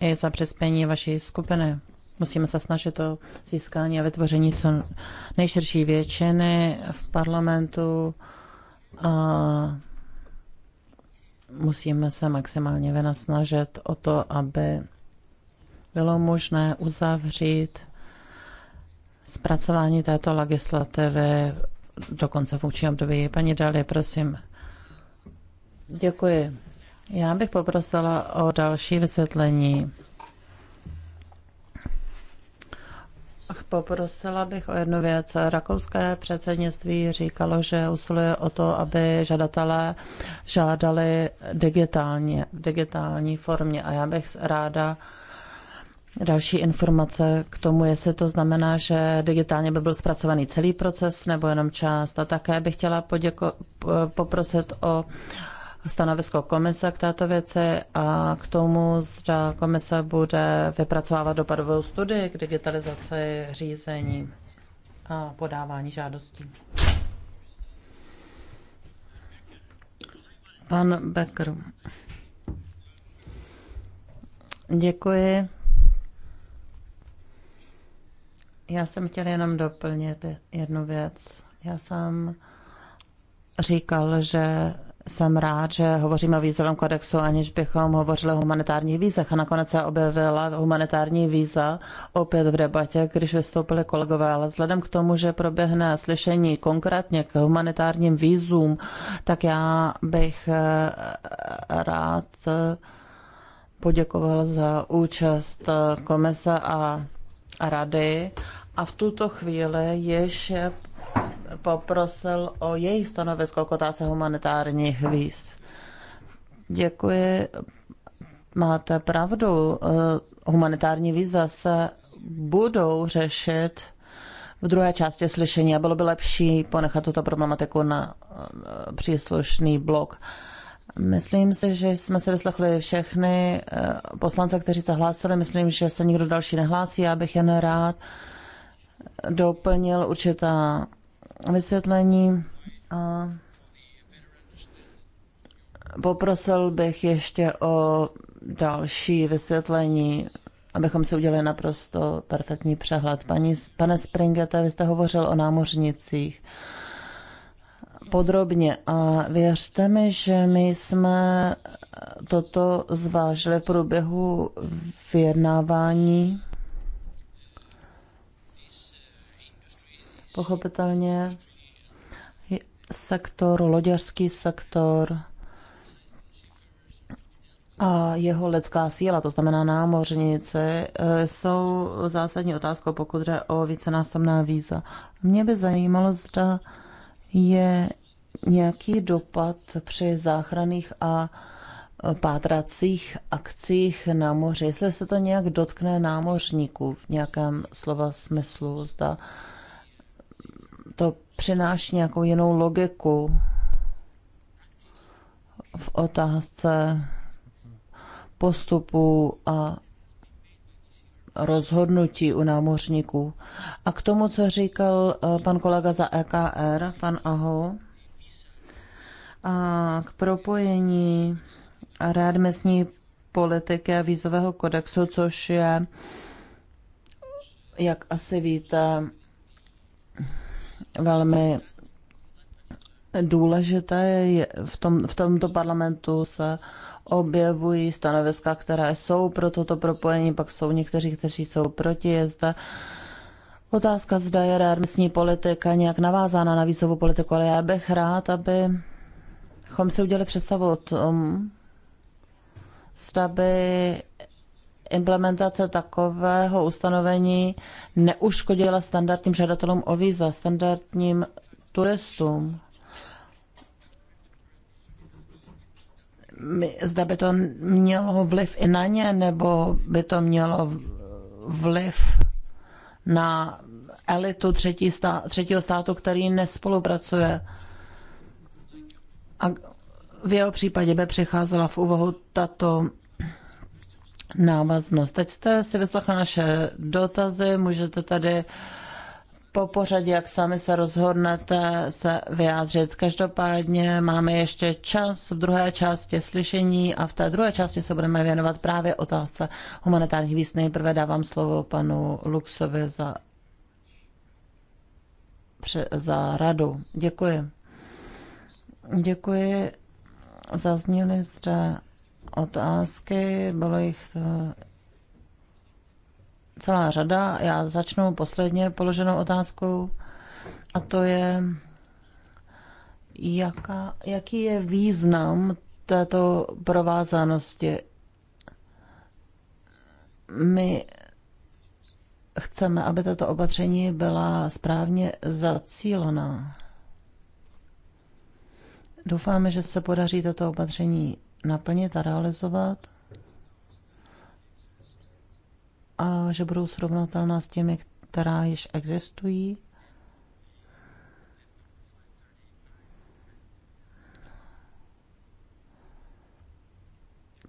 i za přespění vaší skupiny. Musíme se snažit o získání a vytvoření co nejširší většiny v parlamentu a musíme se maximálně vynasnažit o to, aby bylo možné uzavřít zpracování této legislativy do konce funkčního období. Paní Dali, prosím. Děkuji. Já bych poprosila o další vysvětlení. Ach, poprosila bych o jednu věc. Rakouské předsednictví říkalo, že usiluje o to, aby žadatelé žádali digitálně, v digitální formě. A já bych ráda další informace k tomu, jestli to znamená, že digitálně by byl zpracovaný celý proces nebo jenom část. A také bych chtěla poděko- poprosit o stanovisko komise k této věci a k tomu, zda komise bude vypracovávat dopadovou studii k digitalizaci řízení a podávání žádostí. Pan Becker. Děkuji. Já jsem chtěl jenom doplnit jednu věc. Já jsem říkal, že jsem rád, že hovoříme o vízovém kodexu, aniž bychom hovořili o humanitárních vízech. A nakonec se objevila humanitární víza opět v debatě, když vystoupili kolegové. Ale vzhledem k tomu, že proběhne slyšení konkrétně k humanitárním vízům, tak já bych eh, rád eh, poděkoval za účast eh, komise a rady. A v tuto chvíli ještě. je poprosil o jejich stanovisko k otázce humanitárních víz. Děkuji. Máte pravdu. Eh, humanitární víza se budou řešit v druhé části slyšení a bylo by lepší ponechat tuto problematiku na eh, příslušný blok. Myslím si, že jsme se vyslechli všechny eh, poslance, kteří se hlásili. Myslím, že se nikdo další nehlásí. Já bych jen rád doplnil určitá vysvětlení a poprosil bych ještě o další vysvětlení, abychom si udělali naprosto perfektní přehled. Paní, pane Springete, vy jste hovořil o námořnicích podrobně a věřte mi, že my jsme toto zvážili v průběhu vyjednávání Pochopitelně sektor, loďařský sektor a jeho lidská síla, to znamená námořnice, eh, jsou zásadní otázkou, pokud jde o vícenásobná víza. Mě by zajímalo, zda je nějaký dopad při záchranných a pátracích akcích na moři, jestli se to nějak dotkne námořníků v nějakém slova smyslu, zda to přináší nějakou jinou logiku v otázce postupu a rozhodnutí u námořníků. A k tomu, co říkal eh, pan kolega za EKR, pan Aho, a k propojení readmisní politiky a vízového kodexu, což je, jak asi víte, velmi důležité. V, tom, v tomto parlamentu se objevují stanoviska, které jsou pro toto propojení, pak jsou někteří, kteří jsou proti. Je zde otázka, zda je readmisní politika nějak navázána na výzovou politiku, ale já bych rád, abychom si udělali představu o tom, zda by implementace takového ustanovení neuškodila standardním žadatelům o víza, standardním turistům. Zda by to mělo vliv i na ně, nebo by to mělo vliv na elitu třetí stá, třetího státu, který nespolupracuje. A v jeho případě by přicházela v úvahu tato návaznost. Teď jste si vyslechli naše dotazy, můžete tady po pořadě, jak sami se rozhodnete, se vyjádřit. Každopádně máme ještě čas v druhé části slyšení a v té druhé části se budeme věnovat právě otázce humanitárních víc. Nejprve dávám slovo panu Luxovi za, za radu. Děkuji. Děkuji. Zazněli zde otázky, bylo jich eh, celá řada. Já začnu posledně položenou otázkou a to je, jaká, jaký je význam této provázanosti. My chceme, aby tato opatření byla správně zacílená. Doufáme, že se podaří toto opatření naplnit a realizovat a že budou srovnatelná s těmi, která již existují.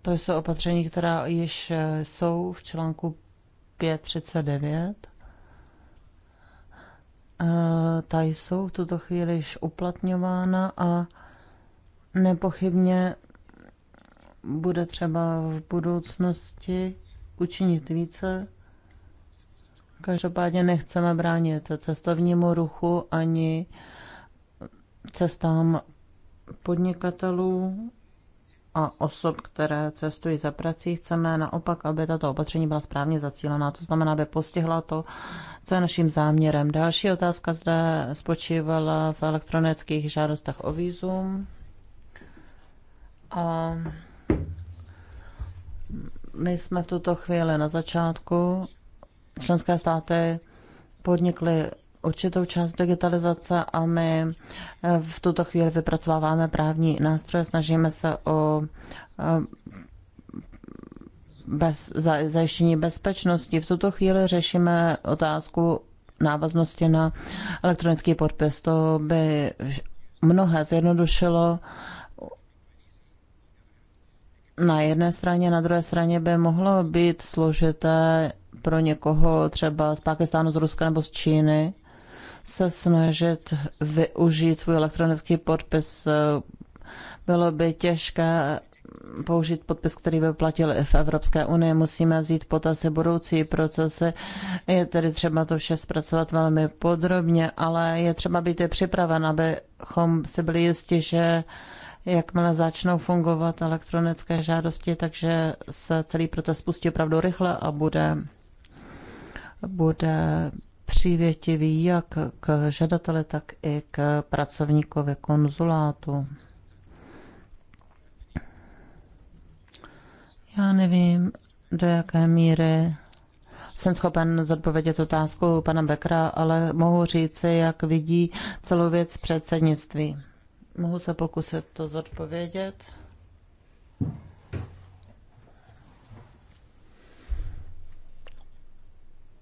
To jsou opatření, která již eh, jsou v článku 539. Eh, ta jsou v tuto chvíli již uplatňována a nepochybně bude třeba v budoucnosti učinit více. Každopádně nechceme bránit cestovnímu ruchu ani cestám podnikatelů a osob, které cestují za prací. Chceme naopak, aby tato opatření byla správně zacílená, to znamená, aby postihla to, co je naším záměrem. Další otázka zde spočívala v elektronických žádostech o výzum. A my jsme v tuto chvíli na začátku. Členské státy podnikly určitou část digitalizace a my eh, v tuto chvíli vypracováváme právní nástroje, snažíme se o eh, bez, za, zajištění bezpečnosti. V tuto chvíli řešíme otázku návaznosti na elektronický podpis. To by mnohé zjednodušilo uh, na jedné straně, na druhé straně by mohlo být složité pro někoho třeba z Pakistánu, z Ruska nebo z Číny se snažit využít svůj elektronický podpis. Bylo by těžké použít podpis, který by platil i v Evropské unii. Musíme vzít potaz budoucí procesy. Je tedy třeba to vše zpracovat velmi podrobně, ale je třeba být i připraven, abychom si byli jistí, že jakmile začnou fungovat elektronické žádosti, takže se celý proces spustí opravdu rychle a bude, bude přívětivý jak k žadateli, tak i k pracovníkovi konzulátu. Já nevím, do jaké míry jsem schopen zodpovědět otázku pana Bekra, ale mohu říci, jak vidí celou věc předsednictví. Mohu se pokusit to zodpovědět.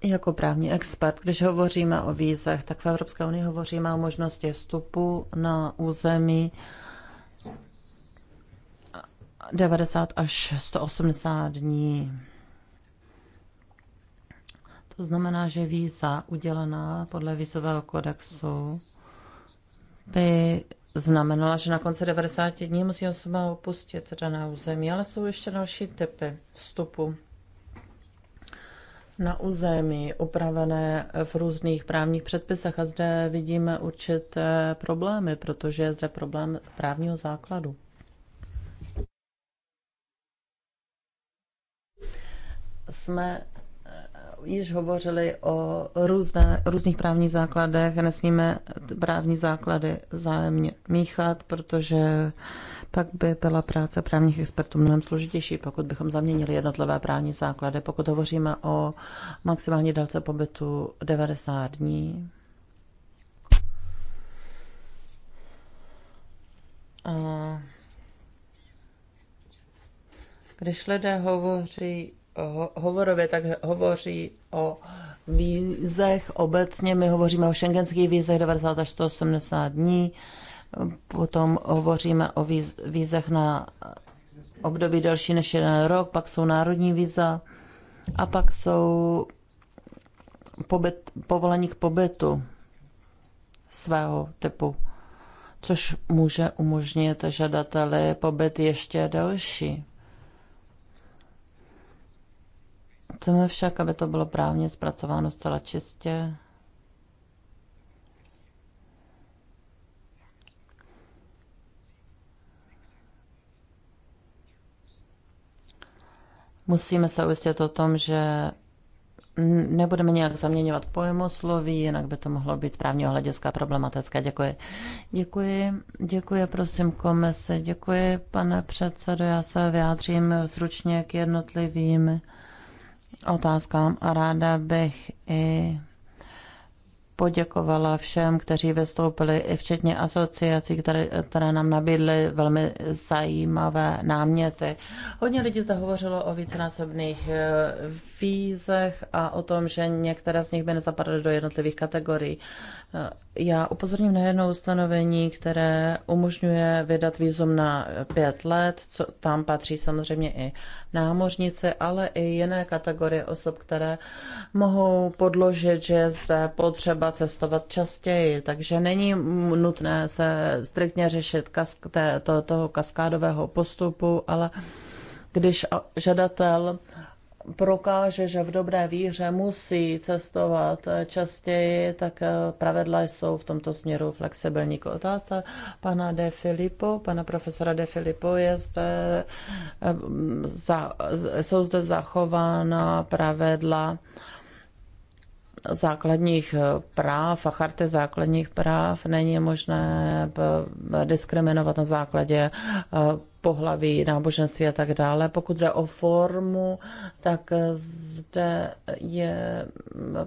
Jako právní expert, když hovoříme o vízech, tak v Evropské unii hovoříme o možnosti vstupu na území 90 až 180 dní. To znamená, že víza udělená podle vízového kodexu by znamenala, že na konci 90 dní musí osoba opustit dané území, ale jsou ještě další typy vstupu na území, upravené v různých právních předpisech a zde vidíme určité problémy, protože je zde problém právního základu. Jsme již hovořili o různé, různých právních základech. Nesmíme právní základy zájemně míchat, protože pak by byla práce právních expertů mnohem složitější, pokud bychom zaměnili jednotlivé právní základy. Pokud hovoříme o maximální délce pobytu 90 dní, a když lidé hovoří ho- hovorově, tak hovoří o vízech obecně. My hovoříme o šengenských vízech 90 až 180 dní, potom hovoříme o vízech na období delší než jeden rok, pak jsou národní víza a pak jsou pobyt, povolení k pobytu svého typu, což může umožnit žadateli pobyt ještě delší. Chceme však, aby to bylo právně zpracováno zcela čistě. Musíme se ujistit o tom, že nebudeme nějak zaměňovat pojmosloví, jinak by to mohlo být z právního hlediska problematické. Děkuji. Děkuji, děkuji, prosím, komise. Děkuji, pane předsedo. Já se vyjádřím zručně k jednotlivým otázkám a ráda bych i poděkovala všem, kteří vystoupili, i včetně asociací, které, které nám nabídly velmi zajímavé náměty. Hodně lidí zde hovořilo o vícenásobných eh, vízech a o tom, že některé z nich by nezapadaly do jednotlivých kategorií. Eh, já upozorním na jedno ustanovení, které umožňuje vydat výzum na pět let, co tam patří samozřejmě i námořnice, ale i jiné kategorie osob, které mohou podložit, že je zde potřeba cestovat častěji, takže není nutné se striktně řešit kask- té, to, toho kaskádového postupu, ale když žadatel prokáže, že v dobré víře musí cestovat častěji, tak eh, pravidla jsou v tomto směru flexibilní. K otázce pana De Filippo, pana profesora De Filippo, je zde, eh, za, jsou zde zachována pravidla základních eh, práv a charty základních práv není možné diskriminovat na základě pohlaví, náboženství a tak dále. Pokud jde o formu, tak zde je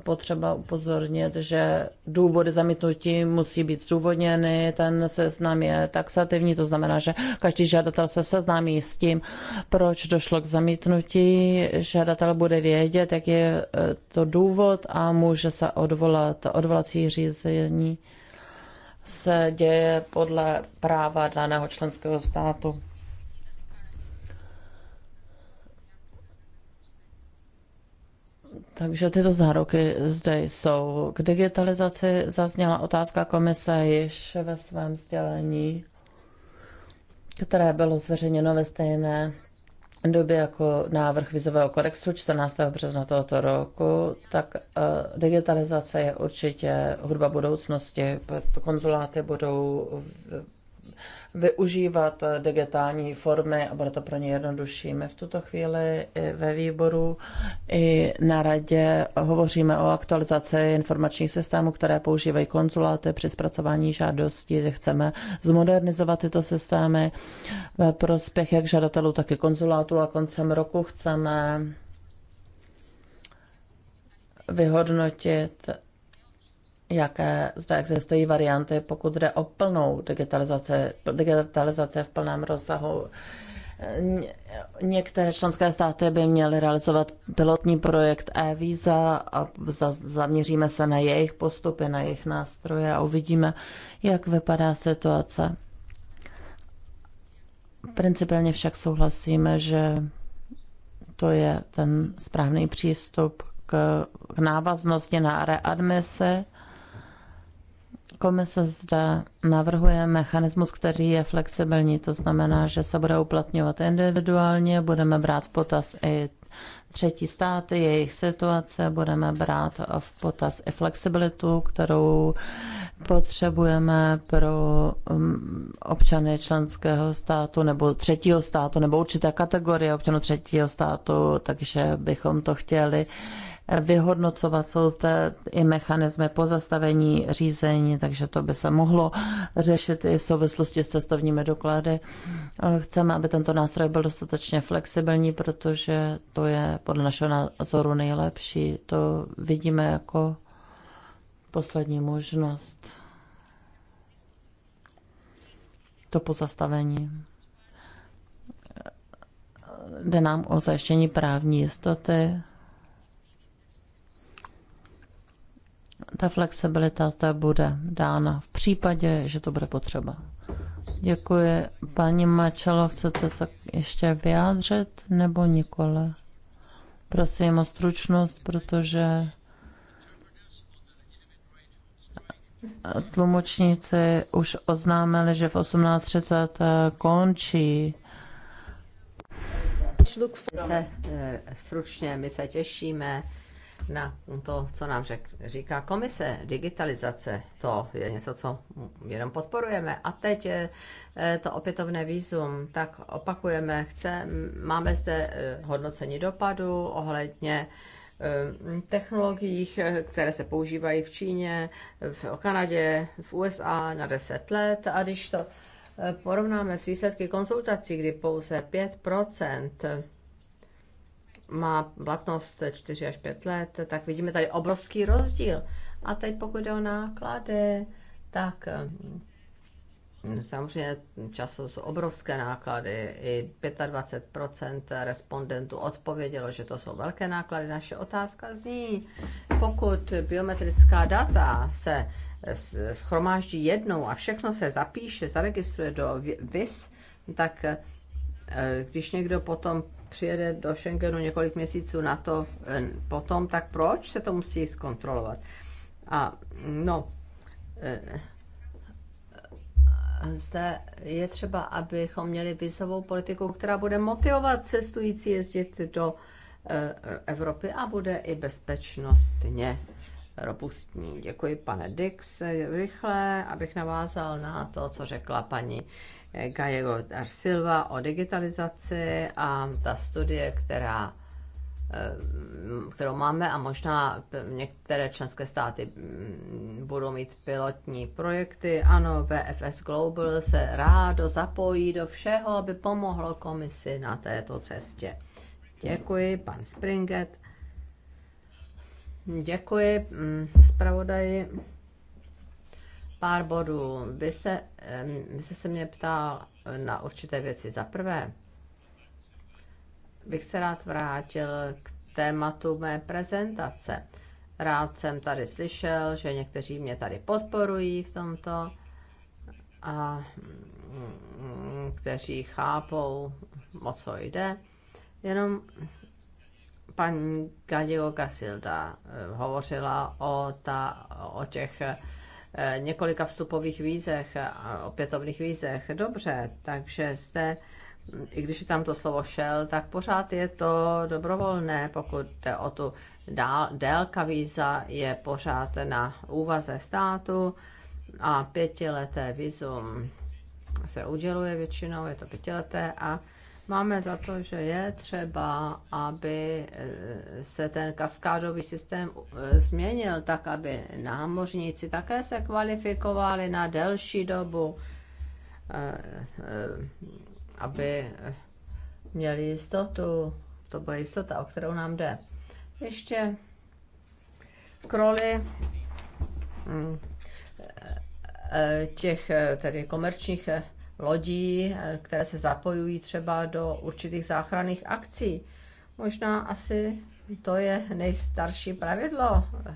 potřeba upozornit, že důvody zamítnutí musí být zdůvodněny, ten seznam je taxativní, to znamená, že každý žadatel se seznámí s tím, proč došlo k zamítnutí, žadatel bude vědět, jak je eh, to důvod a může se odvolat, odvolací řízení se děje podle práva daného členského státu. Takže tyto záruky zde jsou. K digitalizaci zazněla otázka komise již ve svém sdělení, které bylo zveřejněno ve stejné době jako návrh vizového kodexu 14. března tohoto roku, tak eh, digitalizace je určitě hudba budoucnosti. Konzuláty budou využívat eh, digitální formy a bude to pro ně jednodušší. My v tuto chvíli i ve výboru i na radě hovoříme o aktualizaci informačních systémů, které používají konzuláty při zpracování žádostí. Chceme zmodernizovat tyto systémy ve prospěch jak žadatelů, tak i konzulátů a koncem roku chceme vyhodnotit jaké zde existují varianty, pokud jde o plnou digitalizaci, digitalizace v plném rozsahu. Některé členské státy by měly realizovat pilotní projekt e-víza a zaměříme se na jejich postupy, na jejich nástroje a uvidíme, jak vypadá situace. Principiálně však souhlasíme, že to je ten správný přístup k, k návaznosti na readmise Komise zde navrhuje mechanismus, který je flexibilní, to znamená, že se bude uplatňovat individuálně, budeme brát v potaz i třetí státy, jejich situace, budeme brát v potaz i flexibilitu, kterou potřebujeme pro um, občany členského státu nebo třetího státu nebo určité kategorie občanů třetího státu, takže bychom to chtěli vyhodnocovat. Jsou zde i mechanismy pozastavení řízení, takže to by se mohlo řešit i v souvislosti s cestovními doklady. Chceme, aby tento nástroj byl dostatečně flexibilní, protože to je podle našeho názoru nejlepší. To vidíme jako poslední možnost. To pozastavení jde nám o zajištění právní jistoty ta flexibilita zde bude dána v případě, že to bude potřeba. Děkuji. Paní Mačelo, chcete se ještě vyjádřit nebo nikole? Prosím o stručnost, protože tlumočníci už oznámili, že v 18.30 eh, končí. Eh, stručně, my se těšíme na to, co nám řek, říká komise. Digitalizace, to je něco, co jenom podporujeme. A teď je e, to opětovné výzum, tak opakujeme, chce, máme zde e, hodnocení dopadu ohledně e, technologiích, které se používají v Číně, v Kanadě, v USA na 10 let. A když to porovnáme s výsledky konzultací, kdy pouze 5 má platnost 4 až 5 let, tak vidíme tady obrovský rozdíl. A teď pokud jde o náklady, tak mm, samozřejmě často jsou obrovské náklady. I 25% respondentů odpovědělo, že to jsou velké náklady. Naše otázka zní, pokud biometrická data se schromáždí jednou a všechno se zapíše, zaregistruje do VIS, tak eh, když někdo potom přijede do Schengenu několik měsíců na to eh, potom, tak proč se to musí zkontrolovat? A no, eh, zde je třeba, abychom měli vizovou politiku, která bude motivovat cestující jezdit do eh, Evropy a bude i bezpečnostně robustní. Děkuji, pane Dix, rychle, abych navázal na to, co řekla paní Eh, Gallego dar Silva o digitalizaci a ta studie, která eh, kterou máme a možná některé členské státy mm, budou mít pilotní projekty. Ano, VFS Global se rádo zapojí do všeho, aby pomohlo komisi na této cestě. Děkuji, pan Springet. Děkuji, mm, zpravodaji pár bodů. Vy jste, vy jste se mě ptal na určité věci. Za prvé, bych se rád vrátil k tématu mé prezentace. Rád jsem tady slyšel, že někteří mě tady podporují v tomto a mm, kteří chápou, o co jde. Jenom paní Gadio Casilda eh, hovořila o, ta, o těch Eh, několika vstupových vízech a opětovných vízech. Dobře, takže zde, i když je tam to slovo šel, tak pořád je to dobrovolné, pokud jde o tu dál, délka víza, je pořád na úvaze státu a pětileté vízum se uděluje většinou, je to pětileté a Máme za to, že je třeba, aby eh, se ten kaskádový systém eh, změnil tak, aby námořníci také se kvalifikovali na delší dobu, eh, aby měli jistotu. To byla jistota, o kterou nám jde. Ještě kroly hm, těch tedy komerčních lodí, eh, které se zapojují třeba do určitých záchranných akcí. Možná asi to je nejstarší pravidlo eh,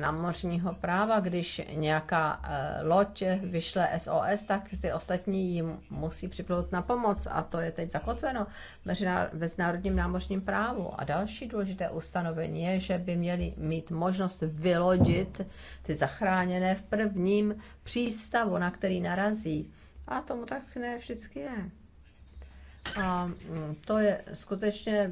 námořního práva, když nějaká eh, loď vyšle SOS, tak ty ostatní jim musí připlout na pomoc a to je teď zakotveno v mezinárodním námořním právu. A další důležité ustanovení je, že by měli mít možnost vylodit ty zachráněné v prvním přístavu, na který narazí. A tomu tak ne vždycky je. A mm, to je skutečně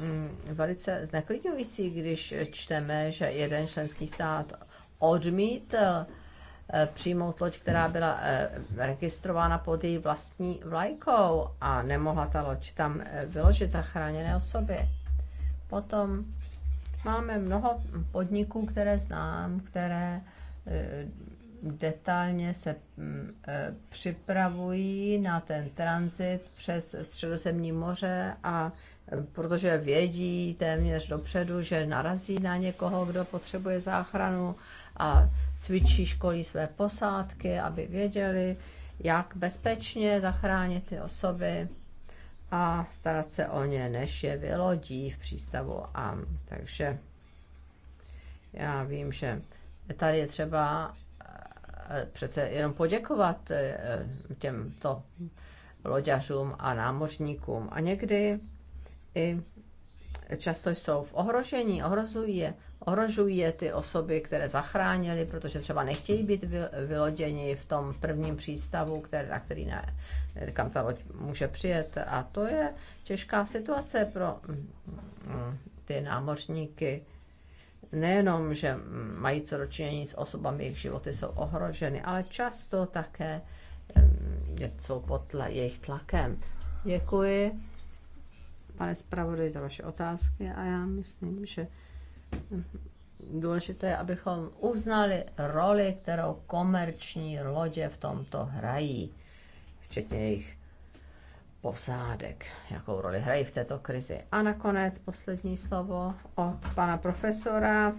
mm, velice zneklidňující, když čteme, že jeden členský stát odmítl eh, přijmout loď, která byla eh, registrována pod její vlastní vlajkou a nemohla ta loď tam eh, vyložit zachráněné osoby. Potom máme mnoho podniků, které znám, které detailně se mm, e, připravují na ten tranzit přes Středozemní moře a e, protože vědí téměř dopředu, že narazí na někoho, kdo potřebuje záchranu a cvičí, školí své posádky, aby věděli, jak bezpečně zachránit ty osoby a starat se o ně, než je vylodí v přístavu. A takže já vím, že tady je třeba Eh, přece jenom poděkovat eh, těmto loďařům a námořníkům. A někdy i často jsou v ohrožení, ohrozují je, ohrožují je ty osoby, které zachránili, protože třeba nechtějí být vyloděni v tom prvním přístavu, který, na který ne, kam ta loď může přijet. A to je těžká situace pro mm, mm, ty námořníky nejenom, že mají co dočinění s osobami, jejich životy jsou ohroženy, ale často také jsou pod tla, jejich tlakem. Děkuji, pane zpravodaj, za vaše otázky a já myslím, že důležité je, abychom uznali roli, kterou komerční lodě v tomto hrají, včetně jejich posádek, jakou roli hrají v této krizi. A nakonec poslední slovo od pana profesora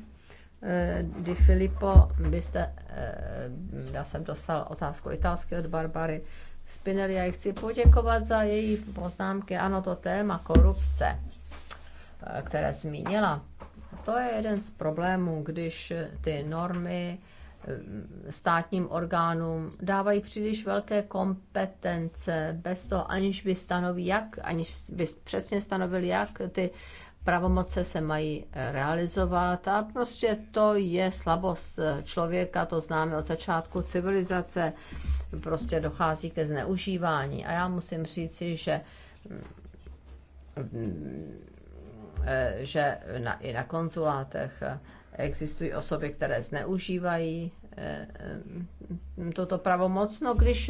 eh, Di Filippo. Byste, eh, já jsem dostal otázku italsky od Barbary Spinelli. Já chci poděkovat za její poznámky. Ano, to téma korupce, eh, které zmínila, to je jeden z problémů, když ty normy Eh, státním orgánům dávají příliš velké kompetence, bez toho aniž by stanoví jak, aniž by přesně stanovili jak ty pravomoce se mají eh, realizovat a prostě to je slabost eh, člověka, to známe od začátku civilizace, prostě dochází ke zneužívání a já musím říci, že mm, mm, že na, i na konzulátech existují osoby, které zneužívají eh, eh, toto pravomoc. No, když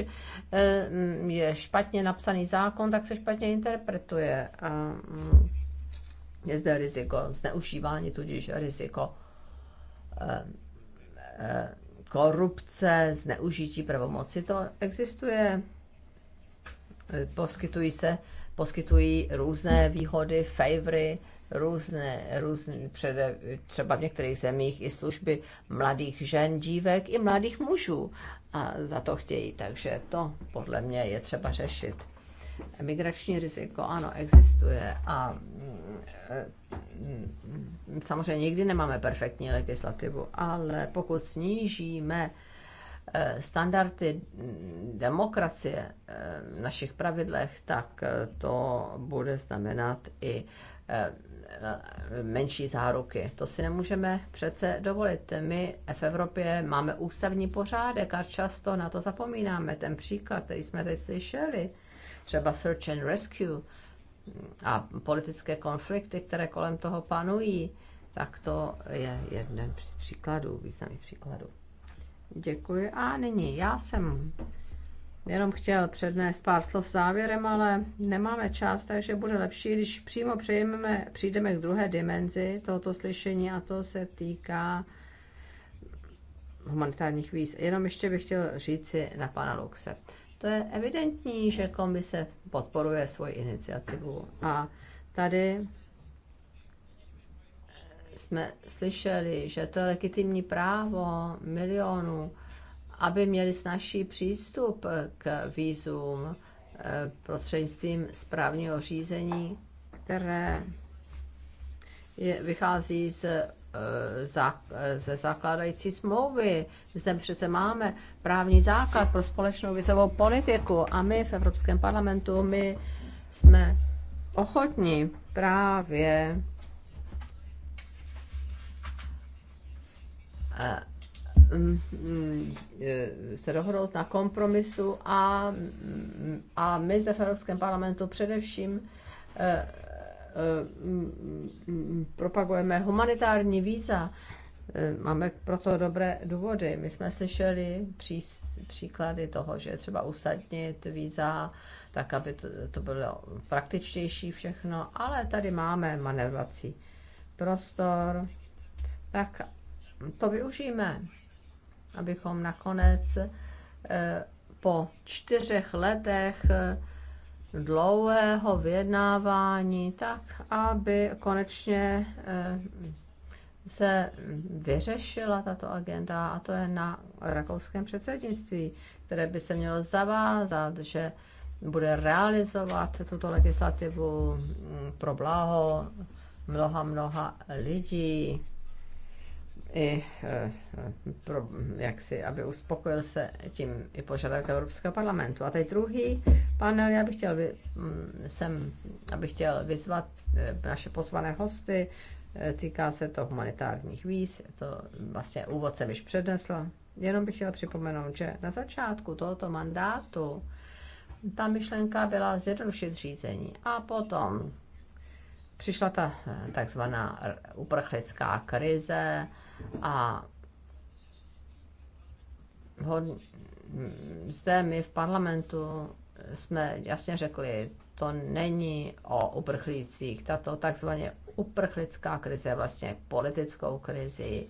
eh, mm, je špatně napsaný zákon, tak se špatně interpretuje. A mm, je zde riziko zneužívání, tudíž riziko korupce, zneužití pravomoci, to existuje. Poskytují se, poskytují různé výhody, favory, různé, různé přede, třeba v některých zemích i služby mladých žen, dívek i mladých mužů a za to chtějí. Takže to podle mě je třeba řešit. Migrační riziko, ano, existuje a mm, samozřejmě nikdy nemáme perfektní legislativu, ale pokud snížíme eh, standardy demokracie eh, v našich pravidlech, tak eh, to bude znamenat i Eh, menší záruky. To si nemůžeme přece dovolit. My v Evropě máme ústavní pořádek a často na to zapomínáme. Ten příklad, který jsme teď slyšeli, třeba search and rescue a politické konflikty, které kolem toho panují, tak to je jeden z příkladů, významných příkladů. Děkuji. A nyní já jsem jenom chtěl přednést pár slov závěrem, ale nemáme čas, takže bude lepší, když přímo přejmeme, přijdeme k druhé dimenzi tohoto slyšení a to se týká humanitárních víz. Jenom ještě bych chtěl říct si na pana Luxe. To je evidentní, že komise podporuje svoji iniciativu a tady jsme slyšeli, že to je legitimní právo milionů aby měli snažší přístup k vízům eh, prostřednictvím správního řízení, které je, vychází z, eh, zá, ze zakládající smlouvy. Zde přece máme právní základ pro společnou vizovou politiku a my v Evropském parlamentu my jsme ochotní právě eh, Mm, mm, se dohodnout na kompromisu a, mm, a my zde v Evropském parlamentu především eh, eh, propagujeme humanitární víza. Eh, máme proto dobré důvody. My jsme slyšeli pří, příklady toho, že třeba usadnit víza, tak aby to, to bylo praktičtější všechno, ale tady máme manevrací prostor. Tak to využijeme abychom nakonec eh, po čtyřech letech eh, dlouhého vyjednávání, tak aby konečně eh, se vyřešila tato agenda a to je na rakouském předsednictví, které by se mělo zavázat, že bude realizovat tuto legislativu mm, pro blaho mnoha, mnoha lidí i e, e, pro, jak si, aby uspokojil se tím i požadavek Evropského parlamentu. A tady druhý panel, já bych chtěl, jsem, mm, abych chtěl vyzvat e, naše pozvané hosty, týká se to humanitárních víz, to vlastně úvod jsem již přednesla. Jenom bych chtěla připomenout, že na začátku tohoto mandátu ta myšlenka byla zjednodušit řízení a potom přišla ta eh, takzvaná uprchlická krize a hm, zde my v parlamentu jsme jasně řekli, to není o uprchlících. Tato takzvaně uprchlická krize je vlastně politickou krizi,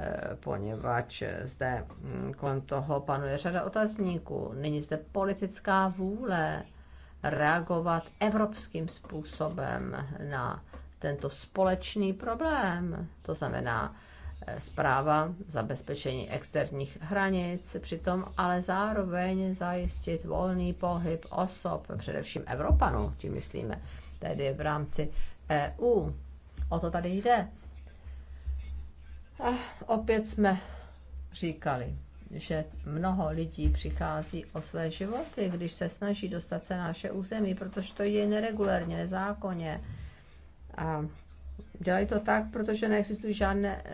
eh, poněvadž zde hm, kolem toho panuje řada otazníků. Není zde politická vůle reagovat evropským způsobem na tento společný problém. To znamená eh, zpráva zabezpečení externích hranic, přitom ale zároveň zajistit volný pohyb osob, především Evropanů, tím myslíme, tedy v rámci EU. O to tady jde. A eh, opět jsme říkali, že mnoho lidí přichází o své životy, když se snaží dostat se na naše území, protože to je neregulérně, nezákonně. A dělají to tak, protože neexistují žádné e,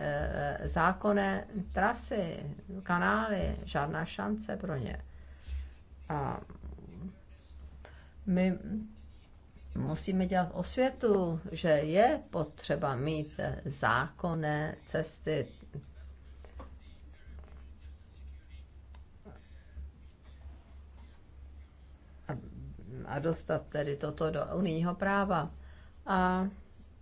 e zákonné trasy, kanály, žádná šance pro ně. A my musíme dělat osvětu, že je potřeba mít e, zákonné cesty, a dostat tedy toto do unijního práva. A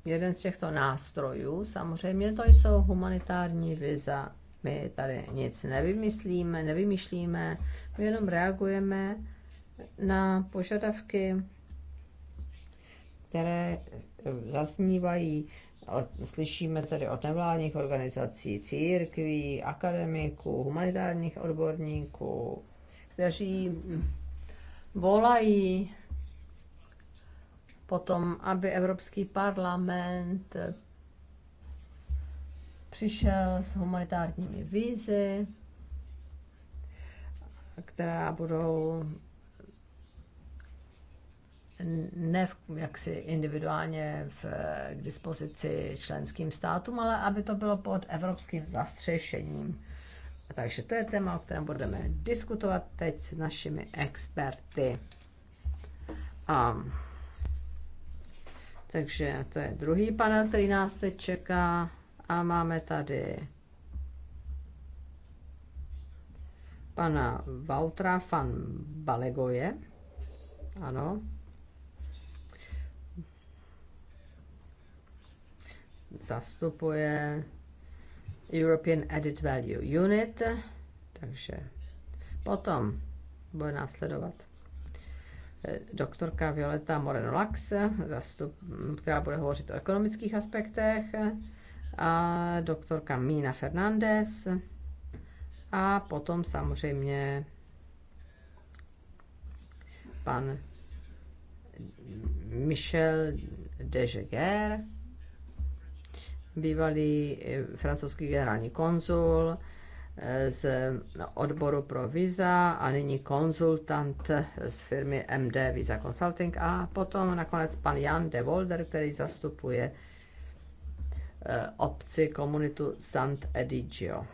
jeden z těchto nástrojů, samozřejmě to jsou humanitární viza. My tady nic nevymyslíme, nevymýšlíme, my jenom reagujeme na požadavky, které eh, zasnívají, slyšíme tedy od nevládních organizací, církví, akademiků, humanitárních odborníků, kteří volají potom, aby Evropský parlament přišel s humanitárními vízy, která budou ne v, jaksi individuálně v, k dispozici členským státům, ale aby to bylo pod evropským zastřešením. Takže to je téma, o kterém budeme diskutovat teď s našimi experty. Um. Takže to je druhý panel, který nás teď čeká. A máme tady pana Vautra van Balegoje. Ano. Zastupuje European Added Value Unit. Takže potom bude následovat Eh, doktorka Violeta Moreno-Lax, mm, která bude hovořit o ekonomických aspektech, a doktorka Mina Fernández a potom samozřejmě pan Michel Jager, bývalý eh, francouzský generální konzul, z odboru pro Visa a nyní konzultant z firmy MD Visa Consulting a potom nakonec pan Jan de Volder, který zastupuje eh, obci komunitu Sant Edigio,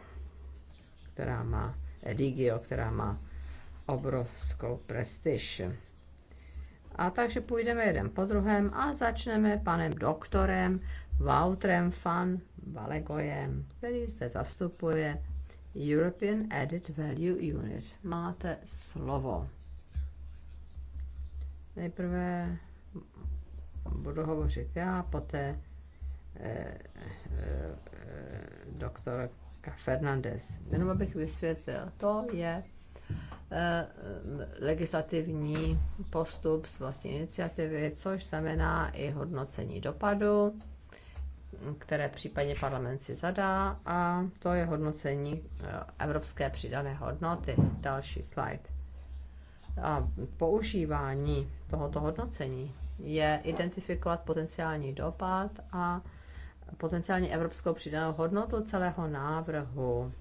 která má Edigio, která má obrovskou prestiž. A takže půjdeme jeden po druhém a začneme panem doktorem Wouterem van Valegojem, který zde zastupuje European Added Value Unit. Máte slovo. Nejprve budu hovořit já, poté eh, eh, doktor Fernandez. Jenom abych vysvětlil, to je eh, legislativní postup z vlastní iniciativy, což znamená i hodnocení dopadu které případně parlament si zadá, a to je hodnocení eh, evropské přidané hodnoty. Další slide. A používání tohoto hodnocení je identifikovat potenciální dopad a potenciální evropskou přidanou hodnotu celého návrhu.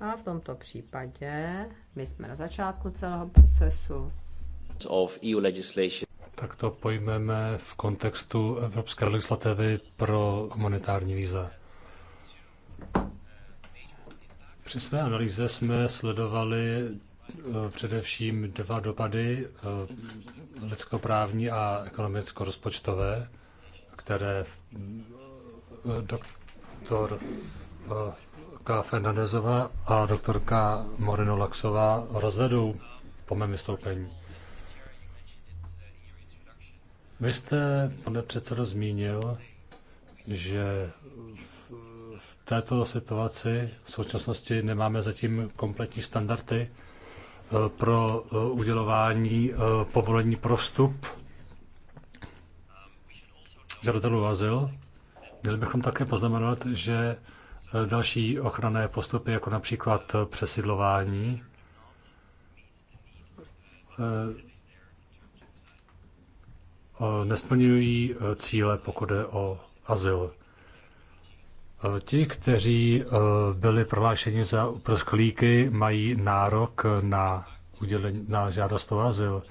A v tomto případě my jsme na začátku celého procesu. Of EU legislation tak to pojmeme v kontextu evropské legislativy pro humanitární víza. Při své analýze jsme sledovali eh, především dva dopady, eh, lidskoprávní a ekonomicko-rozpočtové, které eh, doktor K. Fernandezová a doktorka Moreno Laxová rozvedou po mém vystoupení. Vy jste, pane předsedo, zmínil, že v této situaci v současnosti nemáme zatím kompletní standardy eh, pro eh, udělování eh, povolení pro vstup žadatelů azyl. Měli bychom také poznamenat, že další ochranné postupy, jako například přesidlování, Eh, nesplňují eh, cíle, pokud je o azyl. Eh, ti, kteří byli prohlášeni za prosklíky, mají nárok na, udělení, na žádost o azyl.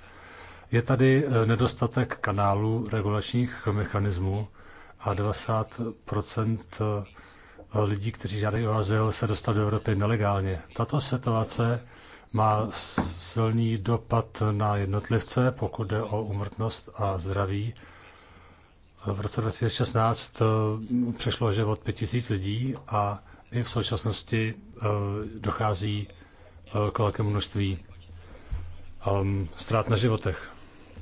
Je tady nedostatek kanálů regulačních mechanismů a 90 lidí, kteří žádají o azyl, se dostali do Evropy nelegálně. Tato situace má silný dopad na jednotlivce, pokud jde o umrtnost a zdraví. V roce 2016 eh, přešlo život 5000 lidí a i v současnosti eh, dochází eh, k velkému množství ehm, ztrát na životech.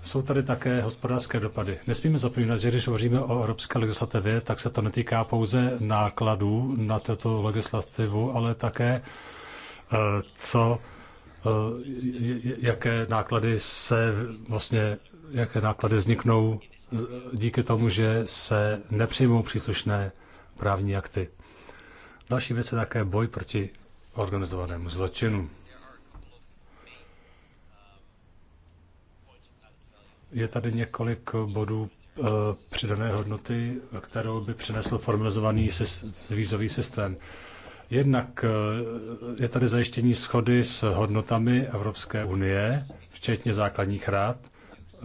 Jsou tady také hospodářské dopady. Nesmíme zapomínat, že když hovoříme o evropské legislativě, tak se to netýká pouze nákladů na tuto legislativu, ale také co Eh, jaké náklady se vlastně, jaké náklady vzniknou díky tomu, že se nepřijmou příslušné právní akty. Další věc je také boj proti organizovanému zločinu. Je tady několik bodů eh, přidané hodnoty, kterou by přinesl formalizovaný vízový systém. Jednak eh, je tady zajištění schody s hodnotami Evropské unie, včetně základních rád,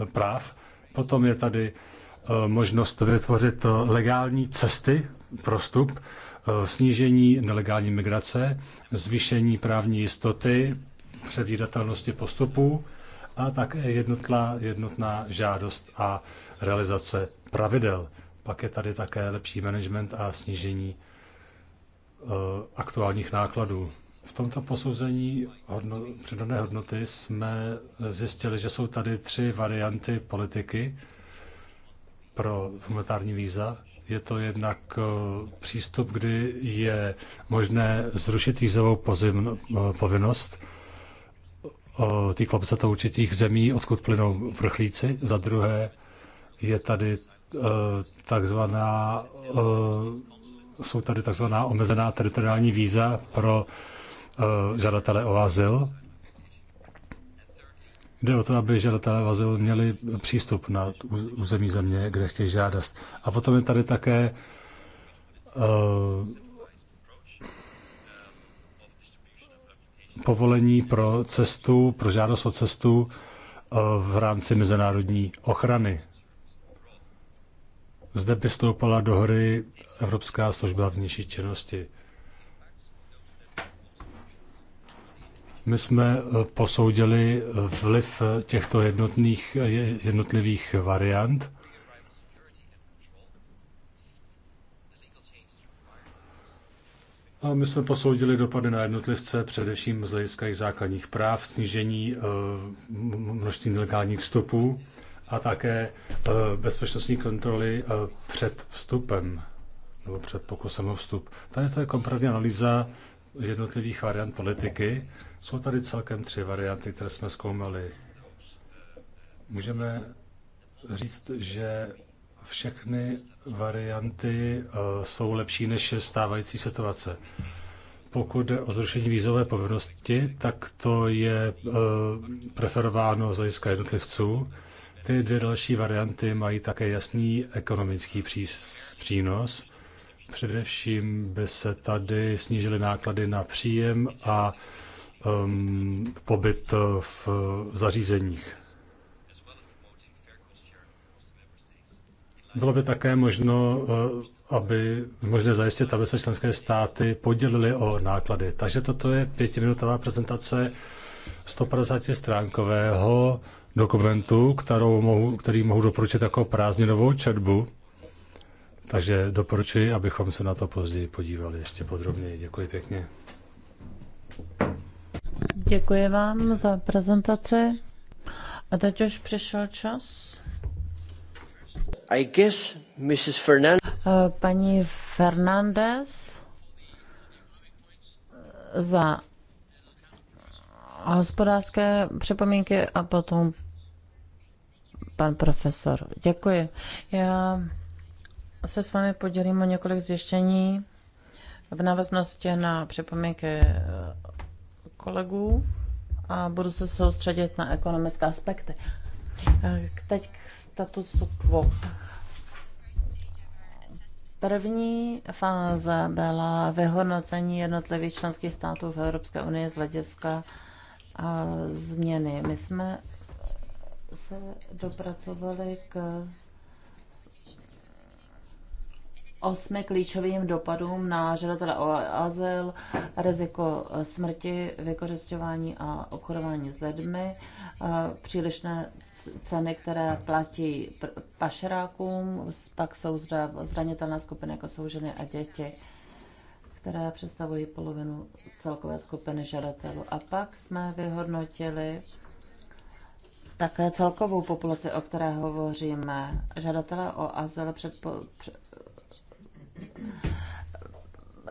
eh, práv. Potom je tady eh, možnost vytvořit legální cesty, prostup, snížení nelegální migrace, zvýšení právní jistoty, předvídatelnosti postupů a také jednotná, jednotná žádost a realizace pravidel. Pak je tady také lepší management a snížení Eh, aktuálních nákladů. V tomto posouzení hodno, přidané hodnoty jsme zjistili, že jsou tady tři varianty politiky pro humanitární víza. Je to jednak eh, přístup, kdy je možné zrušit vízovou eh, povinnost. Týklo by se to určitých zemí, odkud plynou uprchlíci. Za druhé je tady takzvaná jsou tady takzvaná omezená teritoriální víza pro eh, žadatele o azyl. Jde o to, aby žadatelé o azyl měli přístup na území země, kde chtějí žádat. A potom je tady také uh, povolení pro cestu, pro žádost o cestu uh, v rámci mezinárodní ochrany. Zde by stoupala do hry Evropská služba vnější činnosti. My jsme eh, posoudili eh, vliv eh, těchto jednotných, jednotlivých variant. A my jsme posoudili dopady na jednotlivce, především z hlediska jejich základních práv, snížení množství nelegálních vstupů a také eh, bezpečnostní kontroly eh, před vstupem nebo před pokusem o vstup. Tady to je kompletní analýza jednotlivých variant politiky. Jsou tady celkem tři varianty, které jsme zkoumali. Můžeme říct, že všechny varianty eh, jsou lepší než stávající situace. Pokud jde o zrušení vízové povinnosti, tak to je preferováno z hlediska jednotlivců. Ty dvě další varianty mají také jasný ekonomický přínos. Především by se tady snížily náklady na příjem a um, pobyt v zařízeních. Bylo by také možno, eh, aby možné zajistit, aby se členské státy podělily o náklady. Takže toto je pětiminutová prezentace 150 stránkového dokumentu, kterou mohu, který mohu doporučit jako prázdninovou četbu. Takže doporučuji, abychom se na to později podívali ještě podrobněji. Děkuji pěkně. Děkuji vám za prezentaci. A teď už přišel čas. I guess Mrs. Fernandez. Eh, paní Fernandez za hospodářské připomínky a potom pan profesor. Děkuji. Já se s vámi podělím o několik zjištění v návaznosti na připomínky eh, kolegů a budu se soustředit na ekonomické aspekty. Eh, teď k statusu quo. První fáze byla vyhodnocení jednotlivých členských států v Evropské unii z hlediska změny. My jsme se dopracovali k osmi klíčovým dopadům na žadatele o azyl, riziko smrti, vykořišťování a obchodování s lidmi, přílišné ceny, které platí pašerákům, pak jsou zranitelné skupiny, jako jsou ženy a děti které představují polovinu celkové skupiny žadatelů. A pak jsme vyhodnotili také celkovou populaci, o které hovoříme. Žadatelé o azyl předpo... Před...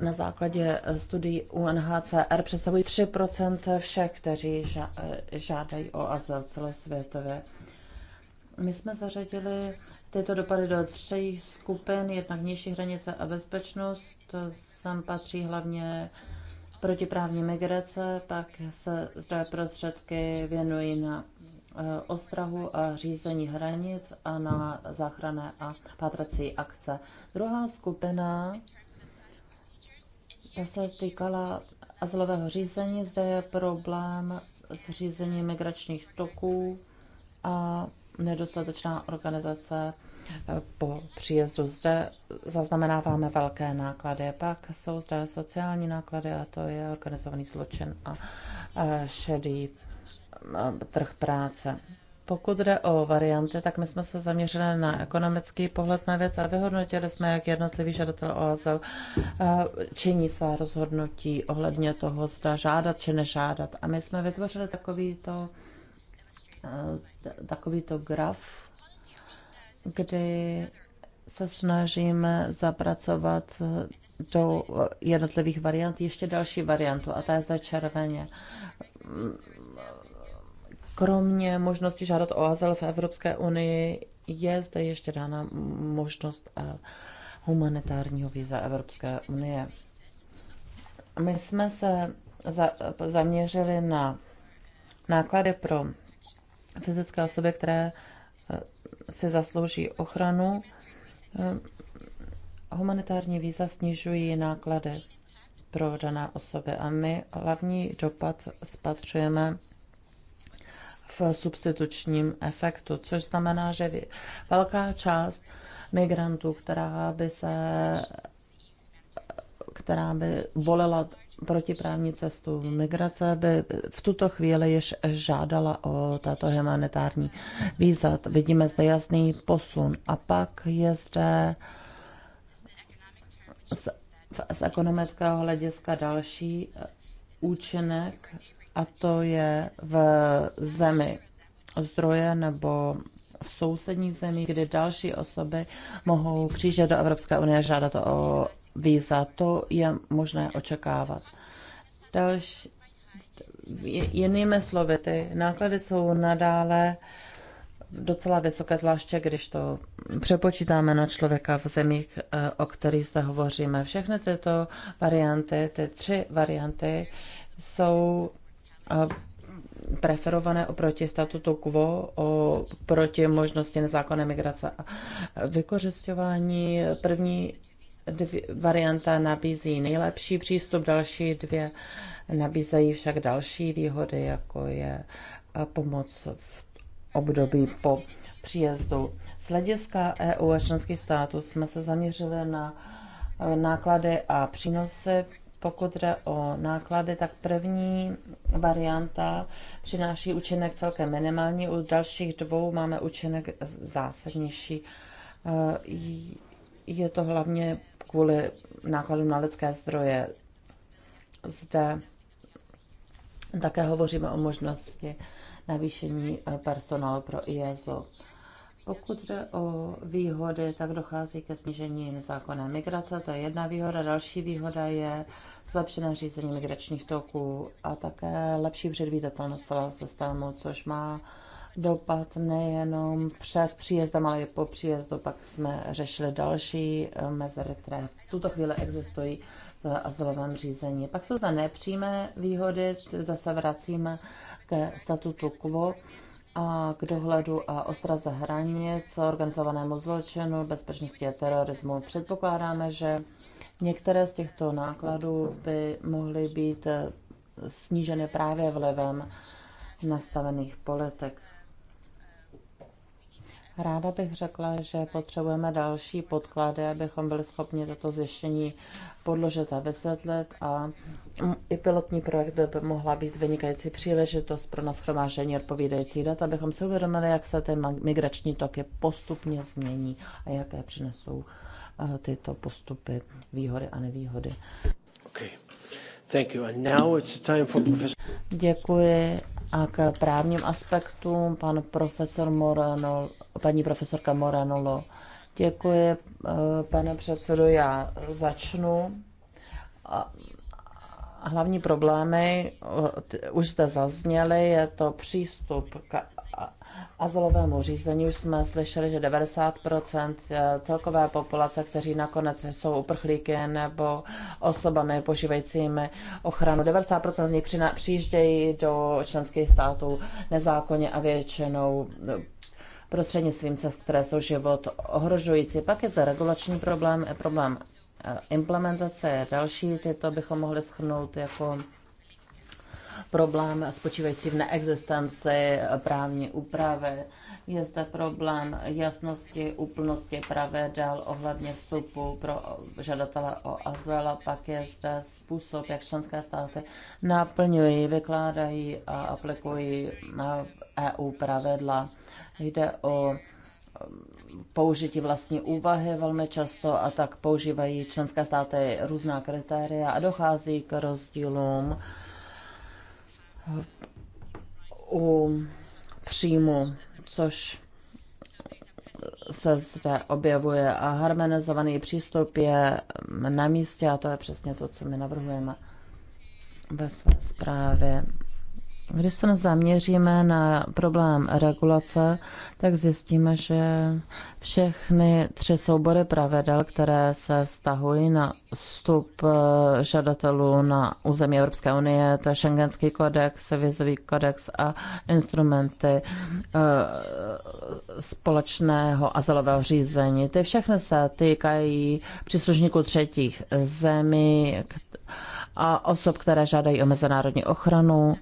na základě studií UNHCR představují 3 všech, kteří žádají o azyl celosvětově. My jsme zařadili tyto dopady do tří skupin, jednak nižší hranice a bezpečnost, to sem patří hlavně protiprávní migrace, pak se zde prostředky věnují na eh, ostrahu a řízení hranic a na záchranné a pátrací akce. Druhá skupina, ta se týkala azylového řízení, zde je problém s řízením migračních toků a nedostatečná organizace eh, po příjezdu. Zde zaznamenáváme velké náklady. Pak jsou zde sociální náklady a to je organizovaný zločin a eh, šedý eh, trh práce. Pokud jde o varianty, tak my jsme se zaměřili na ekonomický pohled na věc a vyhodnotili jsme, jak jednotlivý žadatel o azyl činí svá rozhodnutí ohledně toho, zda žádat či nežádat. A my jsme vytvořili takovýto Eh, takovýto graf, kdy se snažíme zapracovat eh, do eh, jednotlivých variant ještě další variantu a ta je zde červeně. Mm, kromě možnosti žádat o azyl v Evropské unii je zde ještě dána možnost humanitárního víza Evropské unie. My jsme se za, zaměřili na náklady pro fyzické osoby, které eh, si zaslouží ochranu. Eh, humanitární víza snižují náklady pro dané osoby a my hlavní dopad spatřujeme v substitučním efektu, což znamená, že velká část migrantů, která by se která by volila protiprávní cestu migrace by v tuto chvíli již žádala o tato humanitární víza. Vidíme zde jasný posun. A pak je zde z, z ekonomického hlediska další eh, účinek a to je v zemi zdroje nebo v sousední zemi, kdy další osoby mohou přijít do Evropské unie a žádat o víza. To je možné očekávat. Další, jinými slovy, ty náklady jsou nadále docela vysoké, zvláště když to přepočítáme na člověka v zemích, eh, o kterých zde hovoříme. Všechny tyto varianty, ty tři varianty, jsou eh, preferované oproti statutu quo, oproti možnosti nezákonné migrace a vykořišťování první dvě, varianta nabízí nejlepší přístup, další dvě nabízejí však další výhody, jako je eh, pomoc v období po příjezdu. Z hlediska EU a členských států jsme se zaměřili na eh, náklady a přínosy. Pokud jde o náklady, tak první varianta přináší účinek celkem minimální, u dalších dvou máme účinek zásadnější. Eh, je to hlavně kvůli nákladům na lidské zdroje. Zde také hovoříme o možnosti navýšení eh, personálu pro IEZO. Pokud jde o výhody, tak dochází ke snížení nezákonné migrace, to je jedna výhoda. Další výhoda je zlepšené řízení migračních toků a také lepší předvídatelnost celého systému, což má dopad nejenom před příjezdem, ale i po příjezdu. Pak jsme řešili další eh, mezery, které v tuto chvíli existují v azylovém řízení. Pak jsou zde nepřímé výhody, zase vracíme ke statutu quo a k dohledu a ostraze hranic, organizovanému zločinu, bezpečnosti a terorismu. Předpokládáme, že některé z těchto nákladů by mohly být eh, sníženy právě vlivem nastavených politik. Ráda bych řekla, že potřebujeme další podklady, abychom byli schopni toto zjištění podložit a vysvětlit a i pilotní projekt by mohla být vynikající příležitost pro nashromáždění odpovídající dat, abychom si uvědomili, jak se ty migrační toky postupně změní a jaké přinesou eh, tyto postupy výhody a nevýhody. Okay. Thank you. And now it's time for professor... Děkuji a k právním aspektům pan profesor Morano, paní profesorka Moranolo. Děkuji, eh, pane předsedo, já začnu. Hlavní problémy eh, už zde zazněly, je to přístup k azylovému řízení už jsme slyšeli, že 90% eh, celkové populace, kteří nakonec jsou uprchlíky nebo osobami požívajícími ochranu, 90% z nich přijíždějí do členských států nezákonně a většinou eh, prostřednictvím cest, které jsou život ohrožující. Pak je zde regulační problém, problém eh, implementace další, tyto bychom mohli schrnout jako problém spočívající v neexistenci právní úpravy. Je zde problém jasnosti, úplnosti pravidel ohledně vstupu pro žadatele o azyl a pak je zde způsob, jak členské státy naplňují, vykládají a aplikují na eh, EU pravidla. Jde o eh, použití vlastní úvahy velmi často a tak používají členské státy různá kritéria a dochází k rozdílům u příjmu, což se zde objevuje a harmonizovaný přístup je na místě a to je přesně to, co my navrhujeme ve své zprávě. Když se zaměříme na problém regulace, tak zjistíme, že všechny tři soubory pravidel, které se stahují na vstup eh, žadatelů na území Evropské unie, to je Schengenský kodex, vizový kodex a instrumenty eh, společného azylového řízení. Ty všechny se týkají příslušníků třetích zemí a osob, které žádají o mezinárodní ochranu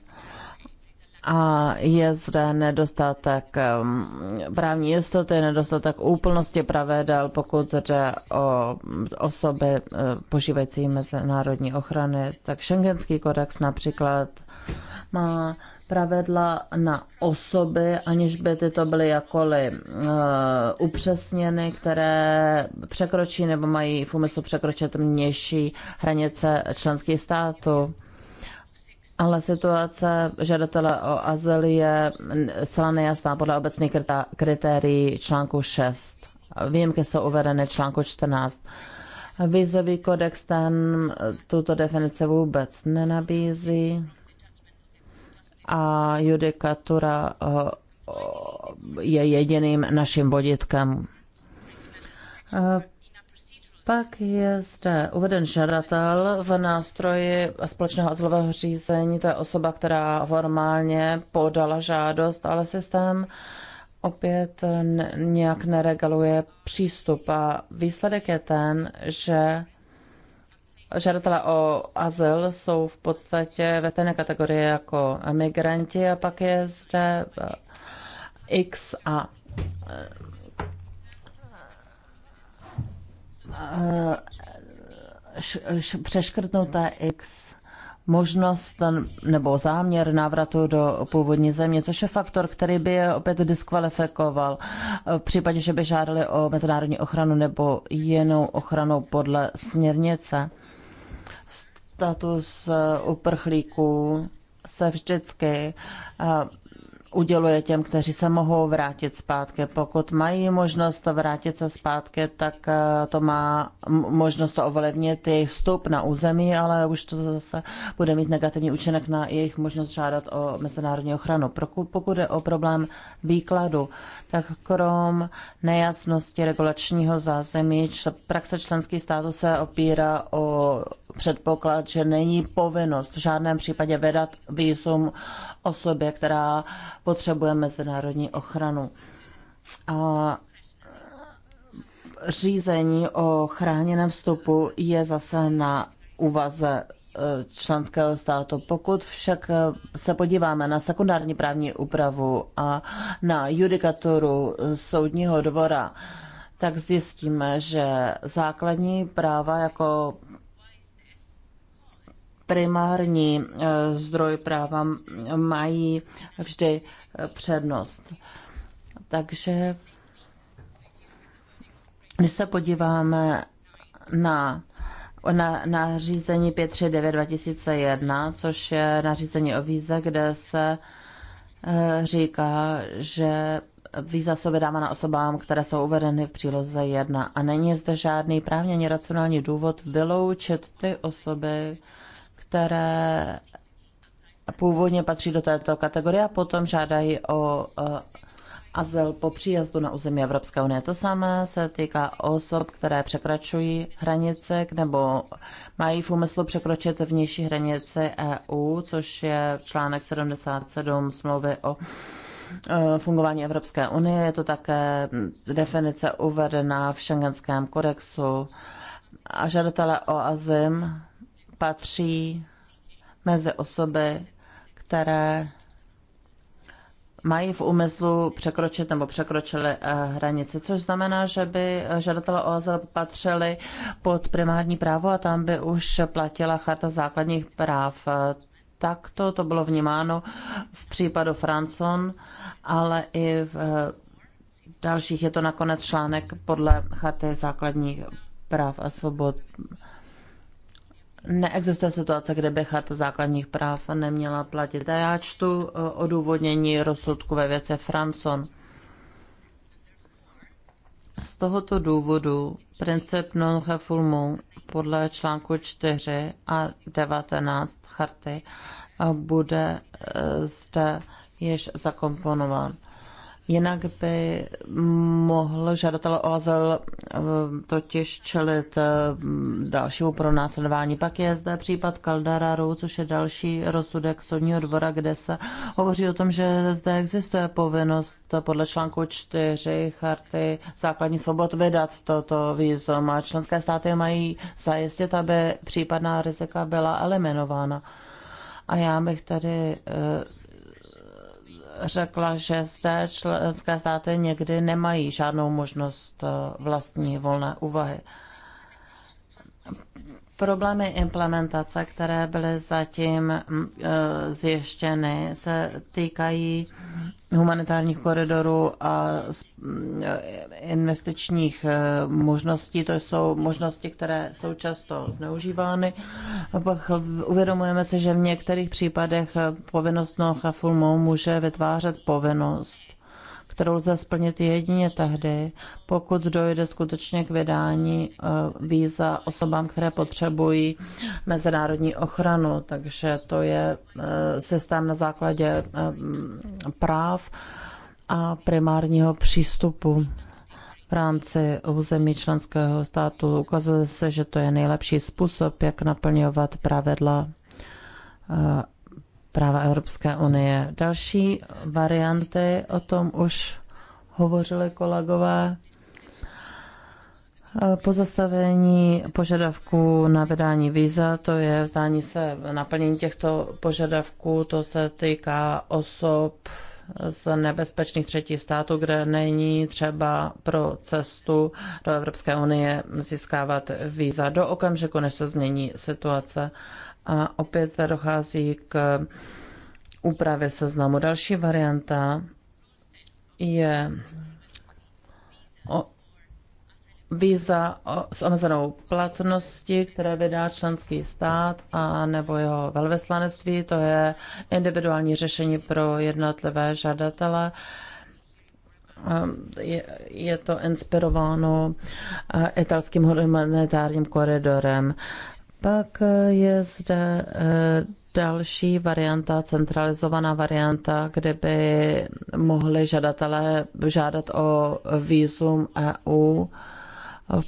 a je zde nedostatek um, právní jistoty, nedostatek úplnosti pravidel, pokud jde o osoby uh, požívající mezinárodní ochrany. Tak šengenský kodex například má pravidla na osoby, aniž by tyto byly jakkoliv uh, upřesněny, které překročí nebo mají v úmyslu překročit mější hranice členských států. Ale situace žadatele o azyl je zcela nejasná podle obecných kritérií článku 6. Výjimky jsou uvedeny článku 14. Vizový kodex ten tuto definici vůbec nenabízí a judikatura eh, je jediným naším vodítkem. Eh, pak je zde uveden žadatel v nástroji společného azylového řízení. To je osoba, která formálně podala žádost, ale systém opět nějak neregaluje přístup. A výsledek je ten, že žadatelé o azyl jsou v podstatě ve stejné kategorii jako emigranti a pak je zde X a Eh, přeškrtnuté X možnost nebo záměr návratu do původní země, což je faktor, který by je opět diskvalifikoval v případě, že by žádali o mezinárodní ochranu nebo jinou ochranu podle směrnice. Status uprchlíků se vždycky eh, uděluje těm, kteří se mohou vrátit zpátky. Pokud mají možnost vrátit se zpátky, tak eh, to má možnost to ovlivnit jejich vstup na území, ale už to zase bude mít negativní účinek na jejich možnost žádat o mezinárodní ochranu. Pokud je o problém výkladu, tak krom nejasnosti regulačního zázemí, praxe členských států se opírá o předpoklad, že není povinnost v žádném případě vydat výzum osobě, která potřebuje mezinárodní ochranu. A řízení o chráněném vstupu je zase na úvaze e, členského státu. Pokud však e, se podíváme na sekundární právní úpravu a na judikaturu soudního dvora, tak zjistíme, že základní práva jako primární eh, zdroj práva mají vždy eh, přednost. Takže když se podíváme na na nařízení 539 2001, což je nařízení o víze, kde se eh, říká, že víza jsou vydávána osobám, které jsou uvedeny v příloze 1 a není zde žádný právně ani racionální důvod vyloučit ty osoby, které původně patří do této kategorie a potom žádají o azyl po příjezdu na území Evropské unie. To samé se týká osob, které překračují hranice nebo mají v úmyslu překročit vnější hranice EU, což je článek 77 smlouvy o e, fungování Evropské unie. Je to také definice uvedená v šengenském kodexu a žadatele o azyl patří mezi osoby, které mají v úmyslu překročit nebo překročili eh, hranici, což znamená, že by žadatelé o azyl patřili pod primární právo a tam by už platila charta základních práv. Eh, takto to bylo vnímáno v případu Francon, ale i v eh, dalších je to nakonec článek podle charty základních práv a svobod neexistuje situace, kde by chata základních práv neměla platit. A já čtu eh, odůvodnění rozsudku ve věci Franson. Z tohoto důvodu princip non refulmu podle článku 4 a 19 charty eh, bude eh, zde již zakomponován. Jinak by mohl žadatel o azyl eh, totiž čelit eh, dalšímu pronásledování. Pak je zde případ Kaldararu, což je další rozsudek soudního dvora, kde se hovoří o tom, že zde existuje povinnost podle článku 4 charty základní svobod vydat toto výzum a členské státy mají zajistit, aby případná rizika byla eliminována. A já bych tady eh, řekla, že zde členské státy někdy nemají žádnou možnost eh, vlastní volné úvahy. Problémy implementace, které byly zatím mm, e, zjištěny, se týkají humanitárních koridorů a mm, investičních e, možností. To jsou možnosti, které jsou často zneužívány. A pak uvědomujeme si, že v některých případech povinnost no fulmou může vytvářet povinnost kterou lze splnit jedině tehdy, pokud dojde skutečně k vydání eh, víza osobám, které potřebují mezinárodní ochranu. Takže to je eh, systém na základě eh, práv a primárního přístupu v rámci území členského státu. Ukazuje se, že to je nejlepší způsob, jak naplňovat pravidla práva Evropské unie. Další varianty, o tom už hovořili kolegové, Pozastavení požadavků na vydání víza, to je vzdání se naplnění těchto požadavků, to se týká osob z nebezpečných třetích států, kde není třeba pro cestu do Evropské unie získávat víza do okamžiku, než se změní situace a opět zde dochází k úpravě seznamu. Další varianta je o víza s omezenou platností, které vydá členský stát a nebo jeho velveslanectví. To je individuální řešení pro jednotlivé žadatele. Ehm, je, je to inspirováno eh, italským humanitárním koridorem. Pak eh, je zde eh, další varianta, centralizovaná varianta, kde by mohli žadatelé žádat o výzum EU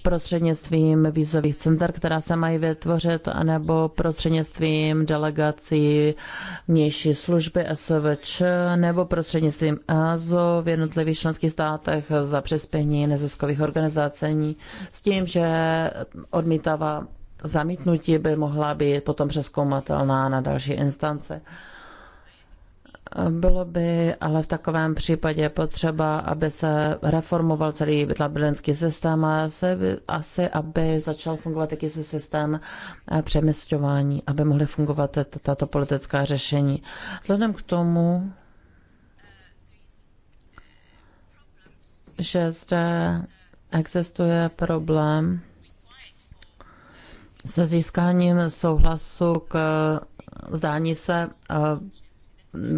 prostřednictvím vízových center, která se mají vytvořit, anebo prostřednictvím delegací vnější služby SVČ, nebo prostřednictvím EASO v jednotlivých členských státech za přispění neziskových organizací s tím, že odmítavá zamítnutí by mohla být potom přeskoumatelná na další instance. Bylo by ale v takovém případě potřeba, aby se reformoval celý labirinský systém a se, asi, aby začal fungovat taky se systém eh, přeměstňování, aby mohly fungovat tato politická řešení. Vzhledem k tomu, že zde existuje problém se získáním souhlasu k eh, zdání se eh,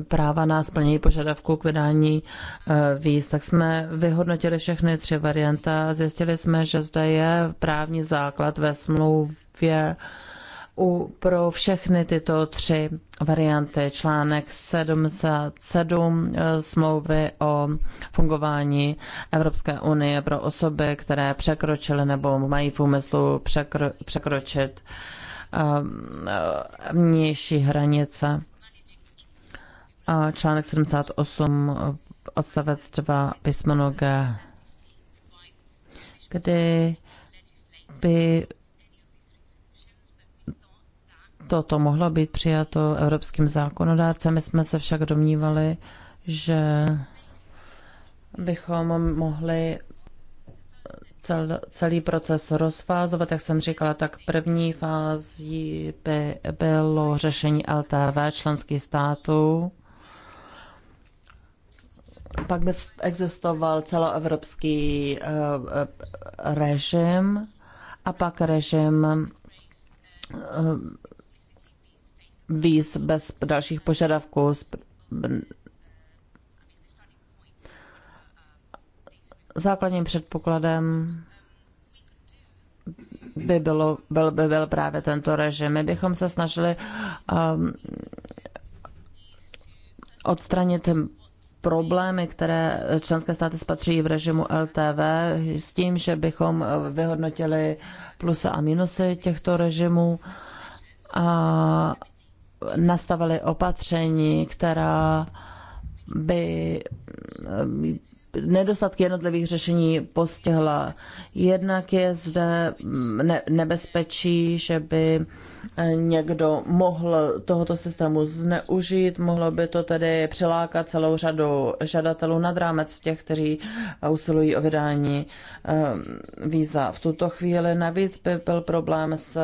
práva na splnění požadavků k vydání eh, víz, tak jsme vyhodnotili všechny tři varianty a zjistili jsme, že zde je právní základ ve smlouvě u, pro všechny tyto tři varianty. Článek 77 eh, smlouvy o fungování Evropské unie pro osoby, které překročily nebo mají v úmyslu překro, překročit eh, vnější hranice. A článek 78 odstavec 2 písmeno G, kdy by to to mohlo být přijato evropským zákonodárcem. My jsme se však domnívali, že bychom mohli cel, celý proces rozfázovat. Jak jsem říkala, tak první fází by bylo řešení LTV členských států. Pak by existoval celoevropský uh, režim a pak režim eh, víz bez dalších požadavků. Základním předpokladem by, bylo, byl, by byl právě tento režim. My bychom se snažili um, odstranit problémy, které členské státy spatří v režimu LTV s tím, že bychom vyhodnotili plusy a minusy těchto režimů a nastavili opatření, která by eh, nedostatky jednotlivých řešení postihla. Jednak je zde nebezpečí, že by eh, někdo mohl tohoto systému zneužít, mohlo by to tedy přilákat celou řadu žadatelů nad rámec těch, kteří eh, usilují o vydání víza. V tuto chvíli navíc by byl problém s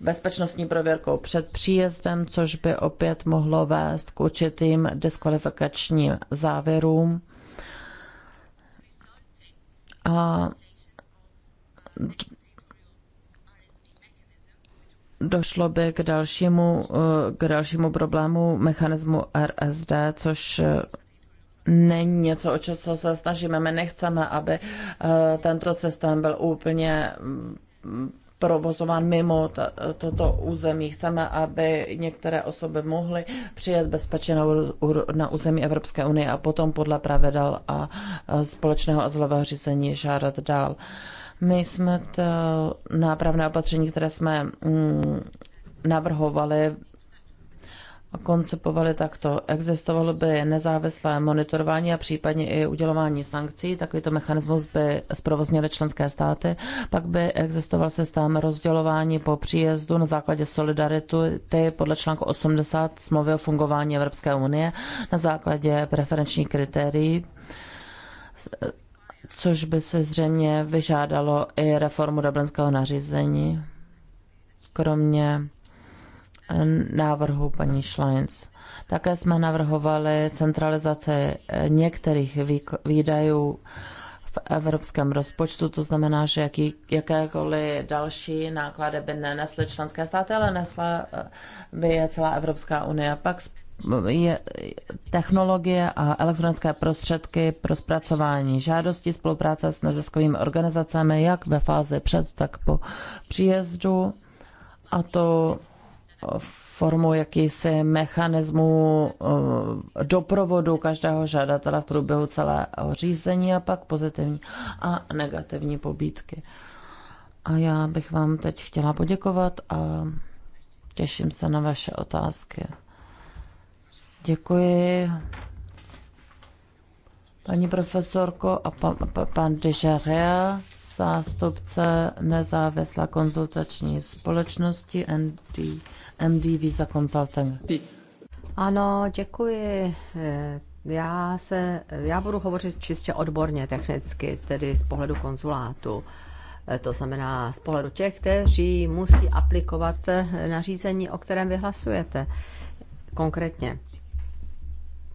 bezpečnostní prověrkou před příjezdem, což by opět mohlo vést k určitým diskvalifikačním závěrům. A došlo by k dalšímu, k dalšímu problému mechanismu RSD, což není něco, o co se snažíme. My nechceme, aby eh, tento systém byl úplně provozován mimo toto území. Chceme, aby některé osoby mohly přijet bezpečně na, na území Evropské unie a potom podle pravidel a společného azylového řízení žádat dál. My jsme to nápravné opatření, které jsme mm, navrhovali, koncipovali takto. Existovalo by nezávislé monitorování a případně i udělování sankcí. Takovýto mechanismus by zprovoznili členské státy. Pak by existoval systém rozdělování po příjezdu na základě solidarity podle článku 80 smlouvy o fungování Evropské unie na základě preferenčních kritérií což by se zřejmě vyžádalo i reformu dublinského nařízení, kromě návrhu paní Schleins. Také jsme navrhovali centralizaci některých výdajů v evropském rozpočtu, to znamená, že jaký, jakékoliv další náklady by nenesly členské státy, ale nesla eh, by je celá Evropská unie. Pak je technologie a elektronické prostředky pro zpracování žádostí, spolupráce s neziskovými organizacemi, jak ve fázi před, tak po příjezdu. A to formou jakýsi mechanismu eh, doprovodu každého žadatele v průběhu celého řízení a pak pozitivní a negativní pobídky. A já bych vám teď chtěla poděkovat a těším se na vaše otázky. Děkuji. Paní profesorko a pan, pan Dežarea, zástupce nezávislé konzultační společnosti ND. MD Visa Consulting. Ano, děkuji. Já, se, já budu hovořit čistě odborně, technicky, tedy z pohledu konzulátu. To znamená z pohledu těch, kteří musí aplikovat nařízení, o kterém vyhlasujete konkrétně.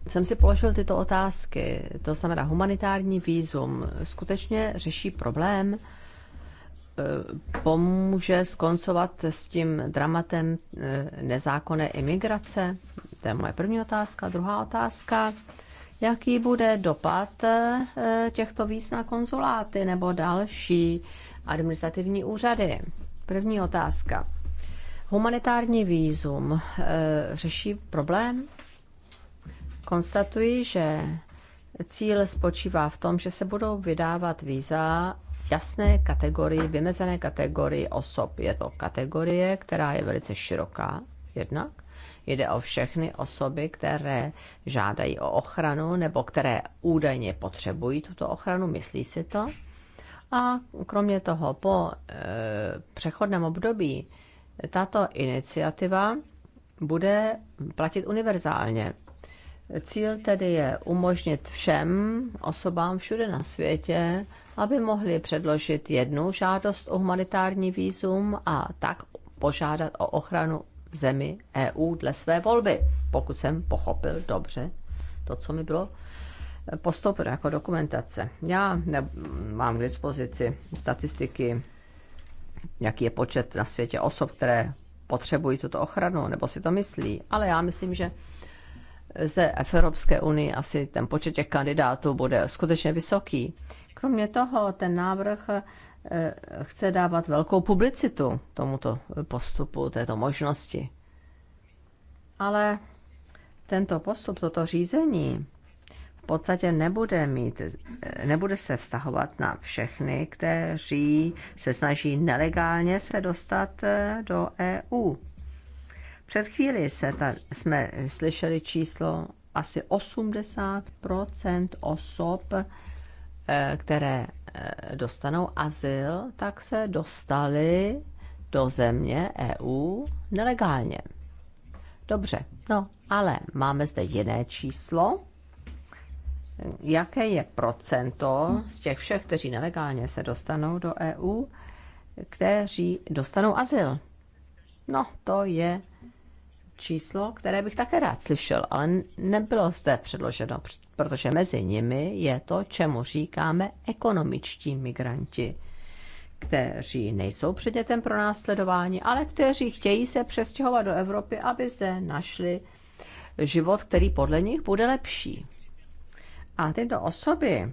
Jsem si položil tyto otázky. To znamená, humanitární výzum skutečně řeší problém, Eh, pomůže skoncovat s tím dramatem eh, nezákonné imigrace? To je moje první otázka. Druhá otázka, jaký bude dopad eh, těchto víz na konzuláty nebo další administrativní úřady? První otázka. Humanitární výzum řeší problém? Konstatuji, že cíl spočívá v tom, že se budou vydávat víza jasné kategorii, vymezené kategorii osob. Je to kategorie, která je velice široká jednak. Jde o všechny osoby, které žádají o ochranu nebo které údajně potřebují tuto ochranu, myslí si to. A kromě toho, po e, přechodném období tato iniciativa bude platit univerzálně. Cíl tedy je umožnit všem osobám všude na světě aby mohli předložit jednu žádost o humanitární výzum a tak požádat o ochranu v zemi EU dle své volby, pokud jsem pochopil dobře to, co mi bylo postoupeno jako dokumentace. Já ne- mám k dispozici statistiky, jaký je počet na světě osob, které potřebují tuto ochranu, nebo si to myslí, ale já myslím, že zde v Evropské unii asi ten počet těch kandidátů bude skutečně vysoký. Kromě toho ten návrh eh, chce dávat velkou publicitu tomuto postupu, této možnosti. Ale tento postup, toto řízení v podstatě nebude, mít, eh, nebude se vztahovat na všechny, kteří se snaží nelegálně se dostat eh, do EU. Před chvíli se ta, jsme slyšeli číslo asi 80 osob, eh, které eh, dostanou azyl, tak se dostali do země EU nelegálně. Dobře, no ale máme zde jiné číslo. Jaké je procento z těch všech, kteří nelegálně se dostanou do EU, kteří dostanou azyl? No, to je číslo, které bych také rád slyšel, ale nebylo zde předloženo, protože mezi nimi je to, čemu říkáme ekonomičtí migranti, kteří nejsou předmětem pro následování, ale kteří chtějí se přestěhovat do Evropy, aby zde našli život, který podle nich bude lepší. A tyto osoby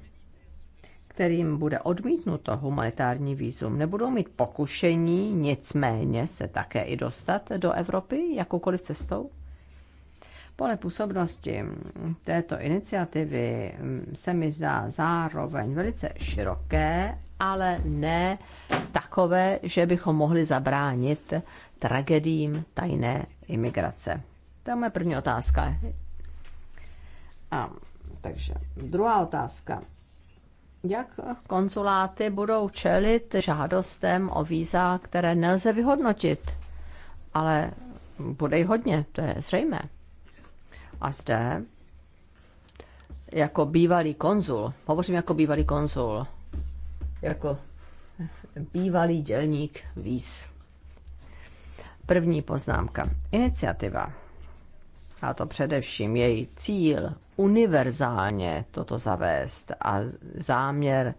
kterým bude odmítnuto humanitární výzum, nebudou mít pokušení nicméně se také i dostat do Evropy jakoukoliv cestou? Pole působnosti této iniciativy se mi zdá zároveň velice široké, ale ne takové, že bychom mohli zabránit tragedím tajné imigrace. To je moje první otázka. A, takže druhá otázka. Jak konzuláty budou čelit žádostem o víza, které nelze vyhodnotit? Ale bude jich hodně, to je zřejmé. A zde, jako bývalý konzul, hovořím jako bývalý konzul, jako bývalý dělník víz. První poznámka. Iniciativa, a to především její cíl, univerzálně toto zavést a záměr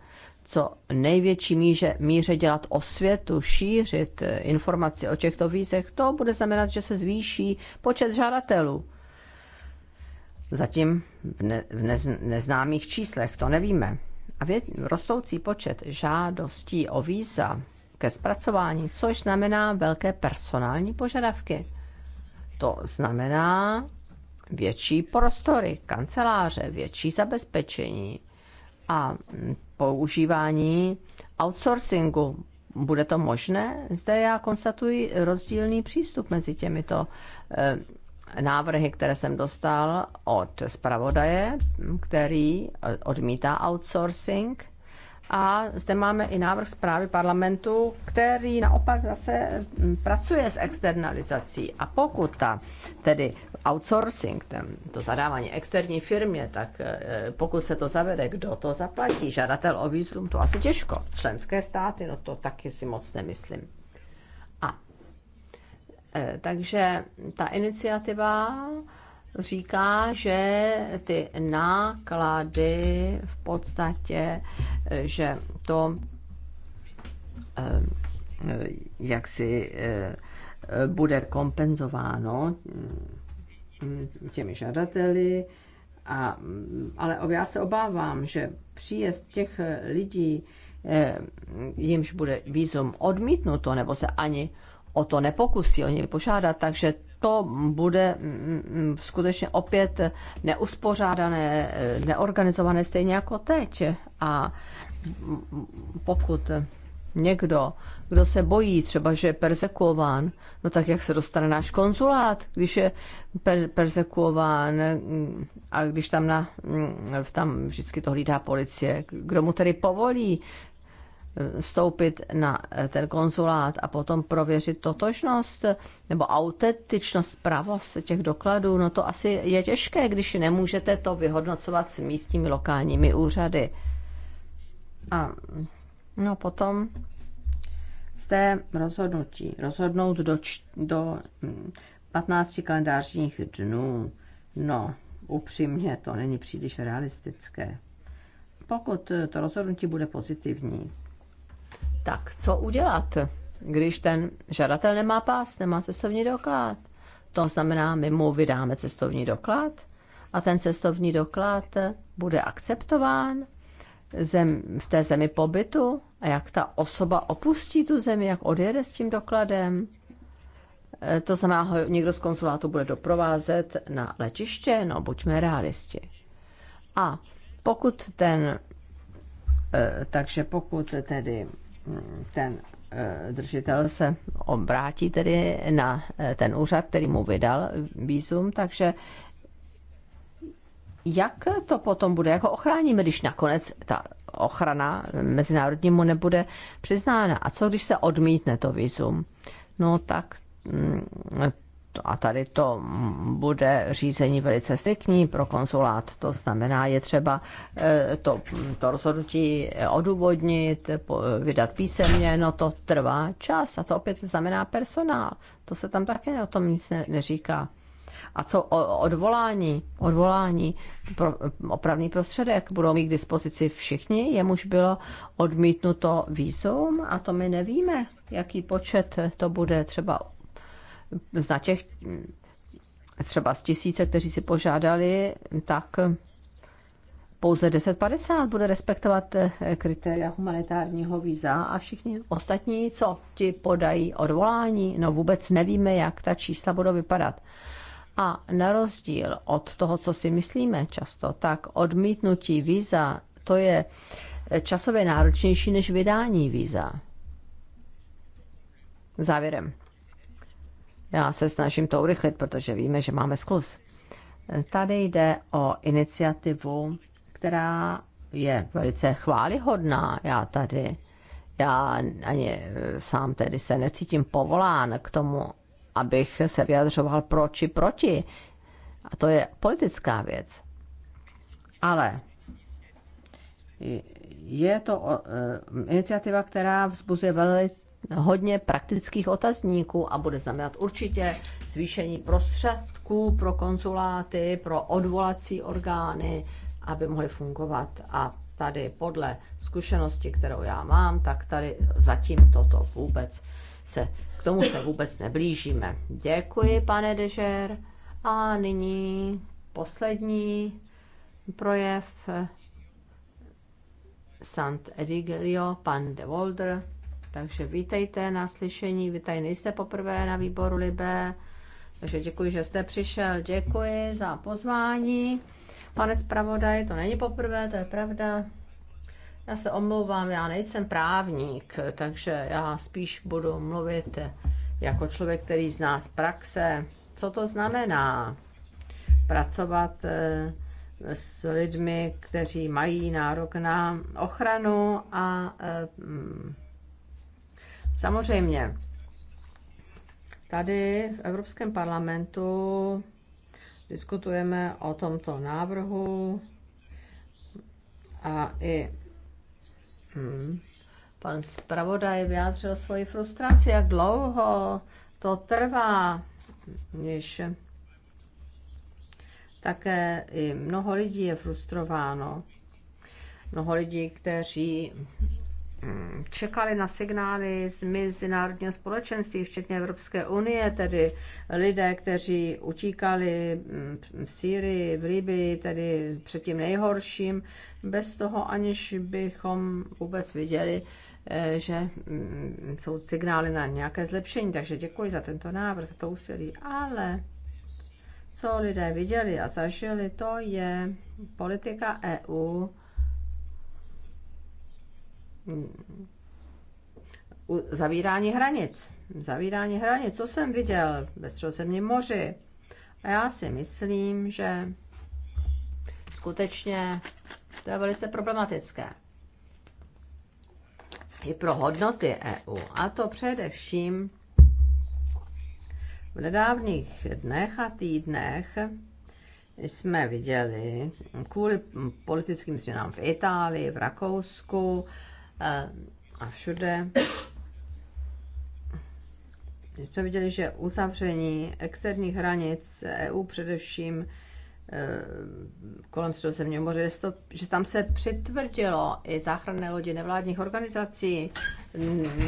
co největší míře, míře dělat osvětu, šířit eh, informaci o těchto vízech, to bude znamenat, že se zvýší počet žadatelů. Zatím v, ne, v nez, neznámých číslech, to nevíme. A vě, rostoucí počet žádostí o víza ke zpracování, což znamená velké personální požadavky. To znamená větší prostory, kanceláře, větší zabezpečení a používání outsourcingu. Bude to možné? Zde já konstatuji rozdílný přístup mezi těmito eh, návrhy, které jsem dostal od zpravodaje, který eh, odmítá outsourcing. A zde máme i návrh zprávy parlamentu, který naopak zase hm, pracuje s externalizací. A pokud ta tedy outsourcing, ten, to zadávání externí firmě, tak eh, pokud se to zavede, kdo to zaplatí? Žadatel o výzum, to asi těžko. Členské státy, no to taky si moc nemyslím. A eh, takže ta iniciativa říká, že ty náklady v podstatě, eh, že to jak si bude kompenzováno hm, Mm, těmi žadateli, a, mm, ale já se obávám, že příjezd těch eh, lidí, eh, jimž bude výzum odmítnuto, nebo se ani o to nepokusí oni požádat, takže to bude mm, skutečně opět neuspořádané, eh, neorganizované stejně jako teď. A pokud někdo kdo se bojí, třeba, že je persekuován, no tak jak se dostane náš konzulát, když je per- persekuován mm, a když tam, na, mm, tam vždycky to hlídá policie, kdo mu tedy povolí eh, vstoupit na eh, ten konzulát a potom prověřit totožnost nebo autentičnost, pravost těch dokladů, no to asi je těžké, když nemůžete to vyhodnocovat s místními lokálními úřady. A mm, no potom z té rozhodnutí rozhodnout do, do 15 hm, kalendářních dnů. No, upřímně to není příliš realistické. Pokud to rozhodnutí bude pozitivní. Tak co udělat, když ten žadatel nemá pás, nemá cestovní doklad? To znamená, my mu vydáme cestovní doklad a ten cestovní doklad bude akceptován zem, v té zemi pobytu a jak ta osoba opustí tu zemi, jak odjede s tím dokladem? E, to znamená, ho někdo z konzulátu bude doprovázet na letiště? No, buďme realisti. A pokud ten, e, takže pokud tedy mm, ten e, držitel se obrátí tedy na ten úřad, který mu vydal výzum, takže jak to potom bude, jako ochráníme, když nakonec ta ochrana mezinárodnímu nebude přiznána. A co, když se odmítne to vizum? No tak mm, a tady to bude řízení velice striktní pro konzulát. To znamená, je třeba eh, to, to rozhodnutí odůvodnit, vydat písemně, no to trvá čas a to opět znamená personál. To se tam také o tom nic neříká. A co o odvolání? Odvolání, pro, opravný prostředek, budou mít k dispozici všichni, jemuž bylo odmítnuto výzum a to my nevíme, jaký počet to bude třeba za těch třeba z tisíce, kteří si požádali, tak pouze 1050 bude respektovat eh, kritéria humanitárního víza a všichni ostatní, co ti podají odvolání, no vůbec nevíme, jak ta čísla budou vypadat. A na rozdíl od toho, co si myslíme často, tak odmítnutí víza to je e, časově náročnější než vydání víza. Závěrem. Já se snažím to urychlit, protože víme, že máme sklus. Tady jde o iniciativu, která je velice chválihodná. Já tady, já ani e, sám tedy se necítím povolán k tomu, abych se vyjadřoval pro či proti. A to je politická věc. Ale je to eh, iniciativa, která vzbuzuje velmi hodně praktických otazníků a bude znamenat určitě zvýšení prostředků pro konzuláty, pro odvolací orgány, aby mohly fungovat. A tady podle zkušenosti, kterou já mám, tak tady zatím toto vůbec se k tomu se vůbec neblížíme. Děkuji, pane Dežer. A nyní poslední projev Sant Edigelio, pan de Volder. Takže vítejte na slyšení, vy tady nejste poprvé na výboru Libé, takže děkuji, že jste přišel, děkuji za pozvání. Pane zpravodaj, to není poprvé, to je pravda. Já se omlouvám, já nejsem právník, takže já spíš budu mluvit jako člověk, který zná z praxe, co to znamená pracovat eh, s lidmi, kteří mají nárok na ochranu a eh, mm, samozřejmě tady v Evropském parlamentu diskutujeme o tomto návrhu a i Hmm. Pan zpravodaj vyjádřil svoji frustraci, jak dlouho to trvá, když také i mnoho lidí je frustrováno. Mnoho lidí, kteří čekali na signály z mezinárodního společenství, včetně Evropské unie, tedy lidé, kteří utíkali mm, v Sýrii, v Libii, tedy před tím nejhorším, bez toho, aniž bychom vůbec viděli, eh, že mm, jsou signály na nějaké zlepšení. Takže děkuji za tento návrh, za to úsilí. Ale co lidé viděli a zažili, to je politika EU, zavírání hranic. Zavírání hranic, co jsem viděl ve Středozemním moři. A já si myslím, že skutečně to je velice problematické. I pro hodnoty EU. A to především v nedávných dnech a týdnech jsme viděli kvůli politickým změnám v Itálii, v Rakousku, a všude jsme viděli, že uzavření externích hranic EU především Eh, kolem Středozemního moře, že, to, že tam se přitvrdilo i záchranné lodě nevládních organizací,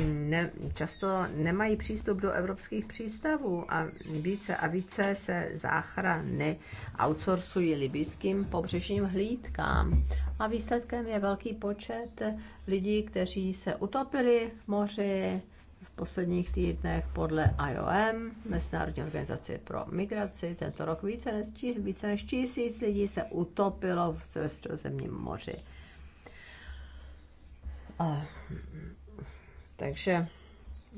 ne, často nemají přístup do evropských přístavů a více a více se záchrany outsourcují libijským pobřežním hlídkám. A výsledkem je velký počet lidí, kteří se utopili v moři, posledních týdnech podle IOM, Mezinárodní organizace pro migraci, tento rok více než, více než tisíc lidí se utopilo v středozemním moři. A, takže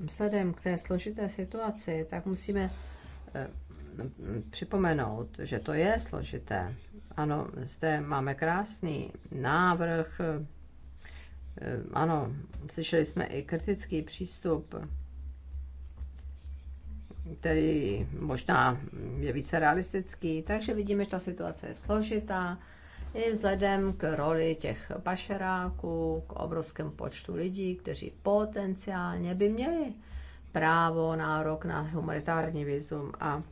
vzhledem k té složité situaci, tak musíme eh, připomenout, že to je složité. Ano, zde máme krásný návrh Eh, ano, slyšeli jsme i kritický přístup, který možná je více realistický, takže vidíme, že ta situace je složitá i vzhledem k roli těch pašeráků, k obrovskému počtu lidí, kteří potenciálně by měli právo, nárok na humanitární vizum a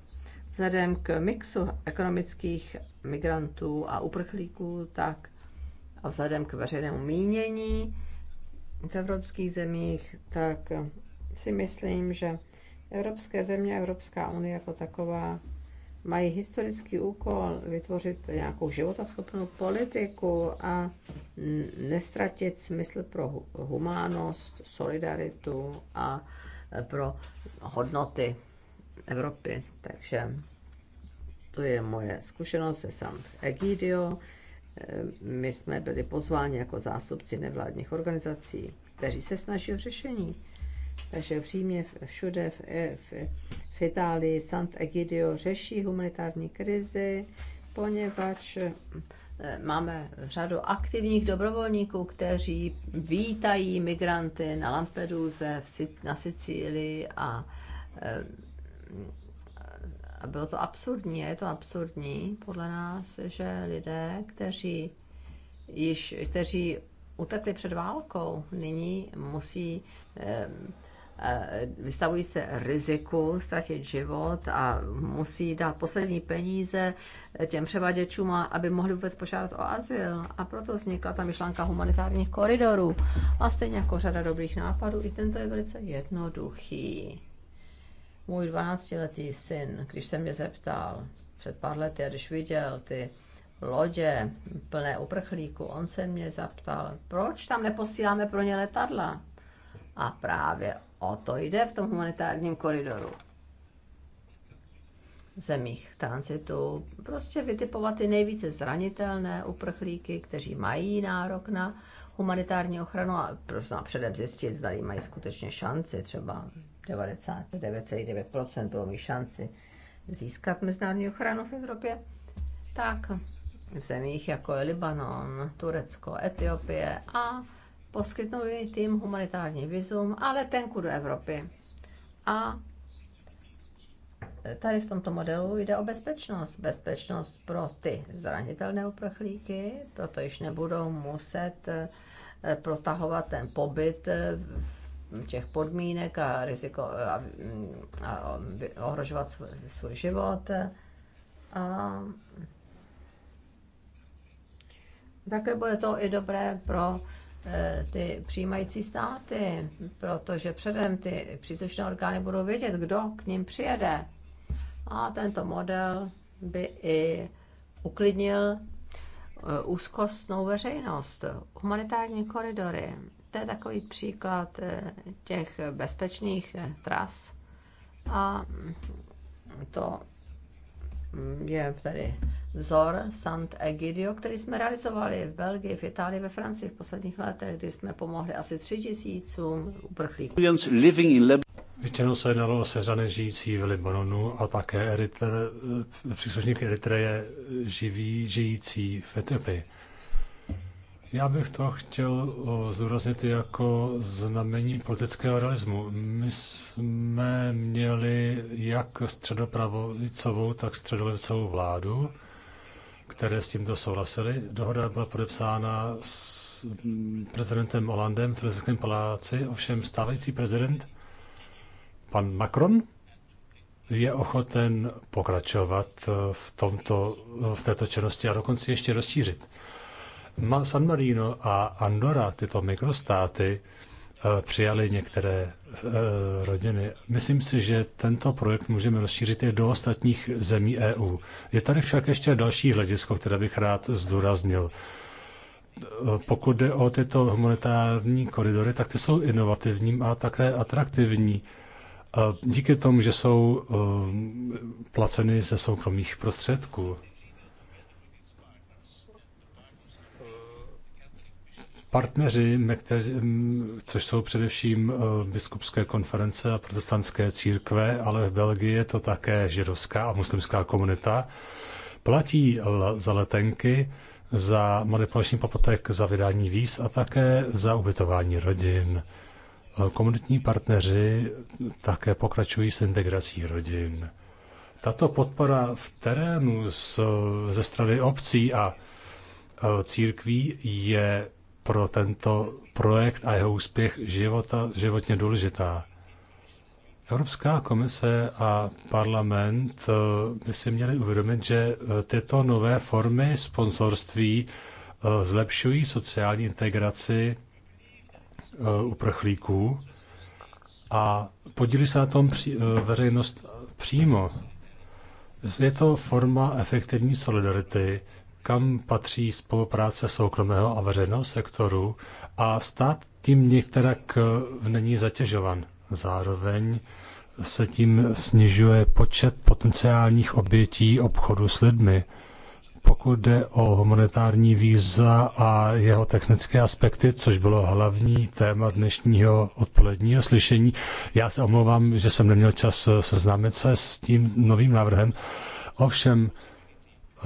vzhledem k mixu ekonomických migrantů a uprchlíků, tak a vzhledem k veřejnému mínění v evropských zemích, tak si myslím, že evropské země, a Evropská unie jako taková mají historický úkol vytvořit nějakou životaschopnou politiku a nestratit smysl pro humánost, solidaritu a pro hodnoty Evropy. Takže to je moje zkušenost se Sant Egidio. Eh, my jsme byli pozváni jako zástupci nevládních organizací, kteří se snaží o řešení. Takže v Římě, všude, v, eh, v, v Itálii, Sant'Egidio řeší humanitární krizi, poněvadž eh, máme řadu aktivních dobrovolníků, kteří vítají migranty na Lampeduze, na Sicílii a a bylo to absurdní, je to absurdní podle nás, že lidé, kteří, již, kteří utekli před válkou, nyní musí e, vystavují se riziku ztratit život a musí dát poslední peníze těm převaděčům, aby mohli vůbec požádat o azyl. A proto vznikla ta myšlenka humanitárních koridorů. A stejně jako řada dobrých nápadů, i tento je velice jednoduchý. Můj 12-letý syn, když se mě zeptal před pár lety, když viděl ty lodě plné uprchlíků, on se mě zeptal, proč tam neposíláme pro ně letadla? A právě o to jde v tom humanitárním koridoru. V zemích transitu prostě vytipovat ty nejvíce zranitelné uprchlíky, kteří mají nárok na humanitární ochranu a prostě předem zjistit, zda mají skutečně šanci třeba 99,9% bylo mi šanci získat mezinárodní ochranu v Evropě, tak v zemích jako je Libanon, Turecko, Etiopie a poskytnou tým humanitární vizum, ale letenku do Evropy. A tady v tomto modelu jde o bezpečnost. Bezpečnost pro ty zranitelné uprchlíky, protože již nebudou muset protahovat ten pobyt těch podmínek a, riziko, a, a ohrožovat svůj, svůj život. A také bude to i dobré pro eh, ty přijímající státy, protože předem ty příslušné orgány budou vědět, kdo k ním přijede. A tento model by i uklidnil eh, úzkostnou veřejnost, humanitární koridory. To je takový příklad eh, těch bezpečných eh, tras. A to mm, je tady vzor Sant Egidio, který jsme realizovali v Belgii, v Itálii, ve Francii v posledních letech, kdy jsme pomohli asi tři tisícům uprchlíků. Většinou se jednalo o seřany žijící v Libanonu a také Eritre, eh, příslušník Eritreje živí, žijící v Etiopii. Já bych to chtěl eh, zdůraznit jako znamení politického realismu. My jsme měli jak středopravicovou, tak středolevicovou vládu, které s tímto souhlasily. Dohoda byla podepsána s mm, prezidentem Hollandem v Filizském paláci, ovšem stávající prezident, pan Macron, je ochoten pokračovat eh, v, tomto, eh, v této činnosti a dokonce ještě rozšířit. San Marino a Andorra, tyto mikrostáty, eh, přijali některé eh, rodiny. Myslím si, že tento projekt můžeme rozšířit i do ostatních zemí EU. Je tady však ještě další hledisko, které bych rád zdůraznil. Eh, pokud jde o tyto humanitární koridory, tak ty jsou inovativní a také atraktivní. Díky tomu, že jsou placeny ze soukromých prostředků. partneři, kteří, což jsou především eh, biskupské konference a protestantské církve, ale v Belgii je to také židovská a muslimská komunita, platí za letenky, za manipulační poplatek, za vydání víz a také za ubytování rodin. Eh, komunitní partneři také pokračují s integrací rodin. Tato podpora v terénu z, ze strany obcí a eh, církví je pro tento projekt a jeho úspěch života, životně důležitá. Evropská komise a parlament eh, by si měli uvědomit, že eh, tyto nové formy sponsorství eh, zlepšují sociální integraci uprchlíků a podílí se na tom veřejnost přímo. Je to forma efektivní solidarity, kam patří spolupráce soukromého a veřejného sektoru a stát tím některak eh, není zatěžovan. Zároveň se tím snižuje počet potenciálních obětí obchodu s lidmi. Pokud jde o humanitární víza a jeho technické aspekty, což bylo hlavní téma dnešního odpoledního slyšení, já se omlouvám, že jsem neměl čas eh, seznámit se s tím novým návrhem. Ovšem,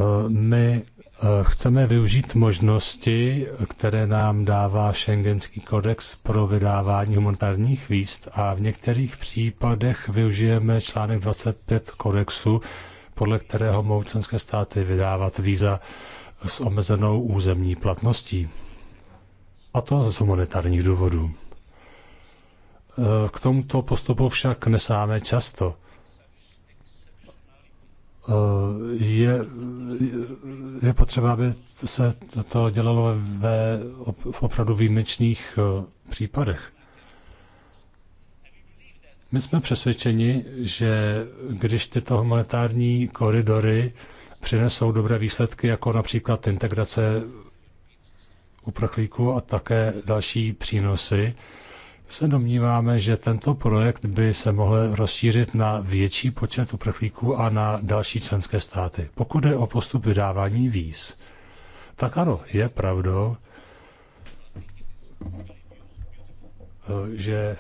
eh, my Eh, chceme využít možnosti, které nám dává Schengenský kodex pro vydávání humanitárních víz a v některých případech využijeme článek 25 kodexu, podle kterého mohou členské státy vydávat víza s omezenou územní platností. A to z humanitárních důvodů. Eh, k tomuto postupu však nesáme často. Eh, je, je potřeba, aby se to dělalo ve, v opravdu výjimečných eh, případech. My jsme přesvědčeni, že když tyto humanitární koridory přinesou dobré výsledky, jako například integrace uprchlíků a také další přínosy, se domníváme, že tento projekt by se mohl rozšířit na větší počet uprchlíků a na další členské státy. Pokud je o postup vydávání víz, tak ano, je pravdou, že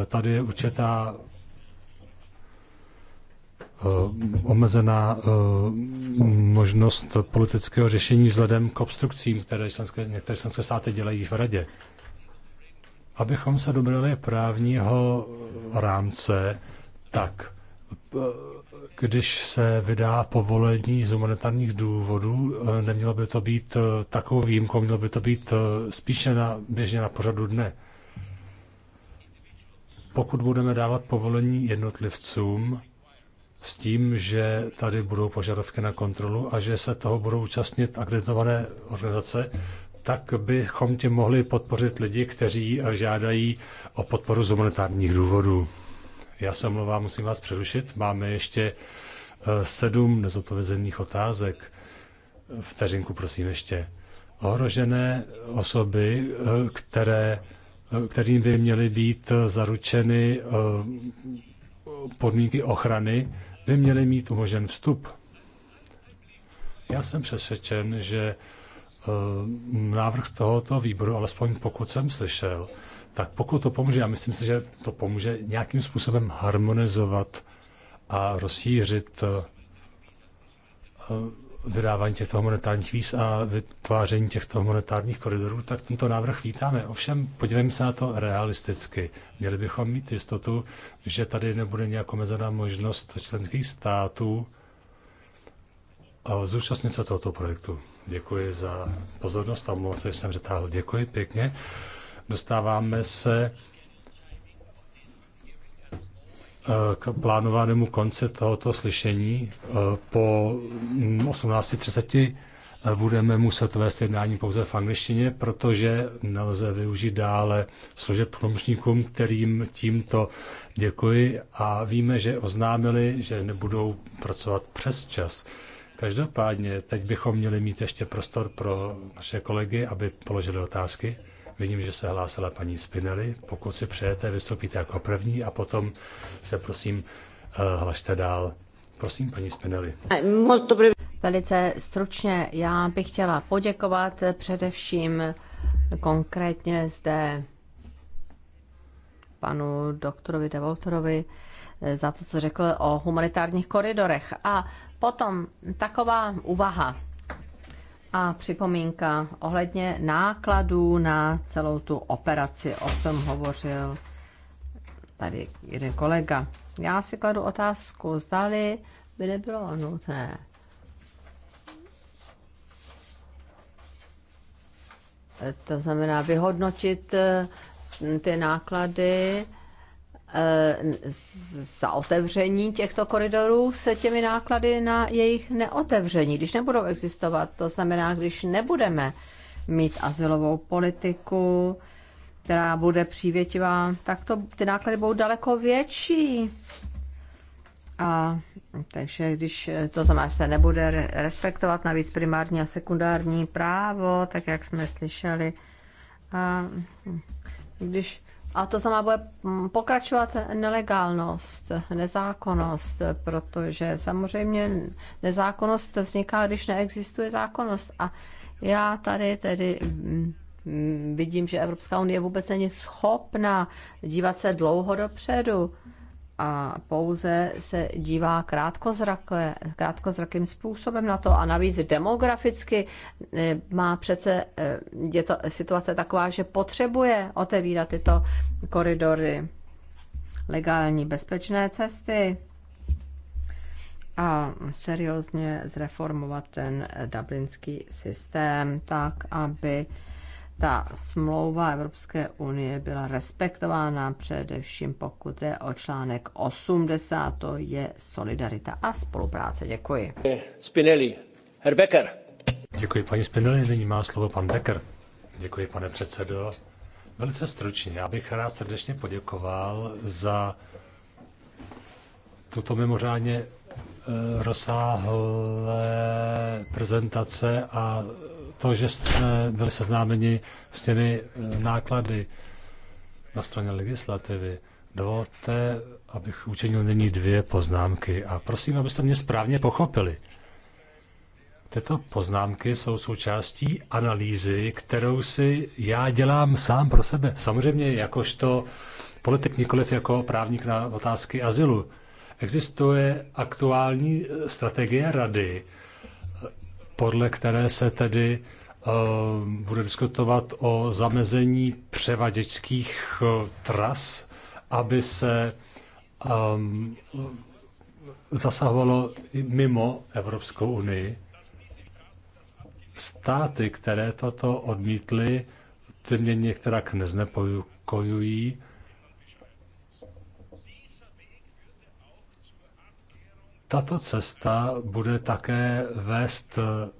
eh, tady je určitá Eh, omezená eh, možnost politického řešení vzhledem k obstrukcím, které členské, některé členské státy dělají v radě. Abychom se dobrali právního rámce, tak eh, když se vydá povolení z humanitárních důvodů, nemělo by to být takovou výjimkou, mělo by to být spíše na, běžně na pořadu dne. Pokud budeme dávat povolení jednotlivcům, s tím, že tady budou požadavky na kontrolu a že se toho budou účastnit akreditované organizace, tak bychom tím mohli podpořit lidi, kteří žádají o podporu z humanitárních důvodů. Já se omlouvám, musím vás přerušit. Máme ještě eh, sedm nezodpovězených otázek. Vteřinku, prosím, ještě. Ohrožené osoby, eh, které, eh, kterým by měly být zaručeny podmínky ochrany, by měly mít umožen vstup. Já jsem přesvědčen, že eh, návrh tohoto výboru, alespoň pokud jsem slyšel, tak pokud to pomůže, já myslím si, že to pomůže nějakým způsobem harmonizovat a rozšířit eh, vydávání těchto monetárních víz a vytváření těchto monetárních koridorů, tak tento návrh vítáme. Ovšem, podívejme se na to realisticky. Měli bychom mít jistotu, že tady nebude nějak omezená možnost členských států eh, zúčastnit se tohoto projektu. Děkuji za pozornost a omlouvám se, že jsem řetáhl. Děkuji pěkně. Dostáváme se k plánovanému konci tohoto slyšení. Po 18.30 budeme muset vést jednání pouze v angličtině, protože nelze využít dále služeb tlumočníkům, kterým tímto děkuji a víme, že oznámili, že nebudou pracovat přes čas. Každopádně teď bychom měli mít ještě prostor pro naše kolegy, aby položili otázky. Vidím, že se hlásila paní Spinelli. Pokud si přejete, vystoupíte jako první a potom se prosím eh, hlašte dál. Prosím, paní Spinelli. Velice stručně já bych chtěla poděkovat především konkrétně zde panu doktorovi Devoltorovi eh, za to, co řekl o humanitárních koridorech. A potom taková úvaha. A připomínka ohledně nákladů na celou tu operaci, o tom hovořil tady jeden kolega. Já si kladu otázku, zdali by nebylo nutné to znamená vyhodnotit eh, ty náklady Eh, za otevření těchto koridorů se těmi náklady na jejich neotevření, když nebudou existovat, to znamená, když nebudeme mít asilovou politiku, která bude přívětivá, tak to, ty náklady budou daleko větší. A takže když eh, to znamená, že se nebude respektovat navíc primární a sekundární právo, tak jak jsme slyšeli, a hm, když a to znamená, bude pokračovat nelegálnost, nezákonnost, protože samozřejmě nezákonnost vzniká, když neexistuje zákonnost. A já tady tedy mm, vidím, že Evropská unie vůbec není schopna dívat se dlouho dopředu a pouze se dívá krátkozrakým způsobem na to a navíc demograficky eh, má přece eh, je to situace taková, že potřebuje otevírat tyto koridory legální bezpečné cesty a seriózně zreformovat ten dublinský systém tak, aby ta smlouva Evropské unie byla respektována, především pokud je o článek 80, to je solidarita a spolupráce. Děkuji. Spinelli, Herr Becker. Děkuji paní Spinelli, nyní má slovo pan Becker. Děkuji pane předsedo. Velice stručně, já bych rád srdečně poděkoval za tuto mimořádně eh, rozsáhlé prezentace a to, že jsme byli seznámeni s těmi eh, náklady na straně legislativy. Dovolte, abych učinil nyní dvě poznámky a prosím, abyste mě správně pochopili. Tyto poznámky jsou součástí analýzy, kterou si já dělám sám pro sebe. Samozřejmě jakožto politik, nikoliv jako právník na otázky azylu. Existuje aktuální eh, strategie rady, podle které se tedy eh, bude diskutovat o zamezení převaděčských eh, tras, aby se um, zasahovalo i mimo Evropskou unii. Státy, které toto odmítly, ty mě některak neznepokojují. Tato cesta bude také vést eh,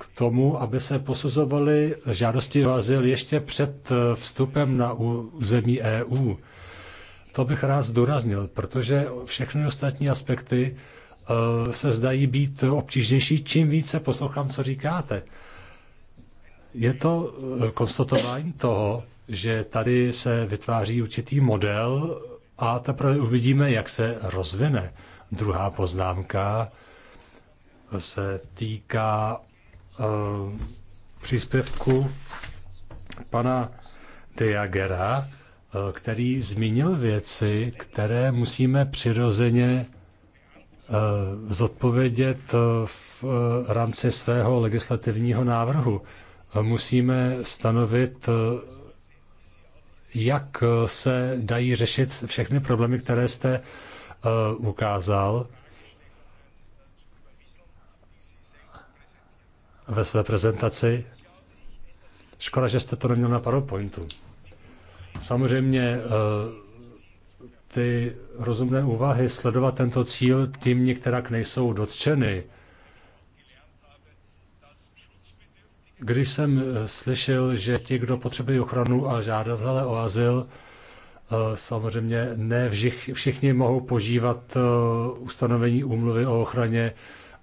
k tomu, aby se posuzovaly žádosti o azyl ještě před eh, vstupem na území EU. To bych rád zdůraznil, protože všechny ostatní aspekty eh, se zdají být obtížnější, čím více poslouchám, co říkáte. Je to konstatování toho, že tady se vytváří určitý model a teprve uvidíme, jak se rozvine. Druhá poznámka se týká uh, příspěvku pana Diagera, uh, eh, který zmínil věci, které musíme přirozeně uh, zodpovědět v rámci svého legislativního návrhu. Musíme stanovit jak se dají řešit všechny problémy, které jste Eh, ukázal ve své prezentaci. Škoda, že jste to neměl na PowerPointu. Samozřejmě eh, ty rozumné úvahy sledovat tento cíl, tím některak nejsou dotčeny. Když jsem eh, slyšel, že ti, kdo potřebují ochranu a žádatelé o azyl, Eh, samozřejmě ne všichni mohou požívat eh, ustanovení úmluvy o ochraně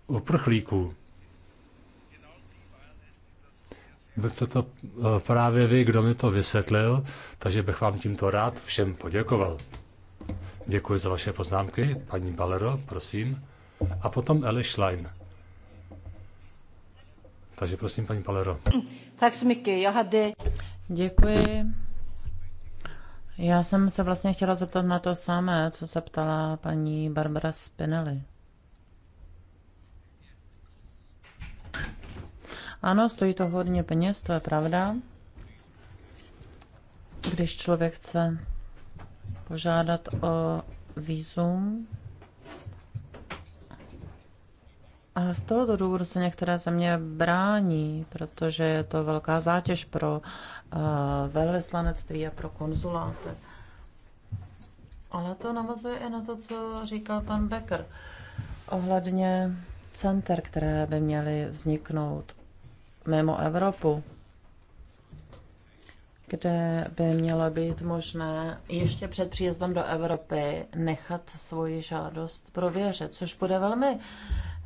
uprchlíků. Byste to eh, právě vy, kdo mi to vysvětlil, takže bych vám tímto rád všem poděkoval. Děkuji za vaše poznámky, paní Balero, prosím. A potom Eli Schlein. Takže prosím, paní Palero. Tak smyky, já Děkuji. Já jsem se vlastně chtěla zeptat na to samé, co se ptala paní Barbara Spinelli. Ano, stojí to hodně peněz, to je pravda. Když člověk chce požádat o výzum, a z tohoto důvodu se některé země brání, protože je to velká zátěž pro Eh, velvyslanectví a pro konzuláty. Ale to navazuje i na to, co říkal pan Becker ohledně center, které by měly vzniknout mimo Evropu, kde by mělo být možné ještě před příjezdem do Evropy nechat svoji žádost prověřit, což bude velmi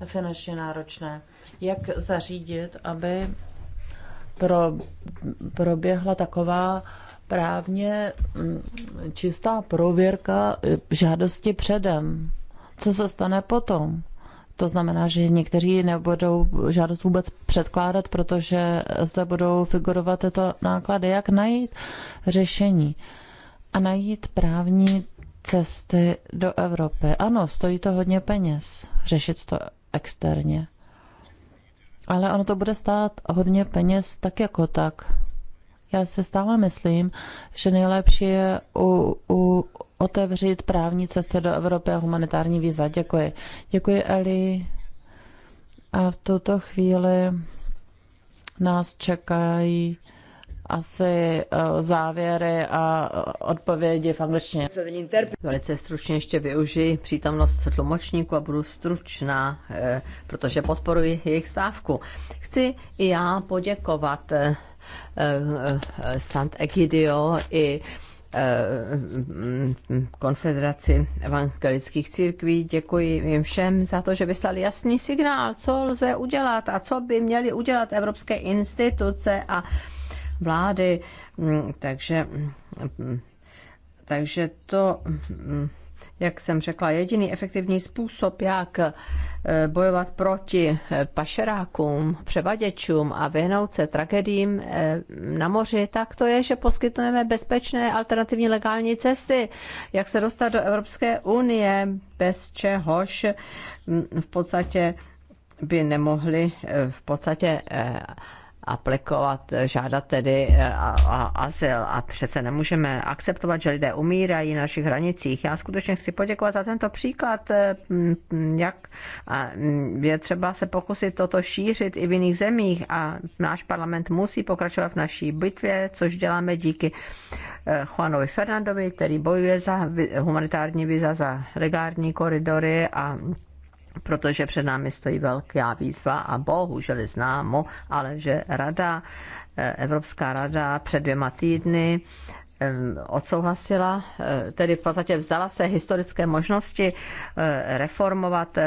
finančně náročné. Jak zařídit, aby pro, proběhla taková právně mm, čistá prověrka eh, žádosti předem. Co se stane potom? To znamená, že někteří nebudou žádost vůbec předkládat, protože zde budou figurovat tyto náklady. Jak najít řešení a najít právní cesty do Evropy? Ano, stojí to hodně peněz řešit to externě ale ono to bude stát hodně peněz tak jako tak. Já se stále myslím, že nejlepší je u, u otevřít právní cesty do Evropy a humanitární víza. Děkuji. Děkuji, Eli. A v tuto chvíli nás čekají asi eh, závěry a eh, odpovědi v angličtině. Velice stručně ještě využiji přítomnost tlumočníku a budu stručná, eh, protože podporuji jejich stávku. Chci i já poděkovat Sant Egidio i Konfederaci evangelických církví. Děkuji jim všem za to, že vyslali jasný signál, co lze udělat a co by měly udělat evropské instituce a vlády, mm, takže, mm, takže to, mm, jak jsem řekla, jediný efektivní způsob, jak eh, bojovat proti eh, pašerákům, převaděčům a vyhnout se tragédiím eh, na moři, tak to je, že poskytujeme bezpečné alternativní legální cesty, jak se dostat do Evropské unie, bez čehož v podstatě by nemohli v podstatě aplikovat, žádat tedy eh, a, a, azyl. A přece nemůžeme akceptovat, že lidé umírají na našich hranicích. Já skutečně chci poděkovat za tento příklad, eh, jak je třeba se pokusit toto šířit i v jiných zemích a náš parlament musí pokračovat v naší bitvě, což děláme díky eh, Juanovi Fernandovi, který bojuje za humanitární víza za legální koridory a protože před námi stojí velká výzva a bohužel je známo, ale že rada, eh, Evropská rada před dvěma týdny eh, odsouhlasila, eh, tedy v podstatě vzdala se historické možnosti reformovat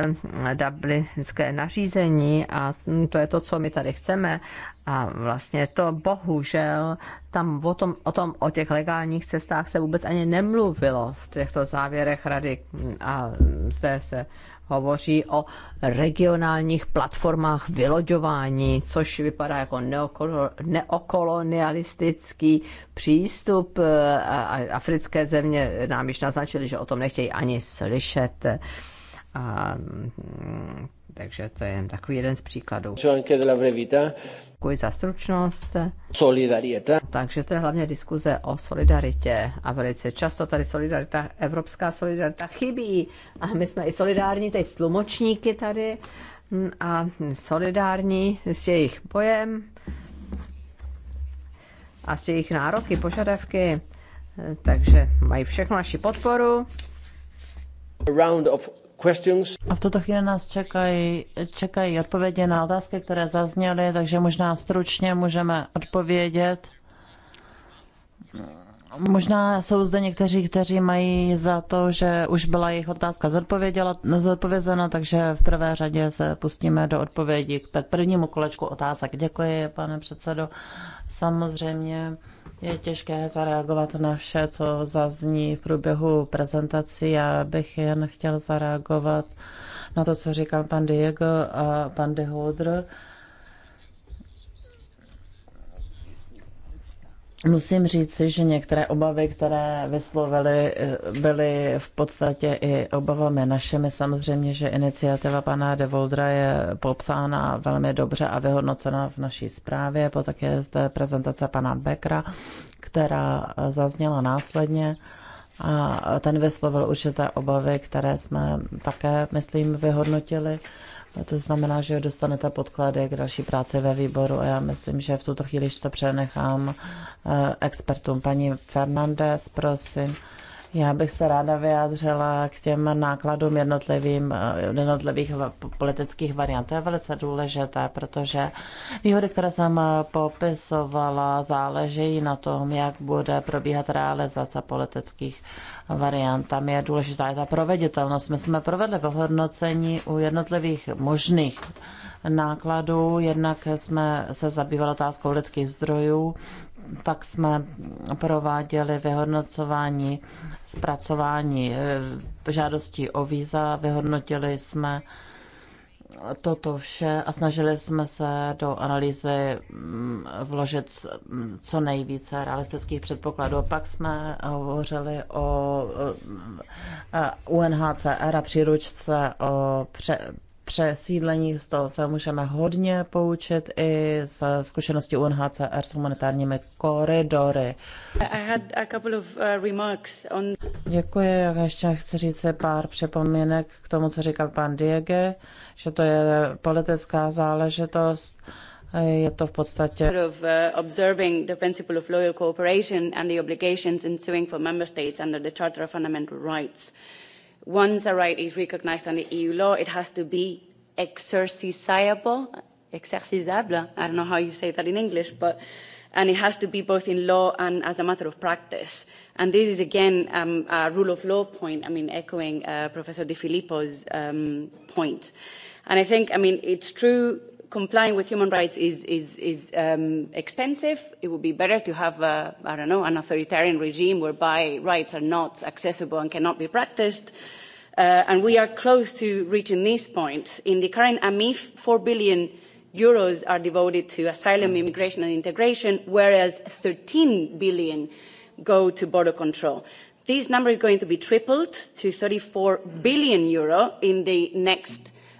dublinské nařízení a hm, to je to, co my tady chceme. A vlastně to bohužel tam o tom, o tom, o těch legálních cestách se vůbec ani nemluvilo v těchto závěrech rady a zde se hovoří o regionálních platformách vyloďování, což vypadá jako neokolonialistický přístup. E, africké země nám již naznačily, že o tom nechtějí ani slyšet. E, a, takže to je takový jeden z příkladů. Děkuji za stručnost. Solidarita. Takže to je hlavně diskuze o solidaritě a velice často tady solidarita, evropská solidarita chybí a my jsme i solidární teď s tlumočníky tady a solidární s jejich bojem a s jejich nároky, požadavky, takže mají všechno naši podporu. A round of a v tuto chvíli nás čekají, čekají odpovědi na otázky, které zazněly, takže možná stručně můžeme odpovědět. Možná jsou zde někteří, kteří mají za to, že už byla jejich otázka zodpovězena, takže v prvé řadě se pustíme do odpovědi k prvnímu kolečku otázek. Děkuji, pane předsedo. Samozřejmě je těžké zareagovat na vše, co zazní v průběhu prezentací. Já bych jen chtěl zareagovat na to, co říkal pan Diego a pan Dehodr. Musím říct, že některé obavy, které vyslovili, eh, byly v podstatě i obavami našimi. Samozřejmě, že iniciativa pana De Voldra je popsána velmi dobře a vyhodnocena v naší zprávě. Po také zde prezentace pana Bekra, která eh, zazněla následně. A ten vyslovil určité obavy, které jsme také, myslím, vyhodnotili. To znamená, že dostanete podklady k další práci ve výboru a já myslím, že v tuto chvíli to přenechám eh, expertům. Paní Fernandez, prosím. Já bych se ráda vyjádřila k těm nákladům jednotlivým, eh, jednotlivých politických variant. To je velice důležité, protože výhody, které jsem eh, popisovala, záleží na tom, jak bude probíhat realizace politických variant. Tam je důležitá i ta proveditelnost. My jsme provedli vyhodnocení u jednotlivých možných nákladů. Jednak jsme se zabývali otázkou lidských zdrojů, pak jsme prováděli vyhodnocování, zpracování eh, žádostí o víza, vyhodnotili jsme toto vše a snažili jsme se do analýzy mm, vložit co nejvíce realistických předpokladů. Pak jsme hovořili o eh, eh, UNHCR a příručce o přesídlení, z toho se můžeme hodně poučit i z zkušenosti UNHCR s humanitárními koridory. I had a couple of uh, remarks on... Děkuji, já ještě chci říct pár připomínek k tomu, co říkal pan Diege, že to je politická záležitost, je to v podstatě of uh, observing the principle of loyal cooperation and the obligations ensuing for member states under the Charter of Fundamental Rights. Uh, once a right is recognised under EU law, it has to be exercisable, exercisable. I don't know how you say that in English, but and it has to be both in law and as a matter of practice. And this is again um, a rule of law point. I mean, echoing uh, Professor De Filippo's um, point. And I think, I mean, it's true complying with human rights is, is, is um, expensive. It would be better to have, a, I don't know, an authoritarian regime whereby rights are not accessible and cannot be practiced. Uh, and we are close to reaching this point. In the current AMIF, 4 billion euros are devoted to asylum, immigration and integration, whereas 13 billion go to border control. This number is going to be tripled to 34 billion euro in the next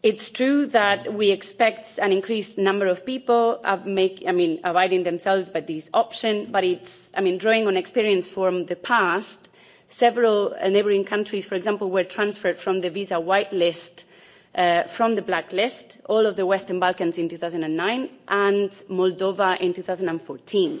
It's true that we expect an increased number of people uh, make, I mean, abiding themselves by this option, but it's, I mean, drawing on experience from the past, several neighbouring countries, for example, were transferred from the visa white list uh, from the blacklist, all of the Western Balkans in 2009 and Moldova in 2014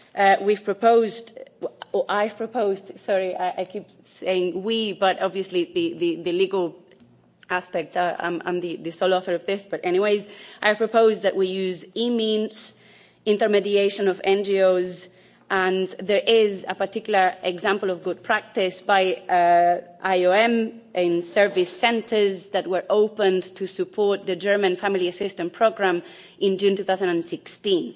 Uh, we've proposed or I've proposed, sorry, I, I keep saying we, but obviously the, the, the legal aspects, are, I'm, um, I'm the, the sole author of this, but anyways, I propose that we use e-means, intermediation of NGOs, and there is a particular example of good practice by uh, IOM in service centres that were opened to support the German family assistance programme in June 2016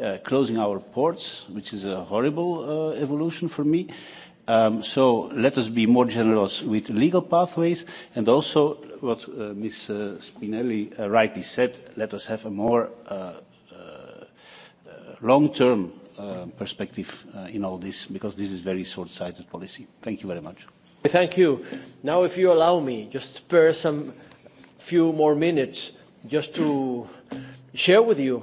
Uh, closing our ports, which is a horrible uh, evolution for me. Um, so let us be more generous with legal pathways and also what uh, Ms. Uh, Spinelli uh, rightly said, let us have a more uh, uh, long-term uh, perspective uh, in all this because this is very short-sighted policy. Thank you very much. Thank you. Now if you allow me, just spare some few more minutes just to share with you